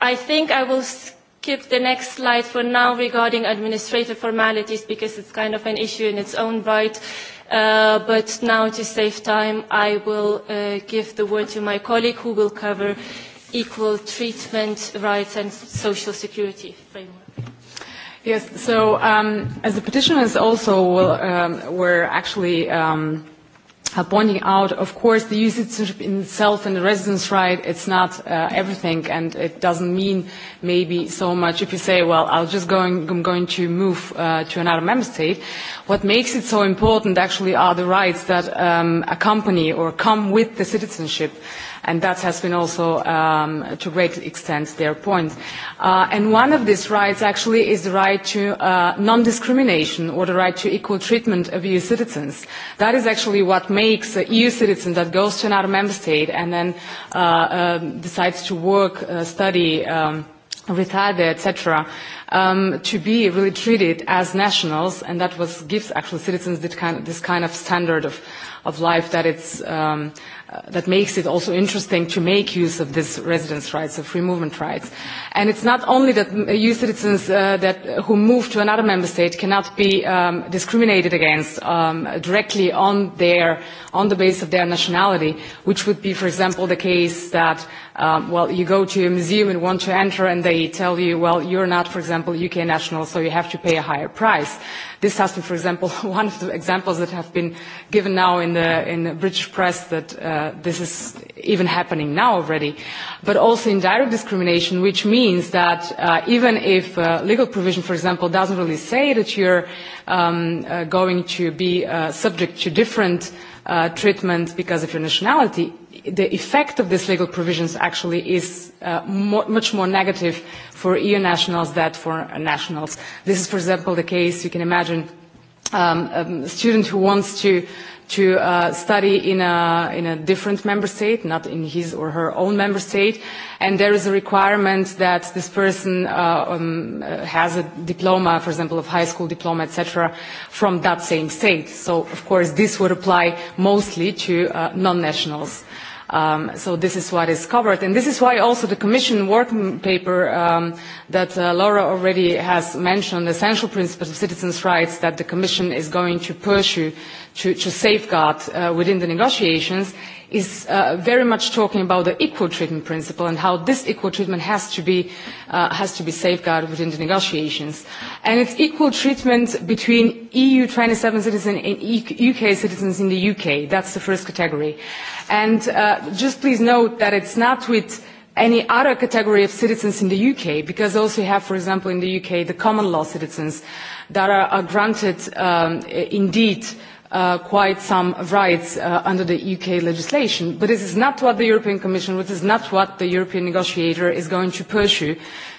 I think I will skip the next slide for now regarding administrative formalities because it's kind of an issue in its own right. Uh, but now, to save time, I will uh, give the word to my colleague who will cover equal treatment rights and social security framework. Yes, so um, as the petitioners also will, um, were actually um, uh, pointing out, of course, the use in itself and the residence right, it's not uh, everything, and it doesn't mean maybe so much if you say, well, I'll just going, I'm going to move uh, to another member state. What makes it so important actually are the rights that um, accompany or come with the citizenship and that has been also um, to great extent their point. Uh, and one of these rights actually is the right to uh, non-discrimination or the right to equal treatment of EU citizens. That is actually what makes an EU citizen that goes to another member state and then uh, uh, decides to work, uh, study, um, retire there, etc um, to be really treated as nationals, and that was, gives actually citizens this kind, of this kind of standard of, of life that, it's, um, uh, that makes it also interesting to make use of this residence rights, of free movement rights. And it's not only that EU citizens uh, that, uh, who move to another member state cannot be um, discriminated against um, directly on, their, on the basis of their nationality, which would be, for example, the case that, um, well, you go to a museum and want to enter and they tell you, well, you're not, for example, example, UK national, so you have to pay a higher price. This has been, for example, [laughs] one of the examples that have been given now in the, in the British press that uh, this is even happening now already, but also indirect discrimination, which means that uh, even if uh, legal provision, for example, doesn't really say that you're um, uh, going to be uh, subject to different uh, treatment because of your nationality, the effect of these legal provisions actually is uh, mo much more negative for EU nationals than for nationals. This is, for example, the case you can imagine um, um, a student who wants to to uh, study in a, in a different member state, not in his or her own member state, and there is a requirement that this person uh, um, has a diploma, for example, of high school diploma, etc., from that same state. So, of course, this would apply mostly to uh, non-nationals. Um, so this is what is covered. And this is why also the Commission working paper um, that uh, Laura already has mentioned, essential principles of citizens' rights that the Commission is going to pursue to, to safeguard uh, within the negotiations, is uh, very much talking about the equal treatment principle and how this equal treatment has to be, uh, has to be safeguarded within the negotiations. And it's equal treatment between EU 27 citizens and UK e citizens in the UK. That's the first category. And uh, just please note that it's not with any other category of citizens in the UK, because also you have, for example, in the UK, the common law citizens that are, are granted um, indeed uh, uh, quite some rights uh, under the UK legislation. But this is not what the European Commission, this is not what the European negotiator is going to pursue,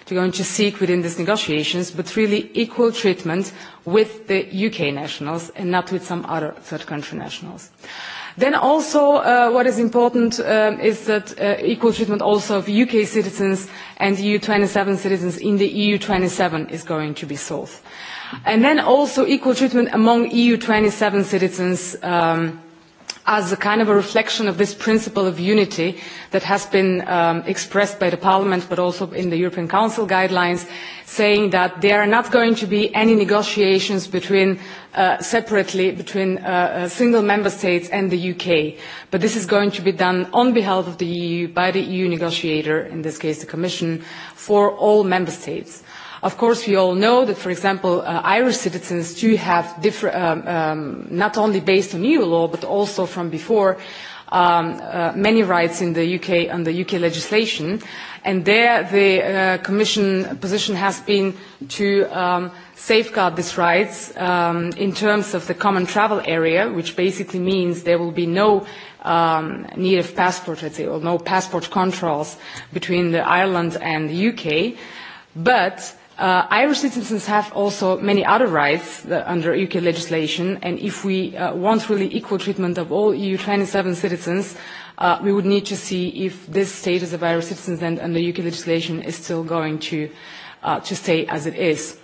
to going to seek within these negotiations, but really equal treatment with the UK nationals and not with some other third country nationals. Then also uh, what is important um, is that uh, equal treatment also of UK citizens and EU twenty seven citizens in the EU twenty seven is going to be solved and then also equal treatment among EU twenty seven citizens um, as a kind of a reflection of this principle of unity that has been um, expressed by the Parliament but also in the European Council guidelines, saying that there are not going to be any negotiations between, uh, separately between uh, uh single member states and the UK. But this is going to be done on behalf of the EU by the EU negotiator, in this case the Commission, for all member states. Of course, we all know that, for example, uh, Irish citizens do have different, um, um, not only based on EU law, but also from before, um, uh, many rights in the UK under UK legislation. And there the uh, Commission position has been to um, safeguard these rights um, in terms of the common travel area, which basically means there will be no um, need of passport, let's say, or no passport controls between the Ireland and the UK. But Uh, Irish citizens have also many other rights that, under UK legislation, and if we uh, want really equal treatment of all EU 27 citizens, uh, we would need to see if this status of Irish citizens and under UK legislation is still going to, uh, to stay as it is.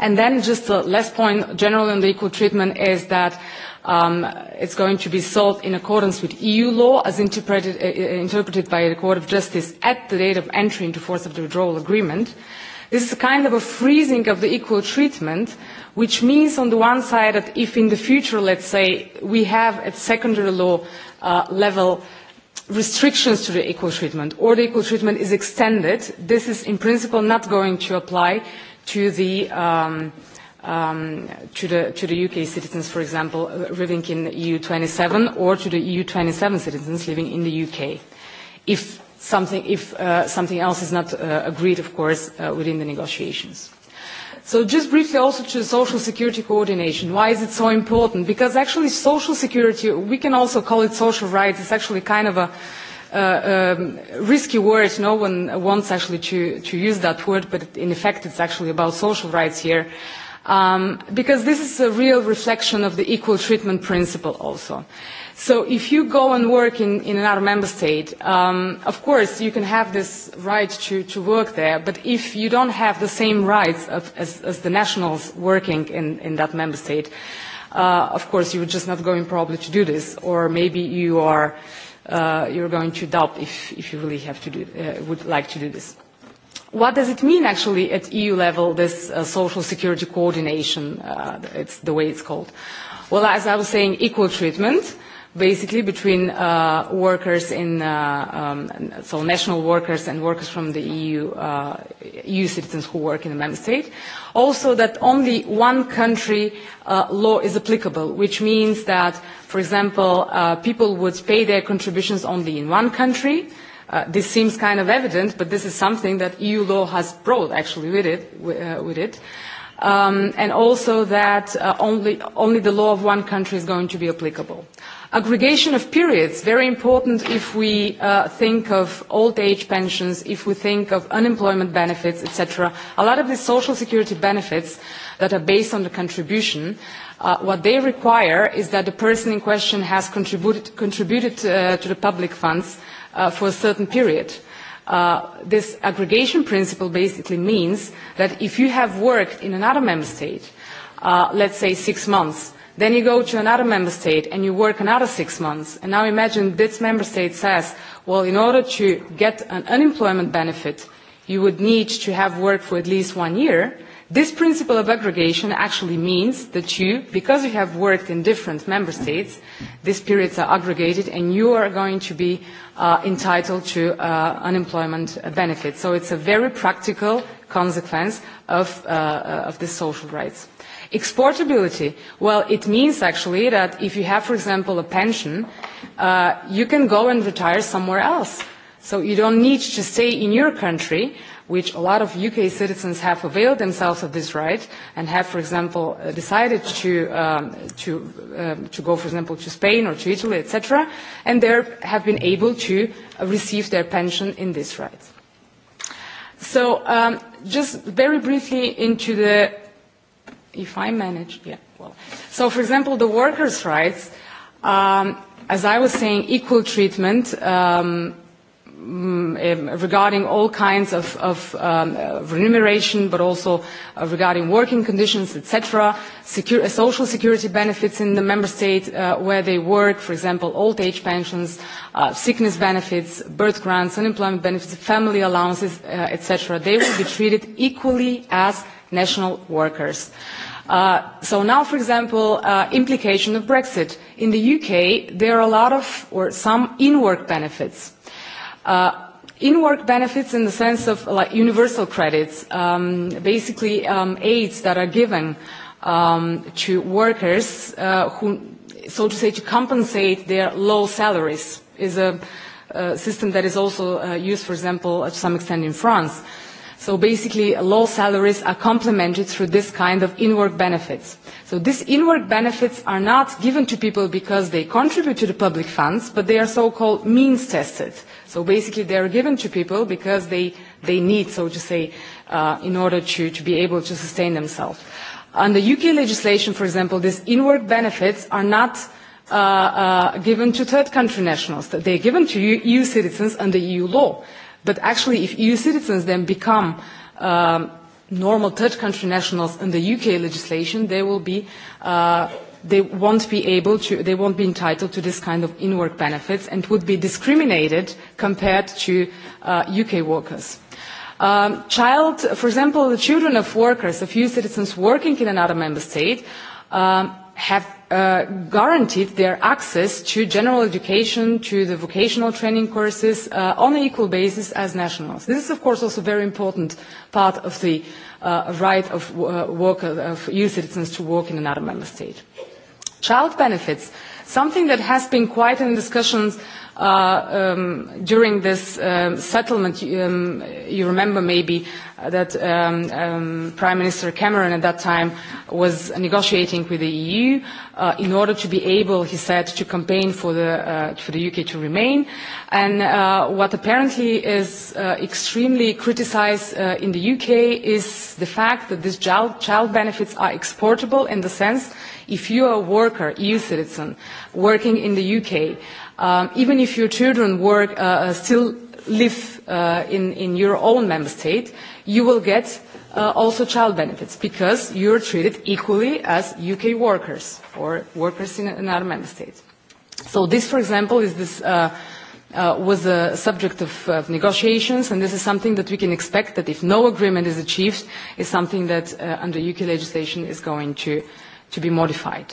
And then just the last point generally on the equal treatment is that um, it's going to be solved in accordance with EU law as interpreted, uh, uh, interpreted by the Court of Justice at the date of entry into force of the withdrawal agreement. Uh, This is a kind of a freezing of the equal treatment, which means on the one side that if in the future, let's say, we have at secondary law uh, level restrictions to the equal treatment or the equal treatment is extended, this is in principle not going to apply to the um, um, to the to the UK citizens, for example, uh, living in EU 27, or to the EU 27 citizens living in the UK. If something if uh, something else is not uh, agreed, of course, uh, within the negotiations. So just briefly also to social security coordination. Why is it so important? Because actually social security, we can also call it social rights, it's actually kind of a uh, um, risky word. No one wants actually to, to use that word, but in effect it's actually about social rights here. Um, because this is a real reflection of the equal treatment principle also. So if you go and work in, in another member state, um, of course you can have this right to, to work there, but if you don't have the same rights of, as, as the nationals working in, in that member state, uh, of course you're just not going probably to do this, or maybe you are uh, you're going to doubt if, if you really have to do, uh, would like to do this. What does it mean actually at EU level, this uh, social security coordination, uh, it's the way it's called? Well, as I was saying, equal treatment basically between uh, workers in, uh, um, so national workers and workers from the EU, uh, EU citizens who work in a member state. Also that only one country uh, law is applicable, which means that, for example, uh, people would pay their contributions only in one country, Uh, this seems kind of evident, but this is something that EU law has brought actually with it. Uh, with it. Um, and also that uh, only, only the law of one country is going to be applicable. Uh, Aggregation of periods, very important if we uh, think of old age pensions, if we think of unemployment benefits, etc. A lot of the social security benefits that are based on the contribution, uh, what they require is that the person in question has contributed, contributed uh, to the public funds uh, for a certain period. Uh, this aggregation principle basically means that if you have worked in another member state, uh, let's say six months, Then you go to another member state and you work another six months. And now imagine this member state says, well, in order to get an unemployment benefit, you would need to have worked for at least one year. This principle of aggregation actually means that you, because you have worked in different member states, these periods are aggregated and you are going to be uh, entitled to uh, unemployment benefits. So it's a very practical consequence of, uh, uh of the social rights. Exportability, well, it means actually that if you have, for example, a pension, uh, you can go and retire somewhere else. So you don't need to stay in your country, which a lot of UK citizens have availed themselves of this right and have, for example, uh, decided to, um, to, um, to go, for example, to Spain or to Italy, etc., and there have been able to uh, receive their pension in this right. So um, just very briefly into the if I manage, yeah, well. So, for example, the workers' rights, um, as I was saying, equal treatment um, mm, eh, regarding all kinds of, of um, uh, remuneration, but also uh, regarding working conditions, etc., secure, uh, social security benefits in the member state uh, where they work, for example, old age pensions, uh, sickness benefits, birth grants, unemployment benefits, family allowances, uh, etc., they will be treated equally as national workers. Uh, so now, for example, uh, implication of Brexit. In the UK, there are a lot of, or some in-work benefits. Uh, in-work benefits in the sense of like universal credits, um, basically um, aids that are given um, to workers uh, who, so to say, to compensate their low salaries is a, a system that is also uh, used, for example, to some extent in France. Uh, so basically, low salaries are complemented through this kind of in-work benefits. So these in-work benefits are not given to people because they contribute to the public funds, but they are so-called means-tested. So basically, they are given to people because they, they need, so to say, uh, in order to, to be able to sustain themselves. Under UK legislation, for example, these in-work benefits are not uh, uh, given to third country nationals. They are given to EU citizens under EU law. But actually, if EU citizens then become um, normal third country nationals under UK legislation, they will be uh, they won't be able to, they won't be entitled to this kind of in-work benefits and would be discriminated compared to uh, UK workers. Um, child, for example, the children of workers, of EU citizens working in another member state, um, have uh, guaranteed their access to general education, to the vocational training courses uh, on an equal basis as nationals. This is, of course, also a very important part of the uh, right of, uh, work, of EU citizens to work in another member state. Child benefits. Something that has been quite in discussions uh, um, during this um, settlement, um, you remember maybe uh, that um, um, Prime Minister Cameron at that time was negotiating with the EU uh, in order to be able, he said, to campaign for the, uh, for the UK to remain. And uh, what apparently is uh, extremely criticized uh, in the UK is the fact that these child, child benefits are exportable in the sense If you are a worker, EU citizen, working in the UK, um, even if your children work, uh, uh, still live uh, in, in your own member state, you will get uh, also child benefits because you're treated equally as UK workers or workers in another member state. So this, for example, is this, uh, uh, was a subject of, of negotiations, and this is something that we can expect that if no agreement is achieved, is something that uh, under UK legislation is going to to be modified.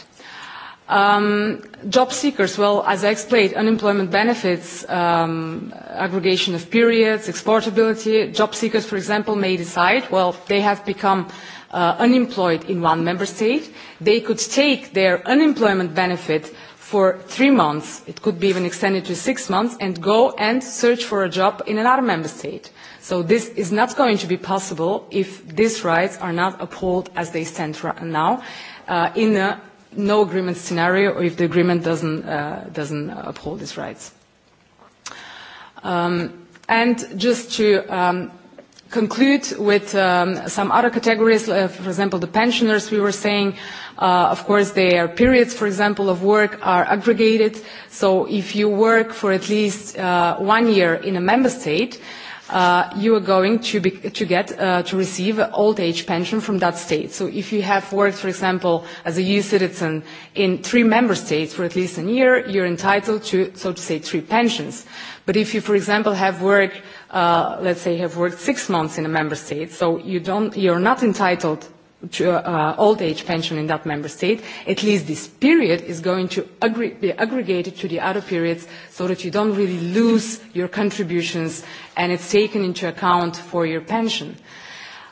Um, job seekers, well, as I explained, unemployment benefits, um, aggregation of periods, exportability. Job seekers, for example, may decide, well, they have become uh, unemployed in one member state. They could take their unemployment benefit for three months, it could be even extended to six months, and go and search for a job in another member state. So this is not going to be possible if these rights are not upheld as they stand right now uh, in a no agreement scenario or if the agreement doesn't, uh, doesn't uphold its rights. Um, and just to um, conclude with um, some other categories, uh, for example, the pensioners, we were saying, uh, of course, their periods, for example, of work are aggregated. So if you work for at least uh, one year in a member state, uh, you are going to, be, to get uh, to receive old age pension from that state. So if you have worked, for example, as a EU citizen in three member states for at least a year, you're entitled to, so to say, three pensions. But if you, for example, have worked, uh, let's say, have worked six months in a member state, so you don't, you're not entitled to, uh, old age pension in that member state, at least this period is going to be aggregated to the other periods so that you don't really lose your contributions and it's taken into account for your pension.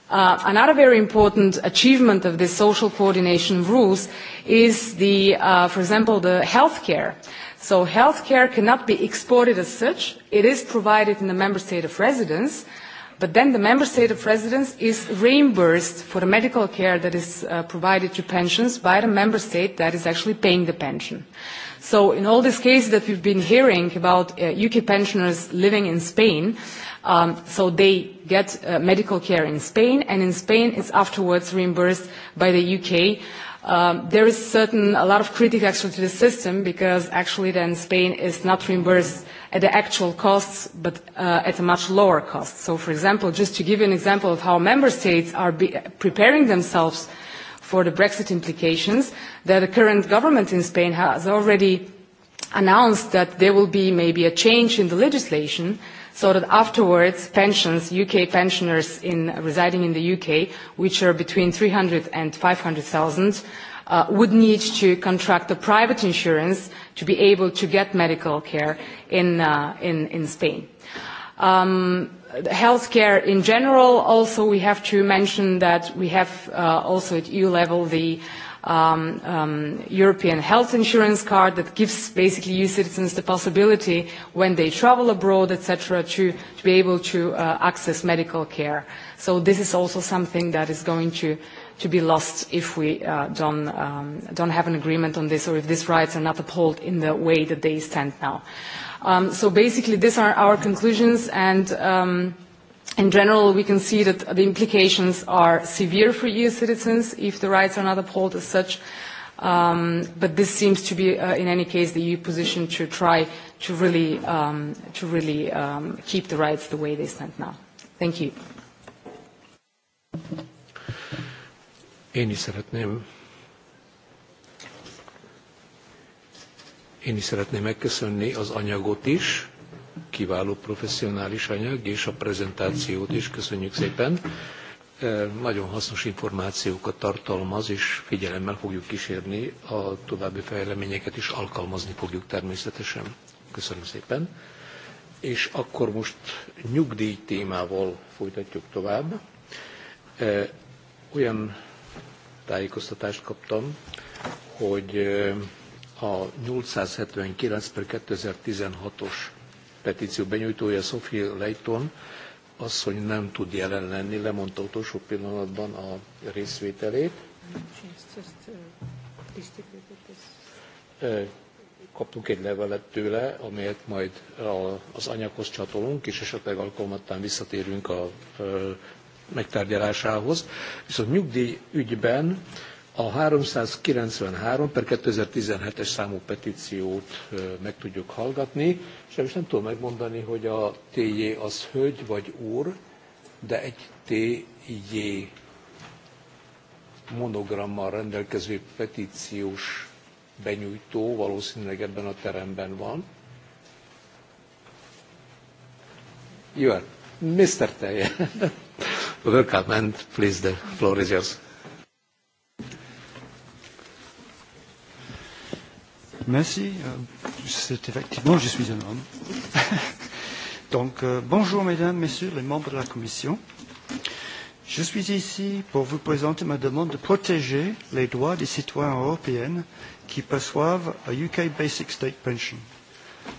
Uh, another very important achievement of the social coordination rules is the, uh, for example, the health care. So health care cannot be exported as such. It is provided in the member state of residence, but then the member state of residence is reimbursed for the medical care that is uh, provided to pensions by the member state that is actually paying the pension. So in all these cases that we've been hearing about uh, UK pensioners living in Spain, um, so they get uh, medical care in Spain, and in Spain it's afterwards reimbursed by the UK. Um, there is certain, a lot of critique actually to the system because actually then Spain is not reimbursed at the actual costs, but uh, at a much lower cost. So, for example, just to give you an example of how member states are be preparing themselves for the Brexit implications, that the current government in Spain has already announced that there will be maybe a change in the legislation so that afterwards pensions, UK pensioners in, residing in the UK, which are between 300 and 500,000, Uh, would need to contract a private insurance to be able to get medical care in, uh, in, in Spain. Um, healthcare in general, also we have to mention that we have uh, also at EU level the um, um, European health insurance card that gives basically EU citizens the possibility when they travel abroad, etc., to, to be able to uh, access medical care. So this is also something that is going to to be lost if we uh, don't, um, don't have an agreement on this or if these rights are not upheld in the way that they stand now. Um, so basically, these are our conclusions, and um, in general, we can see that the implications are severe for EU citizens if the rights are not upheld as such. Um, but this seems to be, uh, in any case, the EU position to try to really, um, to really um, keep the rights the way they stand now. Thank you. Én is szeretném Én is szeretném megköszönni az anyagot is, kiváló professzionális anyag, és a prezentációt is köszönjük szépen. Nagyon hasznos információkat tartalmaz, és figyelemmel fogjuk kísérni a további fejleményeket, is alkalmazni fogjuk természetesen. Köszönöm szépen. És akkor most nyugdíj témával folytatjuk tovább. Olyan tájékoztatást kaptam, hogy a 879 per 2016-os petíció benyújtója Sophie Leighton asszony nem tud jelen lenni, lemondta utolsó pillanatban a részvételét. Kaptunk egy levelet tőle, amelyet majd az anyaghoz csatolunk, és esetleg alkalmattán visszatérünk a megtárgyalásához, viszont nyugdíj ügyben a 393 per 2017-es számú petíciót meg tudjuk hallgatni, és nem is nem tudom megmondani, hogy a TJ az hölgy vagy úr, de egy TJ monogrammal rendelkező petíciós benyújtó valószínűleg ebben a teremben van. Jó, Mr. Teje welcome, and please, the floor is yours. Merci. Euh, c'est effectivement, je suis un homme. [laughs] Donc, euh, bonjour mesdames, messieurs les membres de la Commission. Je suis ici pour vous présenter ma demande de protéger les droits des citoyens européens qui perçoivent un UK Basic State Pension.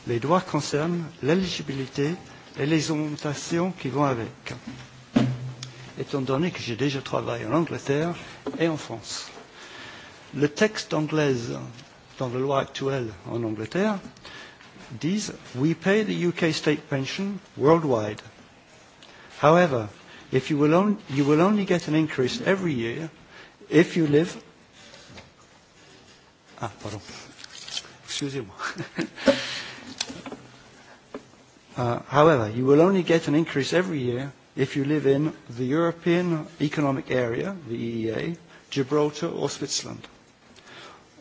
Les droits concernent l'éligibilité et les augmentations qui vont avec étant donné que j'ai déjà travaillé en Angleterre et en France. Le texte anglais dans la loi actuelle en Angleterre disent we pay the UK state pension worldwide. However, if you will, on, you will only get an increase every year if you live. Ah, pardon. Excusez-moi. [laughs] uh, however, you will only get an increase every year if you live in the European Economic Area, the EEA, Gibraltar or Switzerland,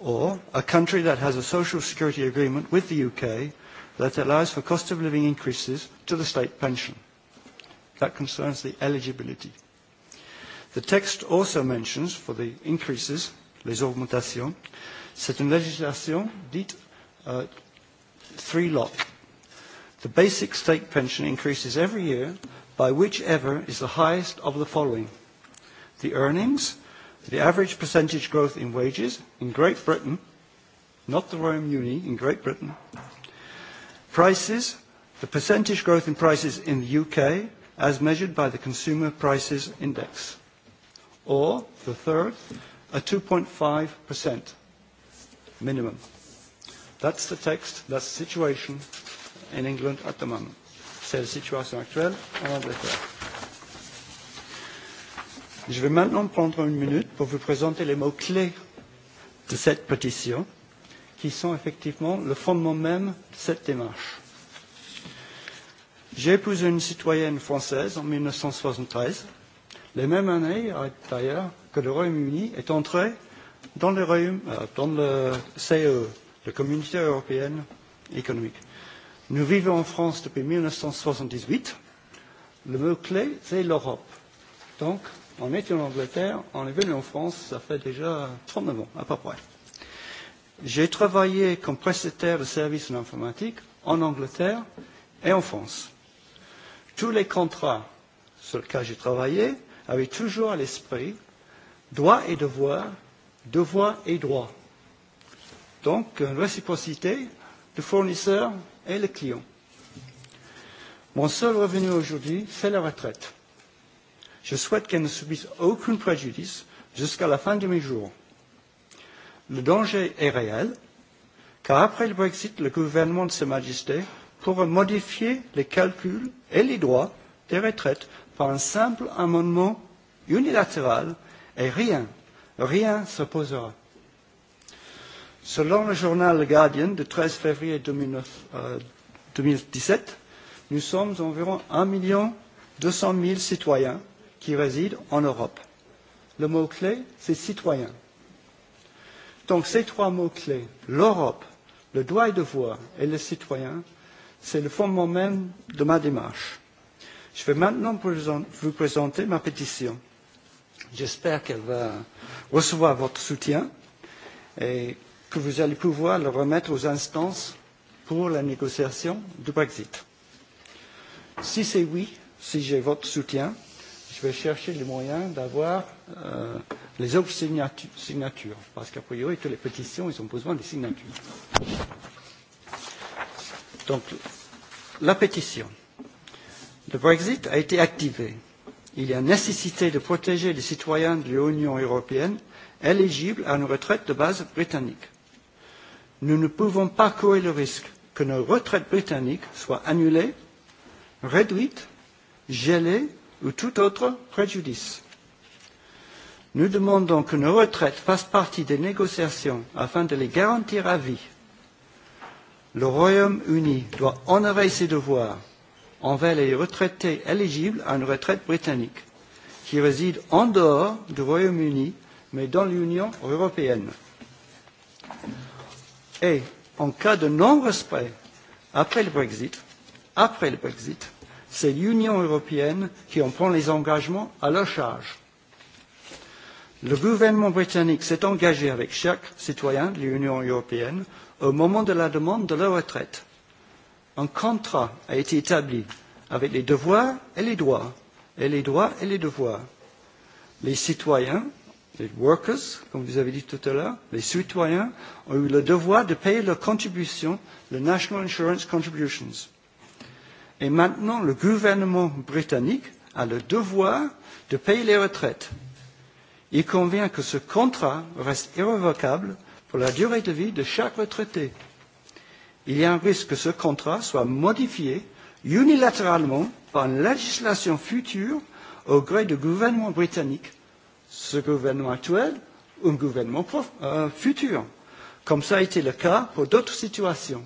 or a country that has a social security agreement with the UK that allows for cost of living increases to the state pension. That concerns the eligibility. The text also mentions for the increases, les augmentations, c'est une législation dite uh, three lot. The basic state pension increases every year by whichever is the highest of the following. The earnings, the average percentage growth in wages in Great Britain, not the Royal Muni, in Great Britain. Prices, the percentage growth in prices in the UK as measured by the Consumer Prices Index. Or, the third, a 2.5% minimum. That's the text, that's the situation in England at the moment. C'est la situation actuelle en Angleterre. Je vais maintenant prendre une minute pour vous présenter les mots-clés de cette pétition, qui sont effectivement le fondement même de cette démarche. J'ai épousé une citoyenne française en 1973, les mêmes années d'ailleurs que le Royaume-Uni est entré dans le, Royaume, euh, dans le CE, e, la Communauté européenne économique. Nous vivons en France depuis mille neuf cent soixante dix huit. Le mot-clé, c'est l'Europe. Donc, on est en Angleterre, on est venu en France, ça fait déjà 39 ans, à peu près. J'ai travaillé comme prestataire de services en informatique en Angleterre et en France. Tous les contrats sur lesquels j'ai travaillé avaient toujours à l'esprit droit et devoir, devoir et droit. Donc, une réciprocité de fournisseurs et les clients. Mon seul revenu aujourd'hui, c'est la retraite. Je souhaite qu'elle ne subisse aucun préjudice jusqu'à la fin de mes jours. Le danger est réel, car après le Brexit, le gouvernement de Sa Majesté pourra modifier les calculs et les droits des retraites par un simple amendement unilatéral et rien, rien s'opposera. Selon le journal The Guardian du 13 février 2009, euh, 2017, nous sommes environ 1 million de citoyens qui résident en Europe. Le mot-clé, c'est citoyen. Donc ces trois mots-clés, l'Europe, le droit et devoir et le citoyen, c'est le fondement même de ma démarche. Je vais maintenant vous présenter ma pétition. J'espère qu'elle va recevoir votre soutien et que vous allez pouvoir le remettre aux instances pour la négociation du Brexit. Si c'est oui, si j'ai votre soutien, je vais chercher les moyens d'avoir euh, les autres signatu signatures, parce qu'a priori, toutes les pétitions, ils ont besoin des signatures. Donc, la pétition. Le Brexit a été activé. Il y a nécessité de protéger les citoyens de l'Union européenne éligibles à une retraite de base britannique nous ne pouvons pas courir le risque que nos retraites britanniques soient annulées, réduites, gelées ou tout autre préjudice. Nous demandons que nos retraites fassent partie des négociations afin de les garantir à vie. Le Royaume-Uni doit honorer ses devoirs envers les retraités éligibles à une retraite britannique qui résident en dehors du Royaume-Uni mais dans l'Union européenne. Et en cas de non-respect, après le Brexit, après le Brexit, c'est l'Union européenne qui en prend les engagements à leur charge. Le gouvernement britannique s'est engagé avec chaque citoyen de l'Union européenne au moment de la demande de leur retraite. Un contrat a été établi avec les devoirs et les droits, et les droits et les devoirs. Les citoyens les workers, comme vous avez dit tout à l'heure, les citoyens, ont eu le devoir de payer leurs contributions, les National Insurance Contributions. Et maintenant, le gouvernement britannique a le devoir de payer les retraites. Il convient que ce contrat reste irrévocable pour la durée de vie de chaque retraité. Il y a un risque que ce contrat soit modifié unilatéralement par une législation future au gré du gouvernement britannique ce gouvernement actuel ou un gouvernement prof, euh, futur, comme ça a été le cas pour d'autres situations,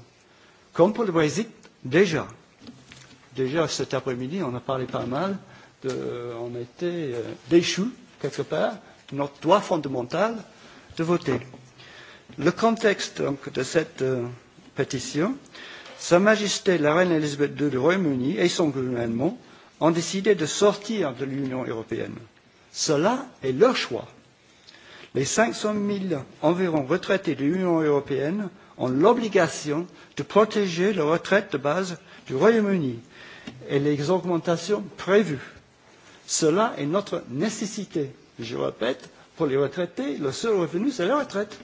comme pour le Brexit déjà. Déjà cet après-midi, on a parlé pas mal, de, on a été euh, déchus, quelque part, de notre droit fondamental de voter. Le contexte donc, de cette euh, pétition, Sa Majesté la Reine Elisabeth II du Royaume-Uni et son gouvernement ont décidé de sortir de l'Union européenne Cela est leur choix. Les 500 000 environ retraités de l'Union européenne ont l'obligation de protéger leur retraite de base du Royaume-Uni et les augmentations prévues. Cela est notre nécessité. Je répète, pour les retraités, le seul revenu, c'est la retraite.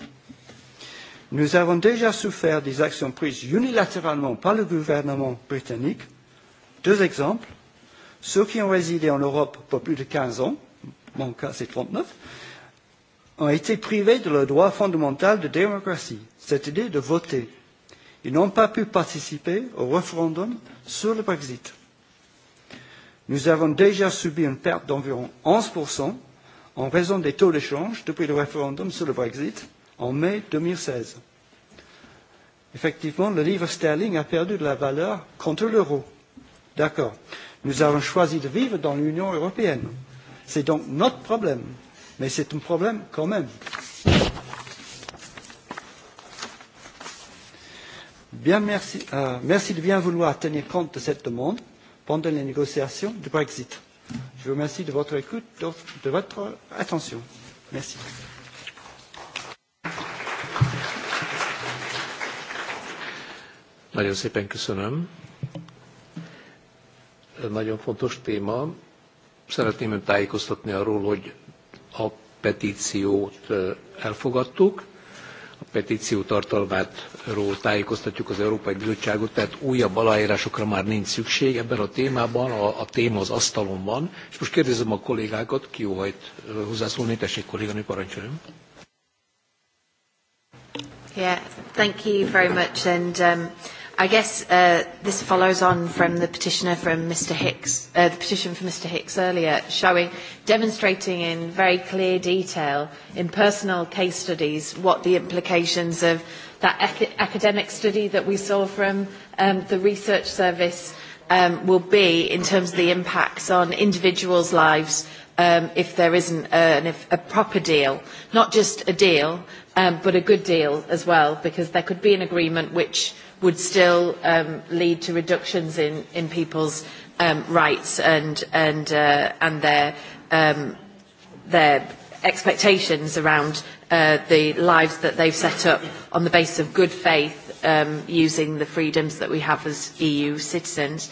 Nous avons déjà souffert des actions prises unilatéralement par le gouvernement britannique. Deux exemples. Ceux qui ont résidé en Europe pour plus de 15 ans mon cas c'est 39, ont été privés de leur droit fondamental de démocratie, c'est-à-dire de voter. Ils n'ont pas pu participer au référendum sur le Brexit. Nous avons déjà subi une perte d'environ 11% en raison des taux d'échange depuis le référendum sur le Brexit en mai 2016. Effectivement, le livre sterling a perdu de la valeur contre l'euro. D'accord. Nous avons choisi de vivre dans l'Union européenne. C'est donc notre problème, mais c'est un problème quand même. Bien, merci, euh, merci de bien vouloir tenir compte de cette demande pendant les négociations du Brexit. Je vous remercie de votre écoute, de votre attention. Merci. Nagyon szépen köszönöm. Nagyon fontos téma szeretném tájékoztatni arról, hogy a petíciót elfogadtuk, a petíció tartalmáról tájékoztatjuk az Európai Bizottságot, tehát újabb aláírásokra már nincs szükség ebben a témában, a, a téma az asztalon van, és most kérdezem a kollégákat, ki óhajt hozzászólni, tessék kolléganő, parancsoljon. Yeah, thank you very much and um, i guess uh, this follows on from the petitioner from Mr. Hicks, uh, the petition from Mr. Hicks earlier, showing, demonstrating in very clear detail, in personal case studies, what the implications of that ac academic study that we saw from um, the research service um, will be in terms of the impacts on individuals' lives um, if there isn't a, uh, an, if a proper deal, not just a deal, um, but a good deal as well, because there could be an agreement which would still um, lead to reductions in, in people's um, rights and, and, uh, and their, um, their expectations around uh, the lives that they've set up on the basis of good faith um, using the freedoms that we have as EU citizens.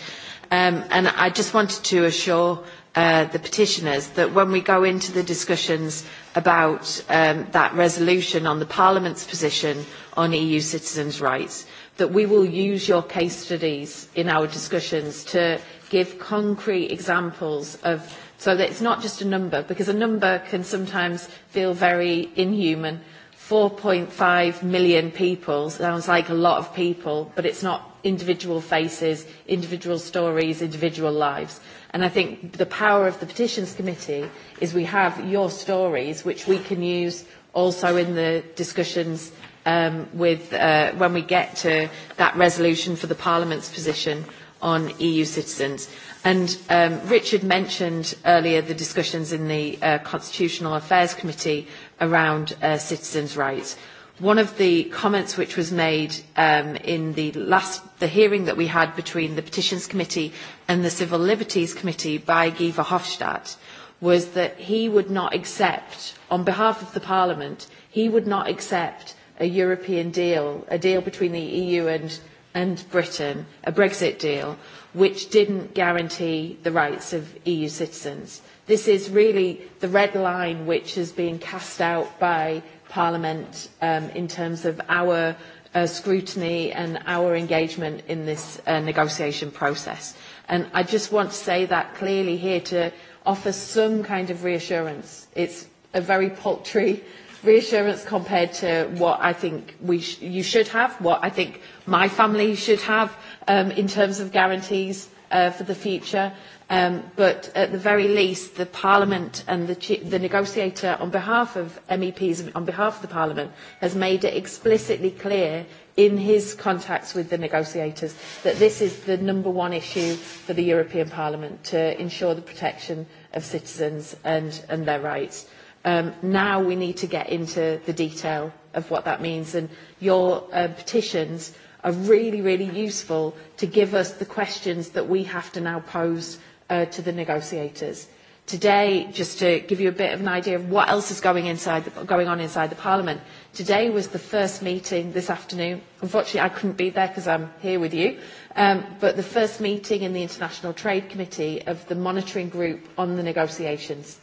Um, and I just wanted to assure uh, the petitioners that when we go into the discussions about um, that resolution on the Parliament's position on EU citizens' rights, that we will use your case studies in our discussions to give concrete examples of so that it's not just a number because a number can sometimes feel very inhuman 4.5 million people sounds like a lot of people but it's not individual faces individual stories individual lives and i think the power of the petitions committee is we have your stories which we can use also in the discussions um, with, uh, when we get to that resolution for the Parliament's position on EU citizens. And um, Richard mentioned earlier the discussions in the uh, Constitutional Affairs Committee around uh, citizens' rights. One of the comments which was made um, in the last the hearing that we had between the Petitions Committee and the Civil Liberties Committee by Guy Verhofstadt was that he would not accept, on behalf of the Parliament, he would not accept a European deal, a deal between the EU and, and Britain, a Brexit deal, which didn't guarantee the rights of EU citizens. This is really the red line which is being cast out by Parliament um, in terms of our uh, scrutiny and our engagement in this uh, negotiation process. And I just want to say that clearly here to offer some kind of reassurance. It's a very paltry reassurance compared to what I think we sh you should have, what I think my family should have um, in terms of guarantees uh, for the future. Um, but at the very least, the Parliament and the, the negotiator on behalf of MEPs and on behalf of the Parliament has made it explicitly clear in his contacts with the negotiators that this is the number one issue for the European Parliament to ensure the protection of citizens and, and their rights. Um, now we need to get into the detail of what that means. And your uh, petitions are really, really useful to give us the questions that we have to now pose uh, to the negotiators. Today, just to give you a bit of an idea of what else is going, inside the, going on inside the Parliament, today was the first meeting this afternoon. Unfortunately, I couldn't be there because I'm here with you, um, but the first meeting in the International Trade Committee of the monitoring group on the negotiations.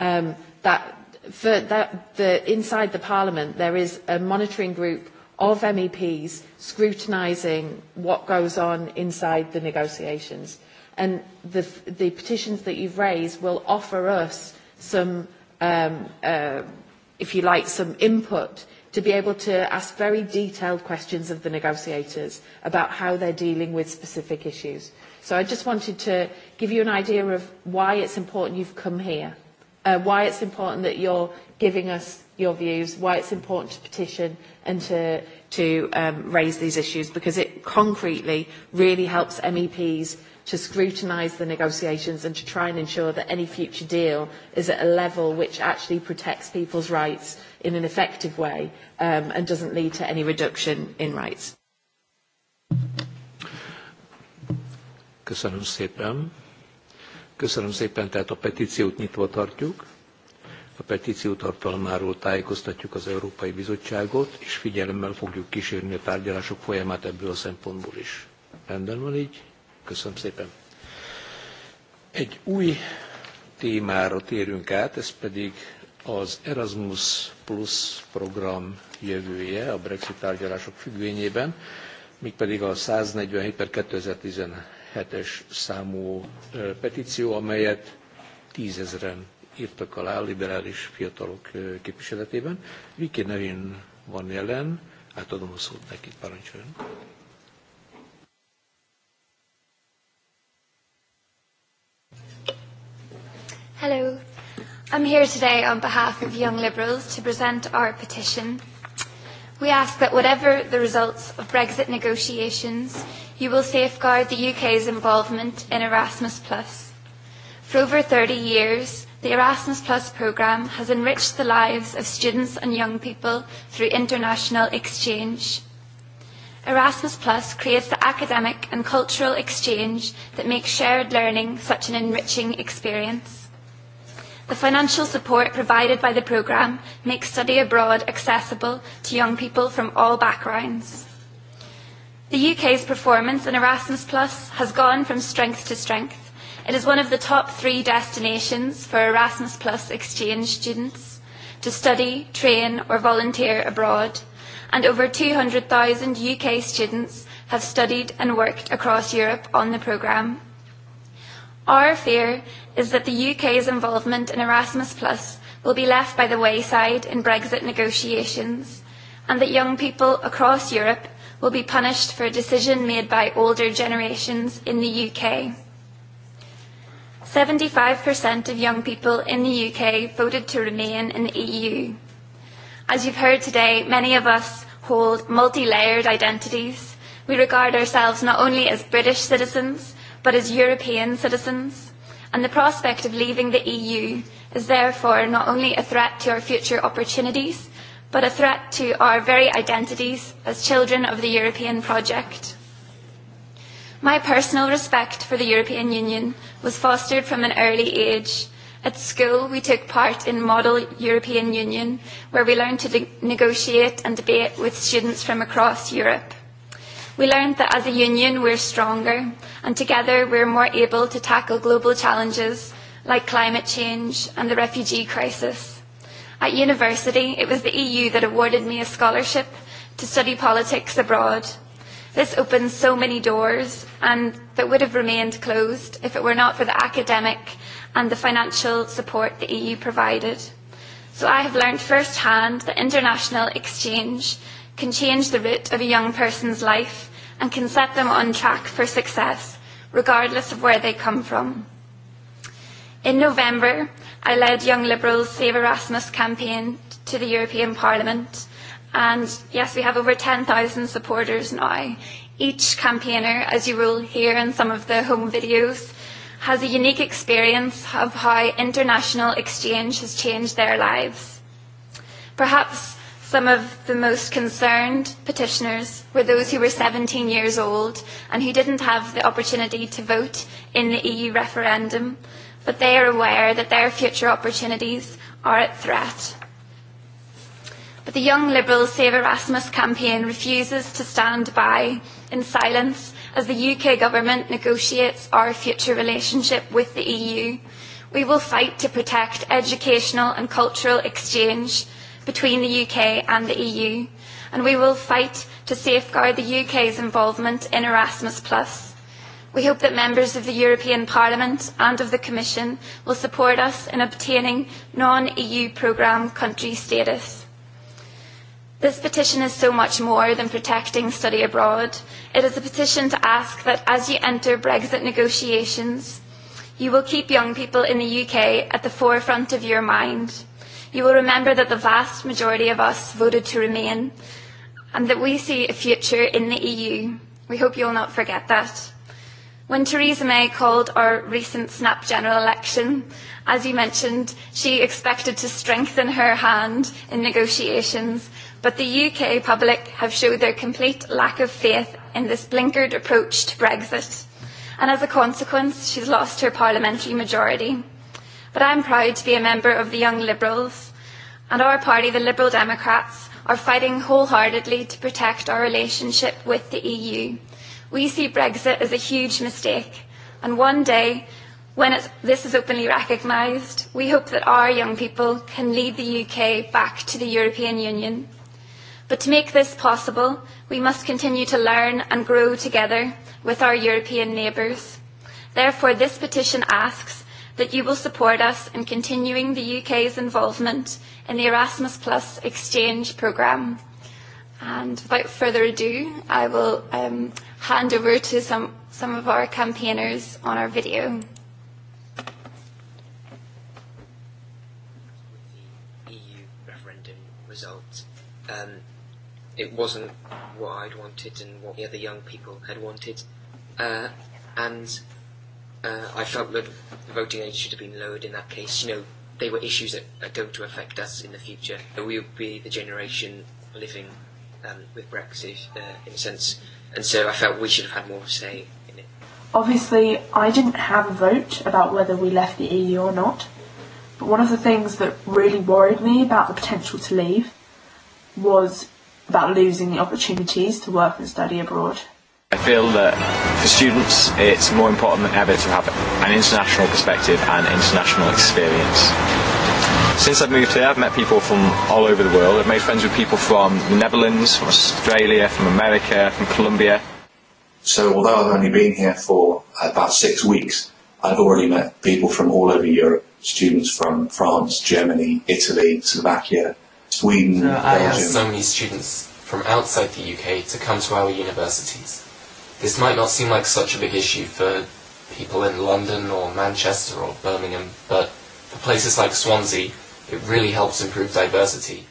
Um, that for that, the, inside the Parliament, there is a monitoring group of MEPs scrutinising what goes on inside the negotiations. And the, the petitions that you've raised will offer us some, um, uh, if you like, some input to be able to ask very detailed questions of the negotiators about how they're dealing with specific issues. So I just wanted to give you an idea of why it's important you've come here uh, why it's important that you're giving us your views, why it's important to petition and to, to um, raise these issues, because it concretely really helps MEPs to scrutinise the negotiations and to try and ensure that any future deal is at a level which actually protects people's rights in an effective way um, and doesn't lead to any reduction in rights. Köszönöm szépen, tehát a petíciót nyitva tartjuk. A petíciót tartalmáról tájékoztatjuk az Európai Bizottságot, és figyelemmel fogjuk kísérni a tárgyalások folyamát ebből a szempontból is. Rendben van így? Köszönöm szépen. Egy új témára térünk át, ez pedig az Erasmus Plus program jövője a Brexit tárgyalások függvényében, mégpedig a 147 per 2013 hetes számú petíció, amelyet tízezren írtak alá a liberális fiatalok képviseletében. Viki nevén van jelen, átadom a szót nekik, parancsoljon. Hello. I'm here today on behalf of Young Liberals to present our petition. We ask that whatever the results of Brexit negotiations, you will safeguard the UK's involvement in Erasmus+. For over 30 years, the Erasmus Plus programme has enriched the lives of students and young people through international exchange. Erasmus Plus creates the academic and cultural exchange that makes shared learning such an enriching experience. The financial support provided by the programme makes study abroad accessible to young people from all backgrounds. The UK's performance in Erasmus Plus has gone from strength to strength. It is one of the top three destinations for Erasmus Plus exchange students to study, train or volunteer abroad, and over 200,000 UK students have studied and worked across Europe on the programme. Our fear is that the UK's involvement in Erasmus Plus will be left by the wayside in Brexit negotiations and that young people across Europe will be punished for a decision made by older generations in the UK. 75% of young people in the UK voted to remain in the EU. As you've heard today, many of us hold multi-layered identities. We regard ourselves not only as British citizens, but as European citizens. And the prospect of leaving the EU is therefore not only a threat to our future opportunities, but a threat to our very identities as children of the European project. My personal respect for the European Union was fostered from an early age. At school, we took part in Model European Union, where we learned to de- negotiate and debate with students from across Europe. We learned that as a union, we're stronger, and together we're more able to tackle global challenges like climate change and the refugee crisis. At university, it was the EU that awarded me a scholarship to study politics abroad. This opens so many doors and that would have remained closed if it were not for the academic and the financial support the EU provided. So I have learned first hand that international exchange can change the route of a young person's life and can set them on track for success, regardless of where they come from. In November, i led Young Liberals' Save Erasmus campaign to the European Parliament. And yes, we have over 10,000 supporters now. Each campaigner, as you will hear in some of the home videos, has a unique experience of how international exchange has changed their lives. Perhaps some of the most concerned petitioners were those who were 17 years old and who didn't have the opportunity to vote in the EU referendum but they are aware that their future opportunities are at threat. But the Young Liberals Save Erasmus campaign refuses to stand by in silence as the UK government negotiates our future relationship with the EU. We will fight to protect educational and cultural exchange between the UK and the EU, and we will fight to safeguard the UK's involvement in Erasmus Plus We hope that members of the European Parliament and of the Commission will support us in obtaining non-EU programme country status. This petition is so much more than protecting study abroad. It is a petition to ask that as you enter Brexit negotiations, you will keep young people in the UK at the forefront of your mind. You will remember that the vast majority of us voted to remain and that we see a future in the EU. We hope you will not forget that. When Theresa May called our recent snap general election, as you mentioned, she expected to strengthen her hand in negotiations, but the UK public have showed their complete lack of faith in this blinkered approach to Brexit, and as a consequence, she's lost her parliamentary majority. But I'm proud to be a member of the Young Liberals, and our party, the Liberal Democrats, are fighting wholeheartedly to protect our relationship with the EU We see Brexit as a huge mistake, and one day, when it's, this is openly recognised, we hope that our young people can lead the UK back to the European Union. But to make this possible, we must continue to learn and grow together with our European neighbours. Therefore, this petition asks that you will support us in continuing the UK's involvement in the Erasmus Plus exchange programme. And without further ado, I will um, hand over to some, some of our campaigners on our video. The EU referendum result, um, it wasn't what I'd wanted and what the other young people had wanted. Uh, and uh, I felt that the voting age should have been lowered in that case. You know, they were issues that are going to affect us in the future. We'll be the generation living um, with Brexit uh, in a sense. Mm-hmm and so I felt we should have had more of a say in it. Obviously, I didn't have a vote about whether we left the EU or not, but one of the things that really worried me about the potential to leave was about losing the opportunities to work and study abroad. I feel that for students, it's more important than ever to have an international perspective and international experience Since I've moved here, I've met people from all over the world. I've made friends with people from the Netherlands, from Australia, from America, from Colombia. So although I've only been here for about six weeks, I've already met people from all over Europe, students from France, Germany, Italy, Slovakia, Sweden, uh, I Belgium. asked so many students from outside the UK to come to our universities. This might not seem like such a big issue for people in London or Manchester or Birmingham, but for places like Swansea, it really helps improve diversity.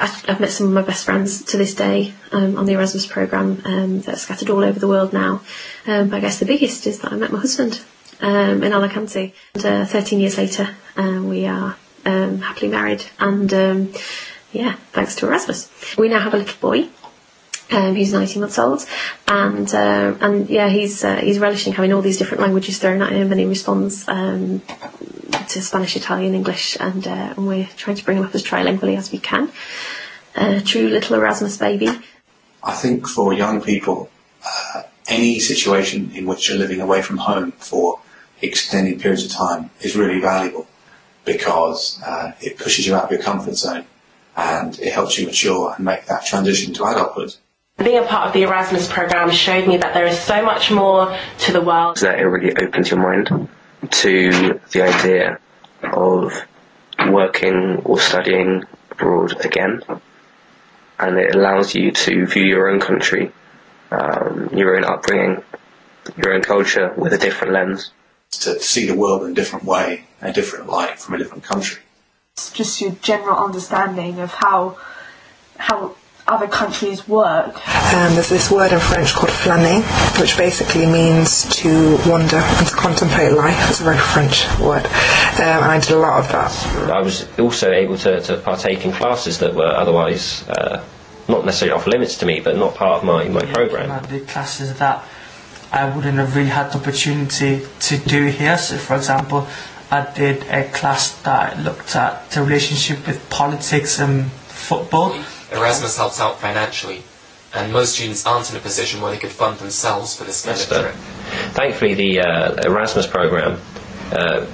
I've met some of my best friends to this day um, on the Erasmus programme um, that are scattered all over the world now. Um, but I guess the biggest is that I met my husband um, in Alicante. And, uh, 13 years later, um, we are um, happily married and um, yeah, thanks to Erasmus. We now have a little boy um, who's 19 months old, and uh, and yeah, he's uh, he's relishing having all these different languages thrown at him, and he responds um, to Spanish, Italian, English, and, uh, and we're trying to bring them up as trilingually as we can. A uh, true little Erasmus baby. I think for young people, uh, any situation in which you're living away from home for extended periods of time is really valuable because uh, it pushes you out of your comfort zone and it helps you mature and make that transition to adulthood. Being a part of the Erasmus programme showed me that there is so much more to the world. That it really opens your mind to the idea of working or studying abroad again. And it allows you to view your own country, um, your own upbringing, your own culture with a different lens. To see the world in a different way, a different light from a different country. It's just your general understanding of how how other countries work. Um, there's this word in French called flâner, which basically means to wander and to contemplate life. It's a very French word, um, and I did a lot of that. I was also able to, to partake in classes that were otherwise uh, not necessarily off limits to me, but not part of my, my yeah, program. did classes that I wouldn't have really had the opportunity to do here. So, for example, I did a class that looked at the relationship with politics and football. Erasmus helps out financially, and most students aren't in a position where they could fund themselves for this kind of trip. Thankfully, the uh, Erasmus program uh,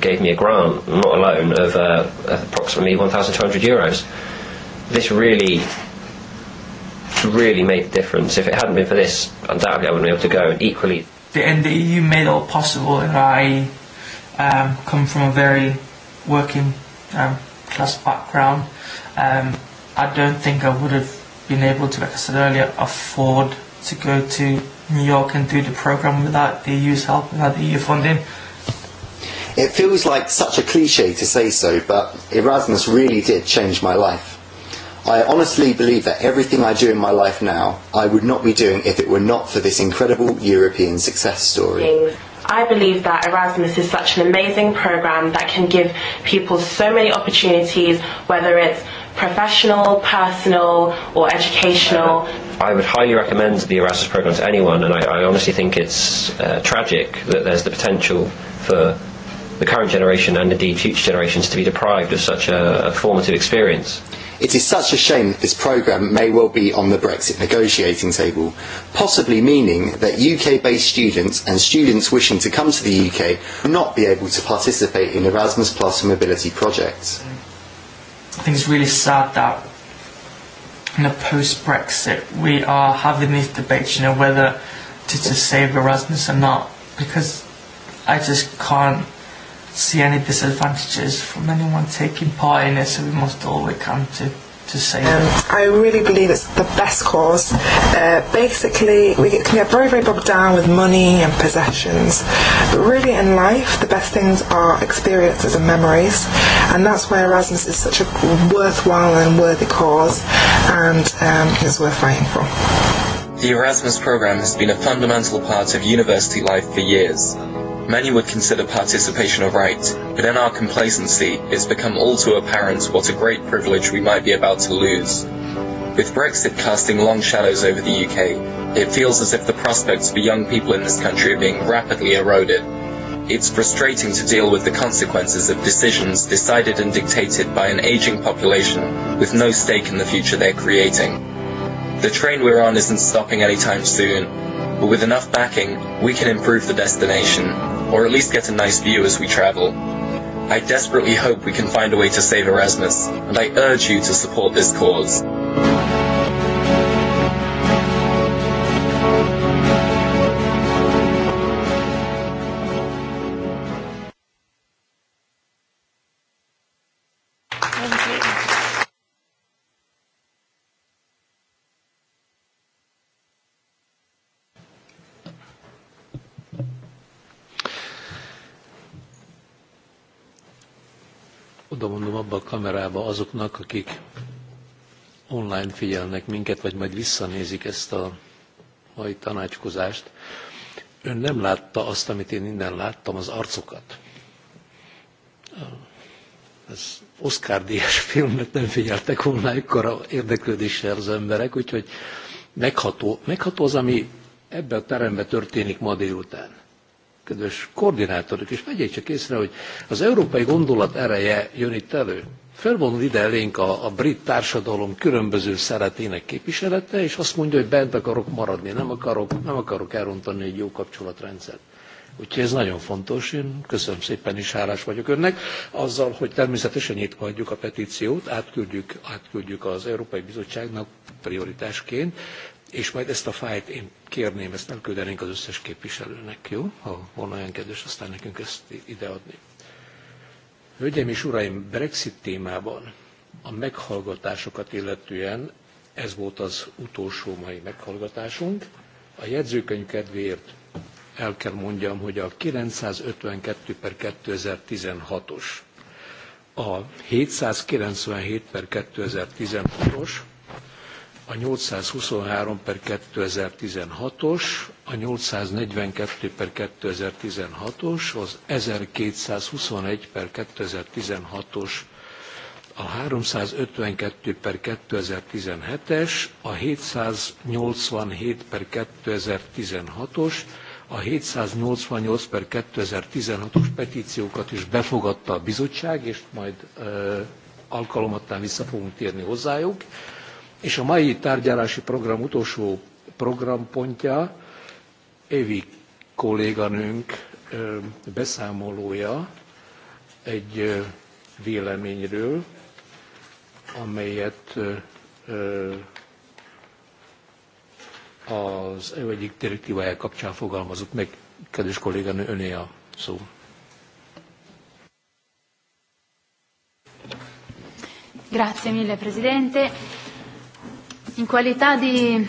gave me a grant, not a loan, of uh, approximately 1,200 euros. This really, really made a difference. If it hadn't been for this, undoubtedly I wouldn't be able to go. And equally, the, and the EU made it all possible, and I um, come from a very working um, class background. Um, i don't think I would have been able to, like I said earlier, afford to go to New York and do the program without the EU's help, without the EU funding. It feels like such a cliche to say so, but Erasmus really did change my life. I honestly believe that everything I do in my life now, I would not be doing if it were not for this incredible European success story. I believe that Erasmus is such an amazing program that can give people so many opportunities, whether it's professional, personal, or educational. I would highly recommend the Erasmus programme to anyone, and I, I honestly think it's uh, tragic that there's the potential for the current generation and indeed future generations to be deprived of such a, a formative experience. It is such a shame that this programme may well be on the Brexit negotiating table, possibly meaning that UK-based students and students wishing to come to the UK will not be able to participate in Erasmus Plus mobility projects. I think it's really sad that in a post-Brexit we are having these debates, you know, whether to, to save Erasmus or not, because I just can't see any disadvantages from anyone taking part in it, so we must do all we can to to say. Um, I really believe it's the best cause. Uh, basically, we get can get very, very bogged down with money and possessions. But really, in life, the best things are experiences and memories. And that's why Erasmus is such a worthwhile and worthy cause, and um, it's worth fighting for. The Erasmus program has been a fundamental part of university life for years. Many would consider participation a right, but in our complacency, it's become all too apparent what a great privilege we might be about to lose. With Brexit casting long shadows over the UK, it feels as if the prospects for young people in this country are being rapidly eroded. It's frustrating to deal with the consequences of decisions decided and dictated by an aging population with no stake in the future they're creating. The train we're on isn't stopping anytime soon, but with enough backing, we can improve the destination or at least get a nice view as we travel. I desperately hope we can find a way to save Erasmus, and I urge you to support this cause. oda mondom abba a kamerába azoknak, akik online figyelnek minket, vagy majd visszanézik ezt a mai tanácskozást. Ön nem látta azt, amit én innen láttam, az arcokat. Ez Oscar díjas filmet nem figyeltek volna ekkora érdeklődéssel az emberek, úgyhogy megható, megható az, ami ebben a teremben történik ma délután kedves koordinátorok és vegyék csak észre, hogy az európai gondolat ereje jön itt elő. Felvonul ide elénk a, a brit társadalom különböző szeretének képviselete, és azt mondja, hogy bent akarok maradni, nem akarok, nem akarok elrontani egy jó kapcsolatrendszert. Úgyhogy ez nagyon fontos, én köszönöm szépen is, hálás vagyok önnek, azzal, hogy természetesen nyitva hagyjuk a petíciót, átküldjük, átküldjük az Európai Bizottságnak prioritásként, és majd ezt a fájt én kérném, ezt elküldenénk az összes képviselőnek, jó? Ha volna olyan kedves, aztán nekünk ezt ideadni. Hölgyeim és uraim, Brexit témában a meghallgatásokat illetően ez volt az utolsó mai meghallgatásunk. A jegyzőkönyv kedvéért el kell mondjam, hogy a 952 per 2016-os, a 797 per 2016-os, a 823 per 2016-os, a 842 per 2016-os, az 1221 per 2016-os, a 352 per 2017-es, a 787 per 2016-os, a 788 per 2016-os petíciókat is befogadta a bizottság, és majd e, alkalomattán vissza fogunk térni hozzájuk. És a mai tárgyalási program utolsó programpontja Évi kolléganőnk beszámolója egy véleményről, amelyet az EU egyik direktívája kapcsán fogalmazott meg. Kedves kolléganő, öné a szó. Grazie mille, Presidente. In qualità di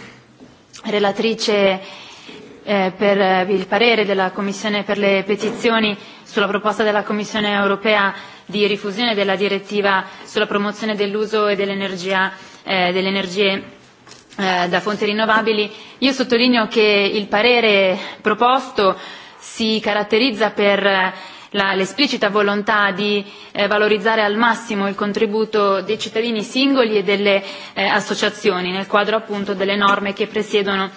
relatrice eh, per eh, il parere della Commissione per le petizioni sulla proposta della Commissione europea di rifusione della direttiva sulla promozione dell'uso e eh, delle energie eh, da fonti rinnovabili, io sottolineo che il parere proposto si caratterizza per l'esplicita volontà di eh, valorizzare al massimo il contributo dei cittadini singoli e delle eh, associazioni nel quadro appunto delle norme che presiedono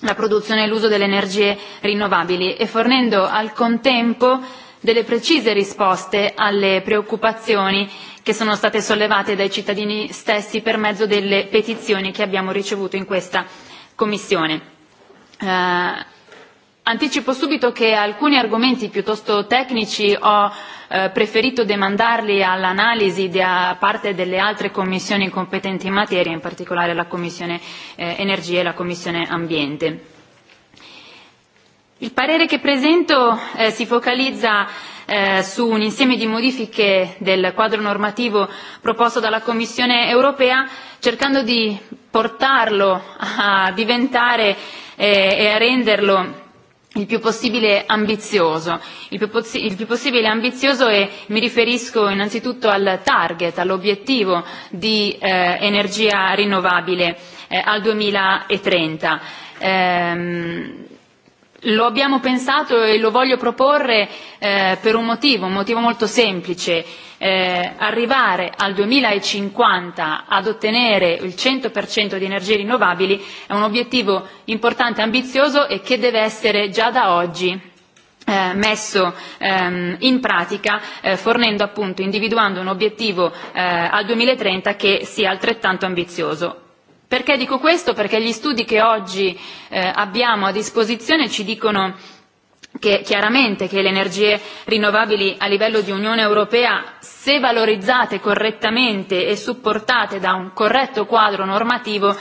la produzione e l'uso delle energie rinnovabili e fornendo al contempo delle precise risposte alle preoccupazioni che sono state sollevate dai cittadini stessi per mezzo delle petizioni che abbiamo ricevuto in questa Commissione. Eh, Anticipo subito che alcuni argomenti piuttosto tecnici ho eh, preferito demandarli all'analisi da parte delle altre commissioni competenti in materia, in particolare la Commissione eh, Energia e la Commissione Ambiente. Il parere che presento eh, si focalizza eh, su un insieme di modifiche del quadro normativo proposto dalla Commissione europea, cercando di portarlo a diventare eh, e a renderlo il più possibile ambizioso, il più, poss- il più possibile ambizioso e mi riferisco innanzitutto al target, all'obiettivo di eh, energia rinnovabile eh, al 2030. Ehm, lo abbiamo pensato e lo voglio proporre eh, per un motivo, un motivo molto semplice Eh, arrivare al duemilacinquanta ad ottenere il cento di energie rinnovabili è un obiettivo importante e ambizioso e che deve essere già da oggi Eh, messo ehm, in pratica eh, fornendo appunto, individuando un obiettivo eh, al duemilatrenta che sia altrettanto ambizioso. Perché dico questo? Perché gli studi che oggi eh, abbiamo a disposizione ci dicono che chiaramente che le energie rinnovabili a livello di Unione Europea, se valorizzate correttamente e supportate da un corretto quadro normativo,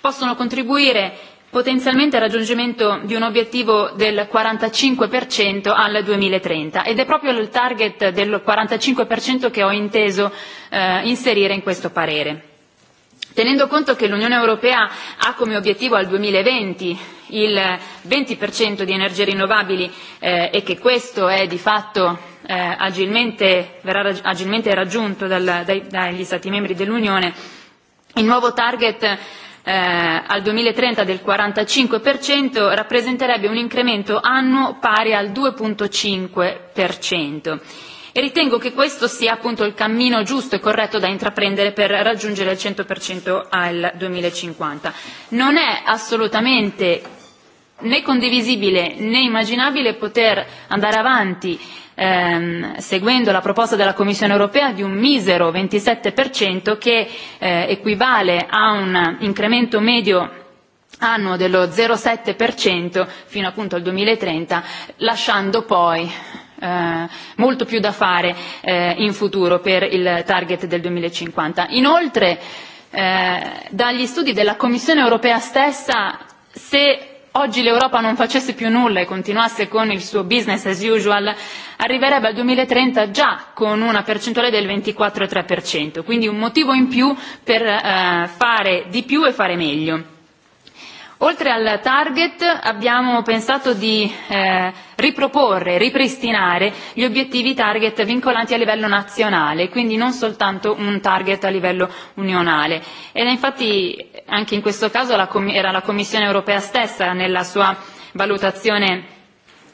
possono contribuire potenzialmente al raggiungimento di un obiettivo del 45% al 2030 ed è proprio il target del 45% che ho inteso eh, inserire in questo parere tenendo conto che l'Unione Europea ha come obiettivo al duemilaventi il venti di energie rinnovabili eh, e che questo è di fatto eh, agilmente, verrà agilmente raggiunto dal, dai, dagli Stati membri dell'Unione, il nuovo target eh, al duemilatrenta del quarantacinque rappresenterebbe un incremento annuo pari al due cinque e ritengo che questo sia appunto il cammino giusto e corretto da intraprendere per raggiungere il 100% al 2050. Non è assolutamente né condivisibile né immaginabile poter andare avanti ehm, seguendo la proposta della Commissione europea di un misero 27% che eh, equivale a un incremento medio annuo dello 0,7% fino appunto al 2030, lasciando poi eh, molto più da fare eh, in futuro per il target del 2050. Inoltre, eh, dagli studi della Commissione europea stessa, se oggi l'Europa non facesse più nulla e continuasse con il suo business as usual, arriverebbe al 2030 già con una percentuale del 24,3%, quindi un motivo in più per eh, fare di più e fare meglio. Oltre al target abbiamo pensato di eh, riproporre, ripristinare gli obiettivi target vincolanti a livello nazionale, quindi non soltanto un target a livello unionale. Ed infatti anche in questo caso la, era la Commissione europea stessa nella sua valutazione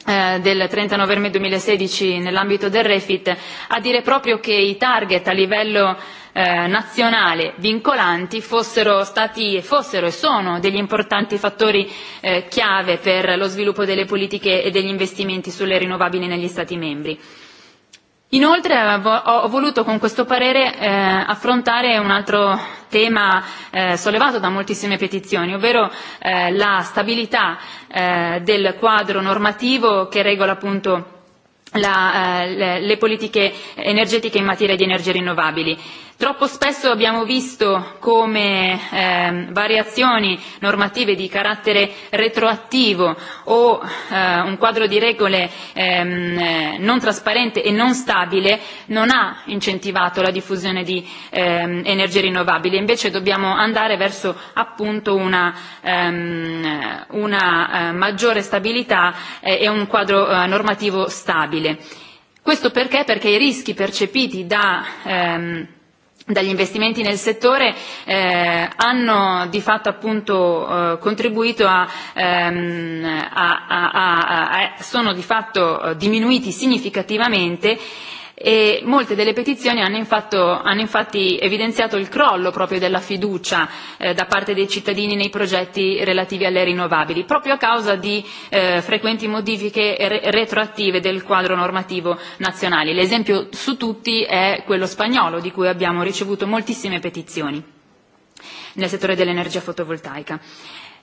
eh, del 30 novembre 2016 nell'ambito del Refit a dire proprio che i target a livello eh, nazionale vincolanti fossero stati e fossero e sono degli importanti fattori eh, chiave per lo sviluppo delle politiche e degli investimenti sulle rinnovabili negli Stati membri. Inoltre ho voluto con questo parere eh, affrontare un altro tema eh, sollevato da moltissime petizioni, ovvero eh, la stabilità eh, del quadro normativo che regola appunto la, eh, le, le politiche energetiche in materia di energie rinnovabili Troppo spesso abbiamo visto come ehm, variazioni normative di carattere retroattivo o eh, un quadro di regole ehm, non trasparente e non stabile non ha incentivato la diffusione di ehm, energie rinnovabili, invece dobbiamo andare verso appunto una, ehm, una eh, maggiore stabilità eh, e un quadro eh, normativo stabile. Questo perché? Perché i rischi percepiti da ehm, dagli investimenti nel settore eh, hanno di fatto appunto eh, contribuito a, ehm, a, a, a, a sono di fatto eh, diminuiti significativamente e molte delle petizioni hanno, infatto, hanno infatti evidenziato il crollo proprio della fiducia eh, da parte dei cittadini nei progetti relativi alle rinnovabili, proprio a causa di eh, frequenti modifiche re- retroattive del quadro normativo nazionale. L'esempio su tutti è quello spagnolo, di cui abbiamo ricevuto moltissime petizioni nel settore dell'energia fotovoltaica.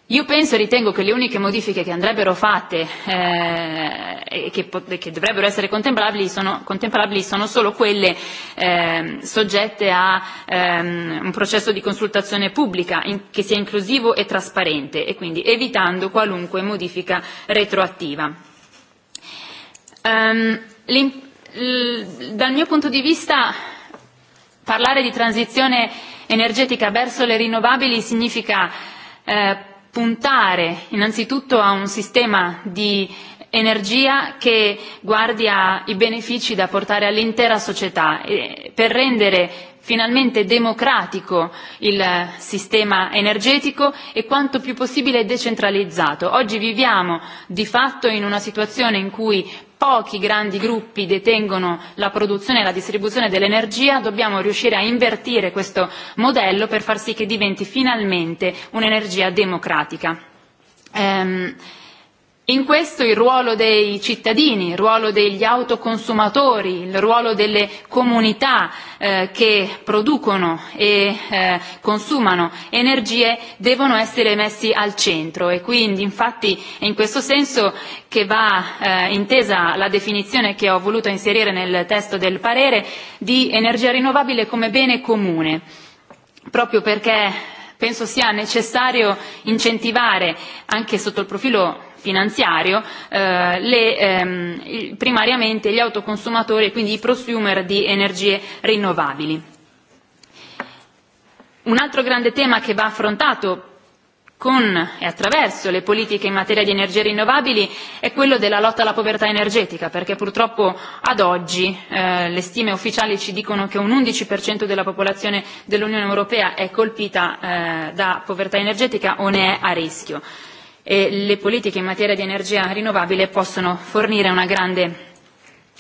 Io penso e ritengo che le uniche modifiche che andrebbero fatte eh, e che, che dovrebbero essere contemplabili sono, contemplabili sono solo quelle eh, soggette a ehm, un processo di consultazione pubblica in, che sia inclusivo e trasparente e quindi evitando qualunque modifica retroattiva. Um, l, dal mio punto di vista parlare di transizione energetica verso le rinnovabili significa eh, puntare innanzitutto a un sistema di energia che guardi ai benefici da portare all'intera società e per rendere finalmente democratico il sistema energetico e quanto più possibile decentralizzato. Oggi viviamo di fatto in una situazione in cui pochi grandi gruppi detengono la produzione e la distribuzione dell'energia, dobbiamo riuscire a invertire questo modello per far sì che diventi finalmente un'energia democratica. Ehm, In questo il ruolo dei cittadini, il ruolo degli autoconsumatori, il ruolo delle comunità eh, che producono e eh, consumano energie devono essere messi al centro e quindi infatti è in questo senso che va eh, intesa la definizione che ho voluto inserire nel testo del parere di energia rinnovabile come bene comune, proprio perché penso sia necessario incentivare anche sotto il profilo finanziario eh, le, ehm, primariamente gli autoconsumatori e quindi i prosumer di energie rinnovabili. Un altro grande tema che va affrontato con e attraverso le politiche in materia di energie rinnovabili è quello della lotta alla povertà energetica, perché purtroppo ad oggi eh, le stime ufficiali ci dicono che un 11% della popolazione dell'Unione Europea è colpita eh, da povertà energetica o ne è a rischio e le politiche in materia di energia rinnovabile possono fornire una grande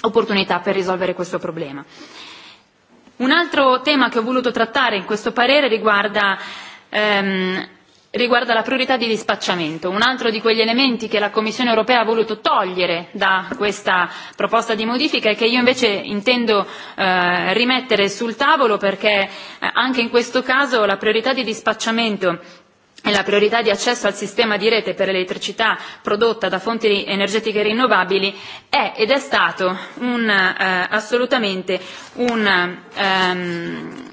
opportunità per risolvere questo problema. Un altro tema che ho voluto trattare in questo parere riguarda, ehm, riguarda la priorità di dispacciamento, un altro di quegli elementi che la Commissione europea ha voluto togliere da questa proposta di modifica e che io invece intendo eh, rimettere sul tavolo perché eh, anche in questo caso la priorità di dispacciamento e la priorità di accesso al sistema di rete per l'elettricità prodotta da fonti energetiche rinnovabili è ed è stato un, eh, assolutamente un, ehm,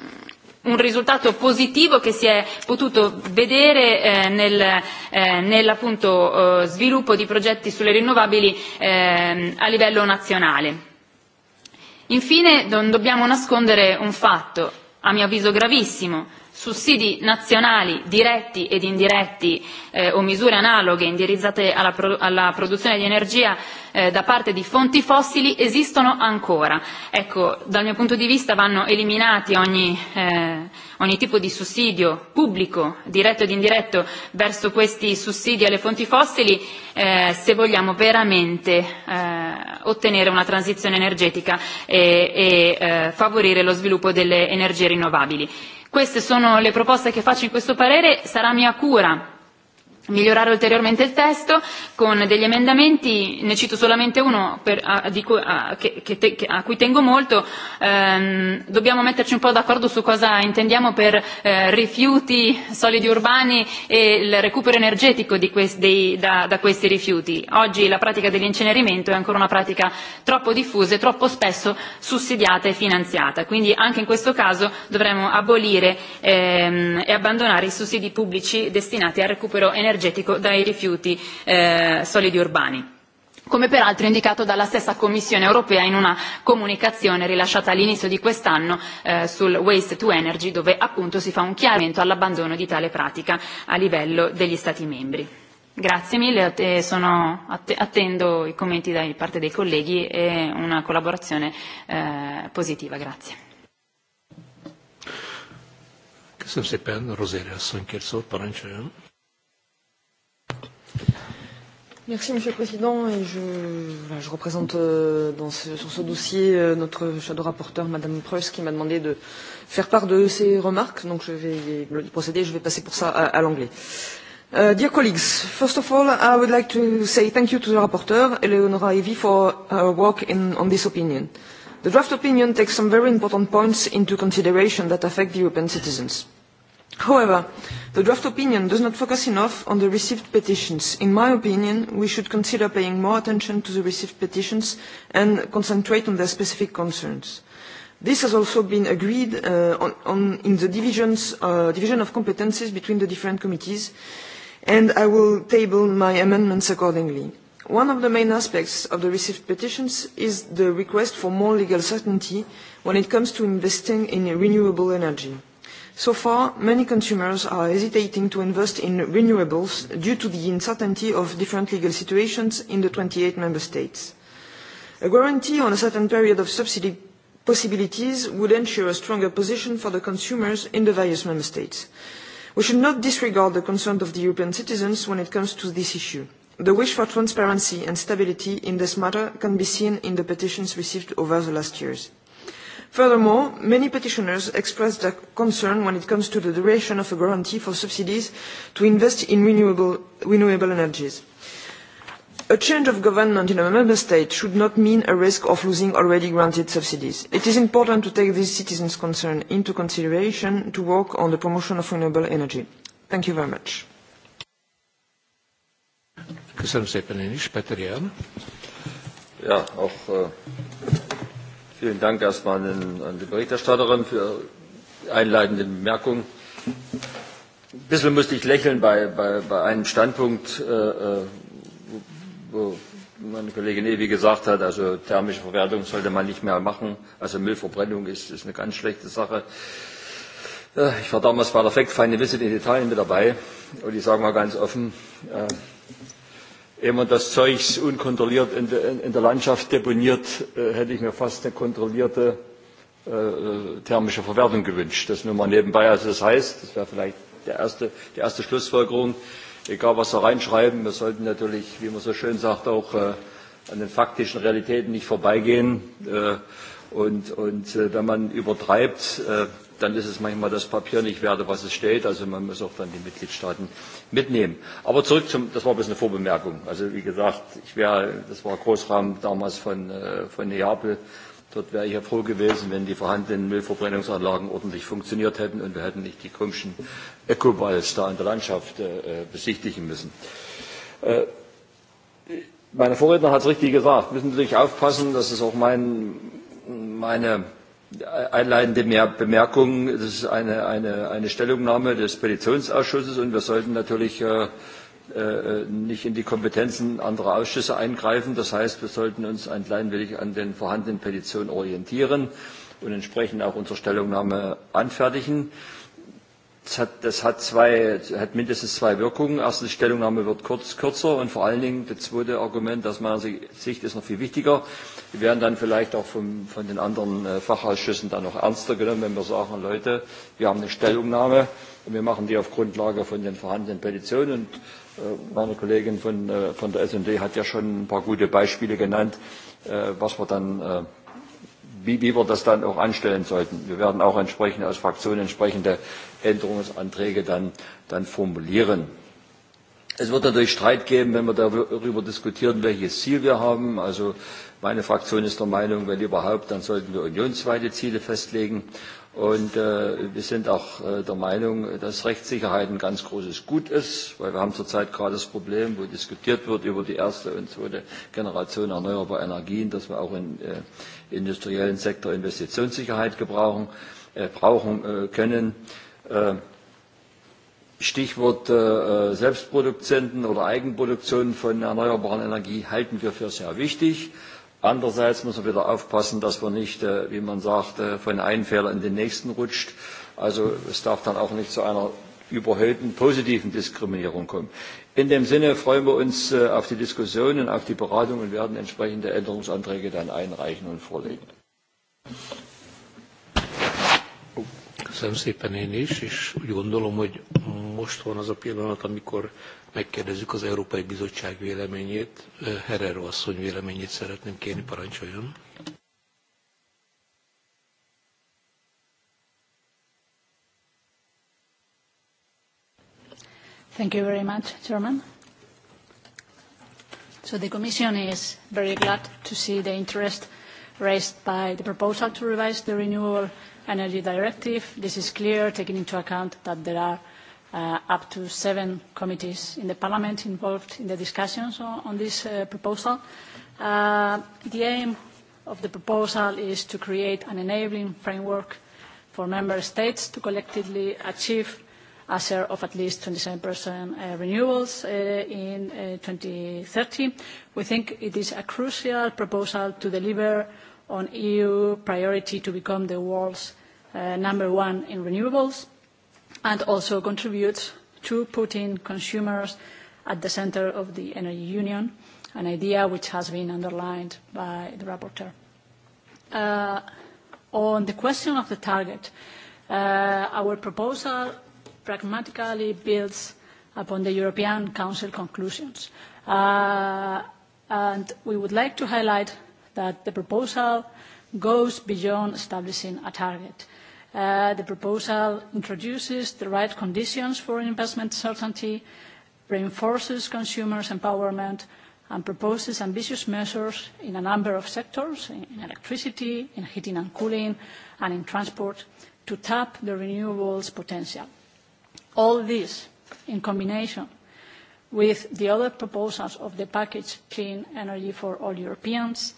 un risultato positivo che si è potuto vedere eh, nel, eh, nell'appunto eh, sviluppo di progetti sulle rinnovabili eh, a livello nazionale. Infine non dobbiamo nascondere un fatto, a mio avviso gravissimo, sussidi nazionali diretti ed indiretti eh, o misure analoghe indirizzate alla, pro- alla produzione di energia eh, da parte di fonti fossili esistono ancora. Ecco, dal mio punto di vista vanno eliminati ogni, eh, ogni tipo di sussidio pubblico, diretto ed indiretto, verso questi sussidi alle fonti fossili eh, se vogliamo veramente eh, ottenere una transizione energetica e, e eh, favorire lo sviluppo delle energie rinnovabili Queste sono le proposte che faccio in questo parere, sarà mia cura migliorare ulteriormente il testo con degli emendamenti, ne cito solamente uno per, a, di cui, a, che, che a cui tengo molto, ehm, dobbiamo metterci un po' d'accordo su cosa intendiamo per eh, rifiuti solidi urbani e il recupero energetico di quest, dei, da, da questi rifiuti. Oggi la pratica dell'incenerimento è ancora una pratica troppo diffusa e troppo spesso sussidiata e finanziata, quindi anche in questo caso dovremmo abolire ehm, e abbandonare i sussidi pubblici destinati al recupero energetico energetico dai rifiuti eh, solidi urbani come peraltro indicato dalla stessa Commissione europea in una comunicazione rilasciata all'inizio di quest'anno eh, sul Waste to Energy, dove appunto si fa un chiarimento all'abbandono di tale pratica a livello degli Stati membri. Grazie mille, eh, sono, attendo i commenti da parte dei colleghi e una collaborazione eh, positiva. Grazie. Merci Monsieur le Président et je, je représente euh, dans ce, sur ce dossier euh, notre shadow rapporteur Madame Preuss qui m'a demandé de faire part de ses remarques donc je vais procéder je vais passer pour ça à, à l'anglais. Uh, dear colleagues, first of all, I would like to say thank you to the rapporteur, Eleonora Evi, for her work in, on this opinion. The draft opinion takes some very important points into consideration that affect the European citizens. However, the draft opinion does not focus enough on the received petitions. In my opinion, we should consider paying more attention to the received petitions and concentrate on their specific concerns. This has also been agreed uh, on, on in the divisions, uh, division of competences between the different committees, and I will table my amendments accordingly. One of the main aspects of the received petitions is the request for more legal certainty when it comes to investing in renewable energy. So far, many consumers are hesitating to invest in renewables due to the uncertainty of different legal situations in the twenty eight member states. A guarantee on a certain period of subsidy possibilities would ensure a stronger position for the consumers in the various member states. We should not disregard the concerns of the European citizens when it comes to this issue. The wish for transparency and stability in this matter can be seen in the petitions received over the last years. Furthermore, many petitioners expressed their concern when it comes to the duration of a guarantee for subsidies to invest in renewable, renewable energies. A change of government in a member state should not mean a risk of losing already granted subsidies. It is important to take these citizens' concerns into consideration to work on the promotion of renewable energy. Thank you very much. Köszönöm szépen én is, Peter Ján. Ja, auch äh, Vielen Dank erstmal an, an die Berichterstatterin für die einleitende Bemerkungen. Ein bisschen musste ich lächeln bei, bei, bei einem Standpunkt, äh, äh wo meine Kollegin Ewi gesagt hat, also thermische Verwertung sollte man nicht mehr machen. Also Müllverbrennung ist, ist eine ganz schlechte Sache. Äh, ich war damals bei der Fact Finding Visit in Italien mit dabei und ich sage mal ganz offen, äh, ehe man das Zeug unkontrolliert in, de, in der Landschaft deponiert, äh, hätte ich mir fast eine kontrollierte äh, äh, thermische Verwertung gewünscht. Das nur mal nebenbei. Also das heißt, das wäre vielleicht der erste, die erste Schlussfolgerung, egal was wir reinschreiben, wir sollten natürlich, wie man so schön sagt, auch äh, an den faktischen Realitäten nicht vorbeigehen. Äh, und, und äh, wenn man übertreibt, dann ist es manchmal das Papier nicht wert, was es steht. Also man muss auch dann die Mitgliedstaaten mitnehmen. Aber zurück zum, das war ein bisschen eine Vorbemerkung. Also wie gesagt, ich wäre, das war Großrahmen damals von, äh, von Neapel. Dort wäre ich ja froh gewesen, wenn die vorhandenen Müllverbrennungsanlagen ordentlich funktioniert hätten und wir hätten nicht die komischen Ecoballs da in der Landschaft äh, äh, besichtigen müssen. Äh, meine Vorredner hat es richtig gesagt. Müssen natürlich aufpassen, das ist auch mein, meine einleitende Bemerkung. Das ist eine, eine, eine Stellungnahme des Petitionsausschusses und wir sollten natürlich äh, äh nicht in die Kompetenzen anderer Ausschüsse eingreifen. Das heißt, wir sollten uns ein klein wenig an den vorhandenen Petitionen orientieren und entsprechend auch unsere Stellungnahme anfertigen. Das hat, das hat, zwei, hat mindestens zwei Wirkungen. Erstens, die Stellungnahme wird kurz, kürzer und vor allen Dingen das zweite Argument aus meiner Sicht ist noch viel wichtiger. Wir werden dann vielleicht auch vom, von den anderen äh, Fachausschüssen dann noch ernster genommen, wenn wir sagen, Leute, wir haben eine Stellungnahme und wir machen die auf Grundlage von den vorhandenen Petitionen. Und äh, meine Kollegin von, äh, von der S&D hat ja schon ein paar gute Beispiele genannt, was wir dann wie, wie wir das dann auch anstellen sollten. Wir werden auch entsprechend als Fraktion entsprechende Änderungsanträge dann, dann formulieren. Es wird natürlich Streit geben, wenn wir darüber diskutieren, welches Ziel wir haben. Also meine Fraktion ist der Meinung, wenn überhaupt, dann sollten wir unionsweite Ziele festlegen. Und äh, wir sind auch äh, der Meinung, dass Rechtssicherheit ein ganz großes Gut ist, weil wir haben zurzeit gerade das Problem, wo diskutiert wird über die erste und zweite Generation erneuerbarer Energien, dass wir auch im äh, industriellen Sektor Investitionssicherheit gebrauchen, äh, brauchen äh, können. Äh, Äh, Stichwort äh, äh, Selbstproduzenten oder Eigenproduktion von erneuerbaren Energie halten wir für sehr wichtig. Andererseits müssen wir wieder aufpassen, dass man nicht, wie man sagt, von einem Fehler in den nächsten rutscht. Also es darf dann auch nicht zu einer überhöhten positiven Diskriminierung kommen. In dem Sinne freuen wir uns auf die Diskussion und auf die Beratung und werden entsprechende Änderungsanträge dann einreichen und vorlegen. Köszönöm szépen én is, és úgy gondolom, hogy most van az a pillanat, amikor megkérdezzük az Európai Bizottság véleményét. Herrero asszony véleményét szeretném kérni, parancsoljon. Thank you very much, Chairman. So the Commission is very glad to see the interest raised by the proposal to revise the renewable Energy Directive. This is clear, taking into account that there are uh, up to seven committees in the Parliament involved in the discussions on, on this uh, proposal. Uh, the aim of the proposal is to create an enabling framework for member states to collectively achieve a share of at least 27% uh, renewables uh, in uh, 2030. We think it is a crucial proposal to deliver on EU priority to become the world's uh, number one in renewables and also contributes to putting consumers at the center of the energy union, an idea which has been underlined by the rapporteur. Uh, on the question of the target, uh, our proposal pragmatically builds upon the European Council conclusions. Uh, and we would like to highlight that the proposal goes beyond establishing a target. Uh, the proposal introduces the right conditions for investment certainty, reinforces consumers' empowerment, and proposes ambitious measures in a number of sectors, in electricity, in heating and cooling, and in transport, to tap the renewables potential. All this, in combination with the other proposals of the package Clean Energy for All Europeans,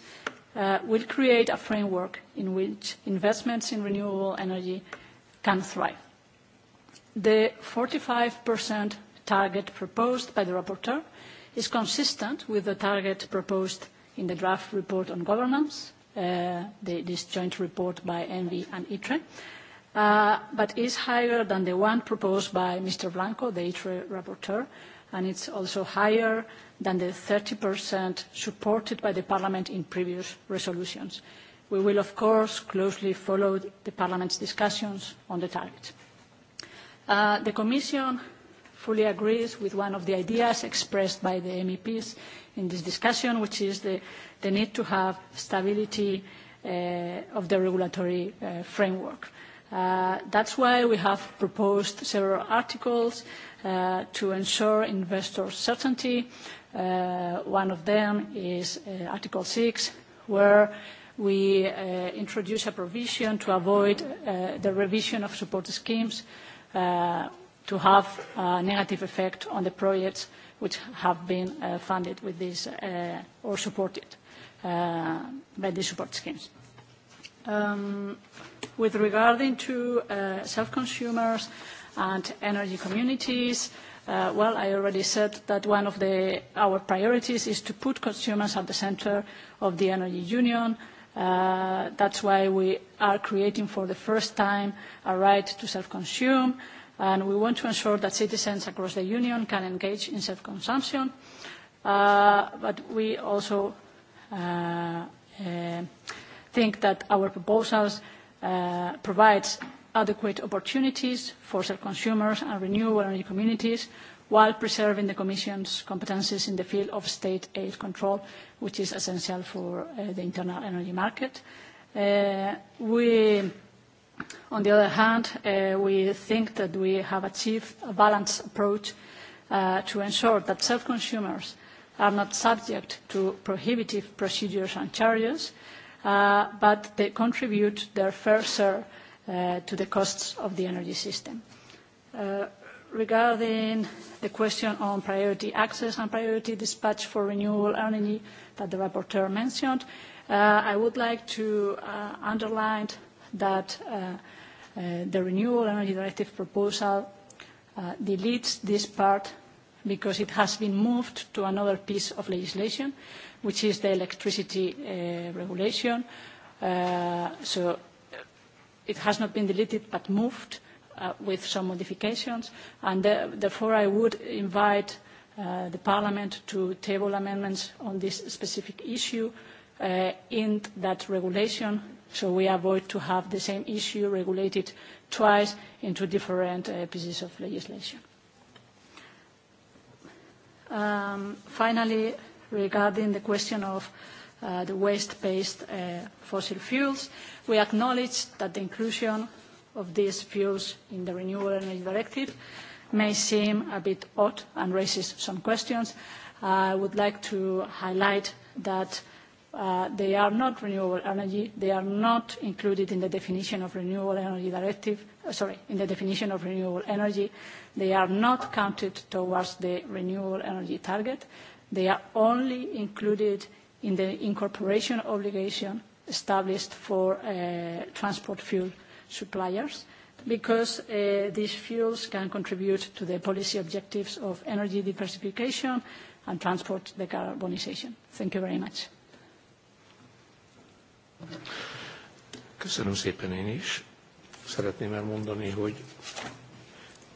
Uh, will create a framework in which investments in renewable energy can thrive. The 45% target proposed by the rapporteur is consistent with the target proposed in the draft report on governance, uh, this joint report by ENVI and ITRE, uh, but is higher than the one proposed by Mr. Blanco, the ITRE rapporteur, and it's also higher than the 30% supported by the Parliament in previous resolutions. We will, of course, closely follow the Parliament's discussions on the target. Uh, the Commission fully agrees with one of the ideas expressed by the MEPs in this discussion, which is the, need to have stability uh, of the regulatory uh, framework. Uh, that's why we have proposed several articles uh, to ensure investor certainty. Uh, one of them is Article 6, where we introduce a provision to avoid the revision of support schemes to have a negative effect on the projects which have been funded with this uh, or supported by these support schemes. Um, with regarding to uh, self-consumers and energy communities, uh, well, I already said that one of the, our priorities is to put consumers at the center of the energy union. Uh, that's why we are creating for the first time a right to self-consume, and we want to ensure that citizens across the union can engage in self-consumption. Uh, but we also uh, uh, think that our proposals provide uh, provides adequate opportunities for consumers and renewable energy communities while preserving the Commission's competences in the field of state aid control, which is essential for uh, the internal energy market. Uh, we, on the other hand, uh, we think that we have achieved a balanced approach uh, to ensure that self-consumers are not subject to prohibitive procedures and charges, Uh, but they contribute their fair share uh, to the costs of the energy system. Uh, regarding the question on priority access and priority dispatch for renewable energy that the rapporteur mentioned, I would like to underline that the Renewable Energy Directive proposal deletes this part because it has been moved to another piece of legislation which is the electricity uh, regulation. Uh, so uh, it has not been deleted but moved with some modifications. And therefore, I would invite the Parliament to table amendments on this specific issue in that regulation so we avoid to have the same issue regulated twice in two different pieces of legislation. Um, finally, regarding the question of uh, the waste-based uh, fossil fuels. We acknowledge that the inclusion of these fuels in the Renewable Energy Directive may seem a bit odd and raises some questions. I would like to highlight that uh, they are not renewable energy. They are not included in the definition of renewable energy directive, sorry, in the definition of renewable energy. They are not counted towards the renewable energy target. They are only included in the incorporation obligation established for uh, transport fuel suppliers because uh, these fuels can contribute to the policy objectives of energy diversification and transport decarbonisation. Thank you very much. Köszönöm szépen én is. Szeretném elmondani, hogy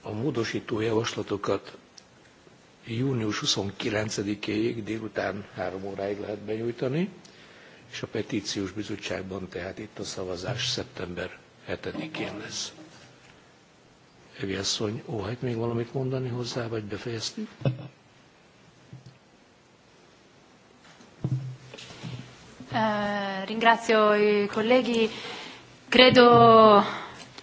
a módosító javaslatokat június 29-éig délután három óráig lehet benyújtani, és a petíciós bizottságban tehát itt a szavazás szeptember 7-én lesz. Evi asszony, óhajt még valamit mondani hozzá, vagy befejeztük? Uh, ringrazio i colleghi. Credo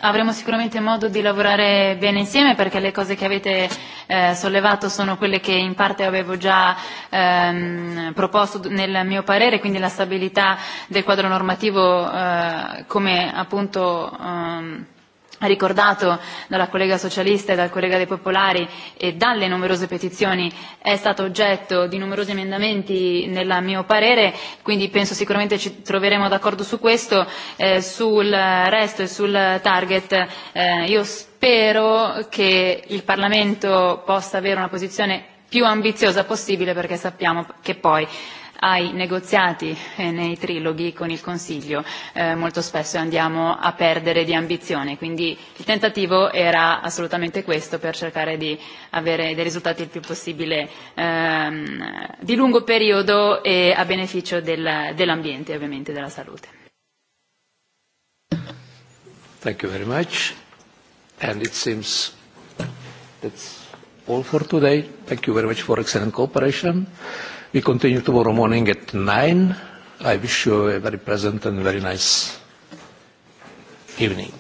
avremo sicuramente modo di lavorare bene insieme perché le cose che avete eh, sollevato sono quelle che in parte avevo già ehm, proposto nel mio parere, quindi la stabilità del quadro normativo eh, come appunto ehm, ricordato dalla collega socialista e dal collega dei popolari e dalle numerose petizioni è stato oggetto di numerosi emendamenti nel mio parere, quindi penso sicuramente ci troveremo d'accordo su questo, eh, sul resto e sul target. Eh, io spero che il Parlamento possa avere una posizione più ambiziosa possibile perché sappiamo che poi ai negoziati e nei triloghi con il Consiglio eh, molto spesso andiamo a perdere di ambizione, quindi il tentativo era assolutamente questo per cercare di avere dei risultati il più possibile ehm, di lungo periodo e a beneficio del, dell'ambiente e ovviamente della salute. Thank you very much. And it seems that's all for today. Thank you very much for excellent cooperation. We continue tomorrow morning at 9. I wish you a very pleasant and very nice evening.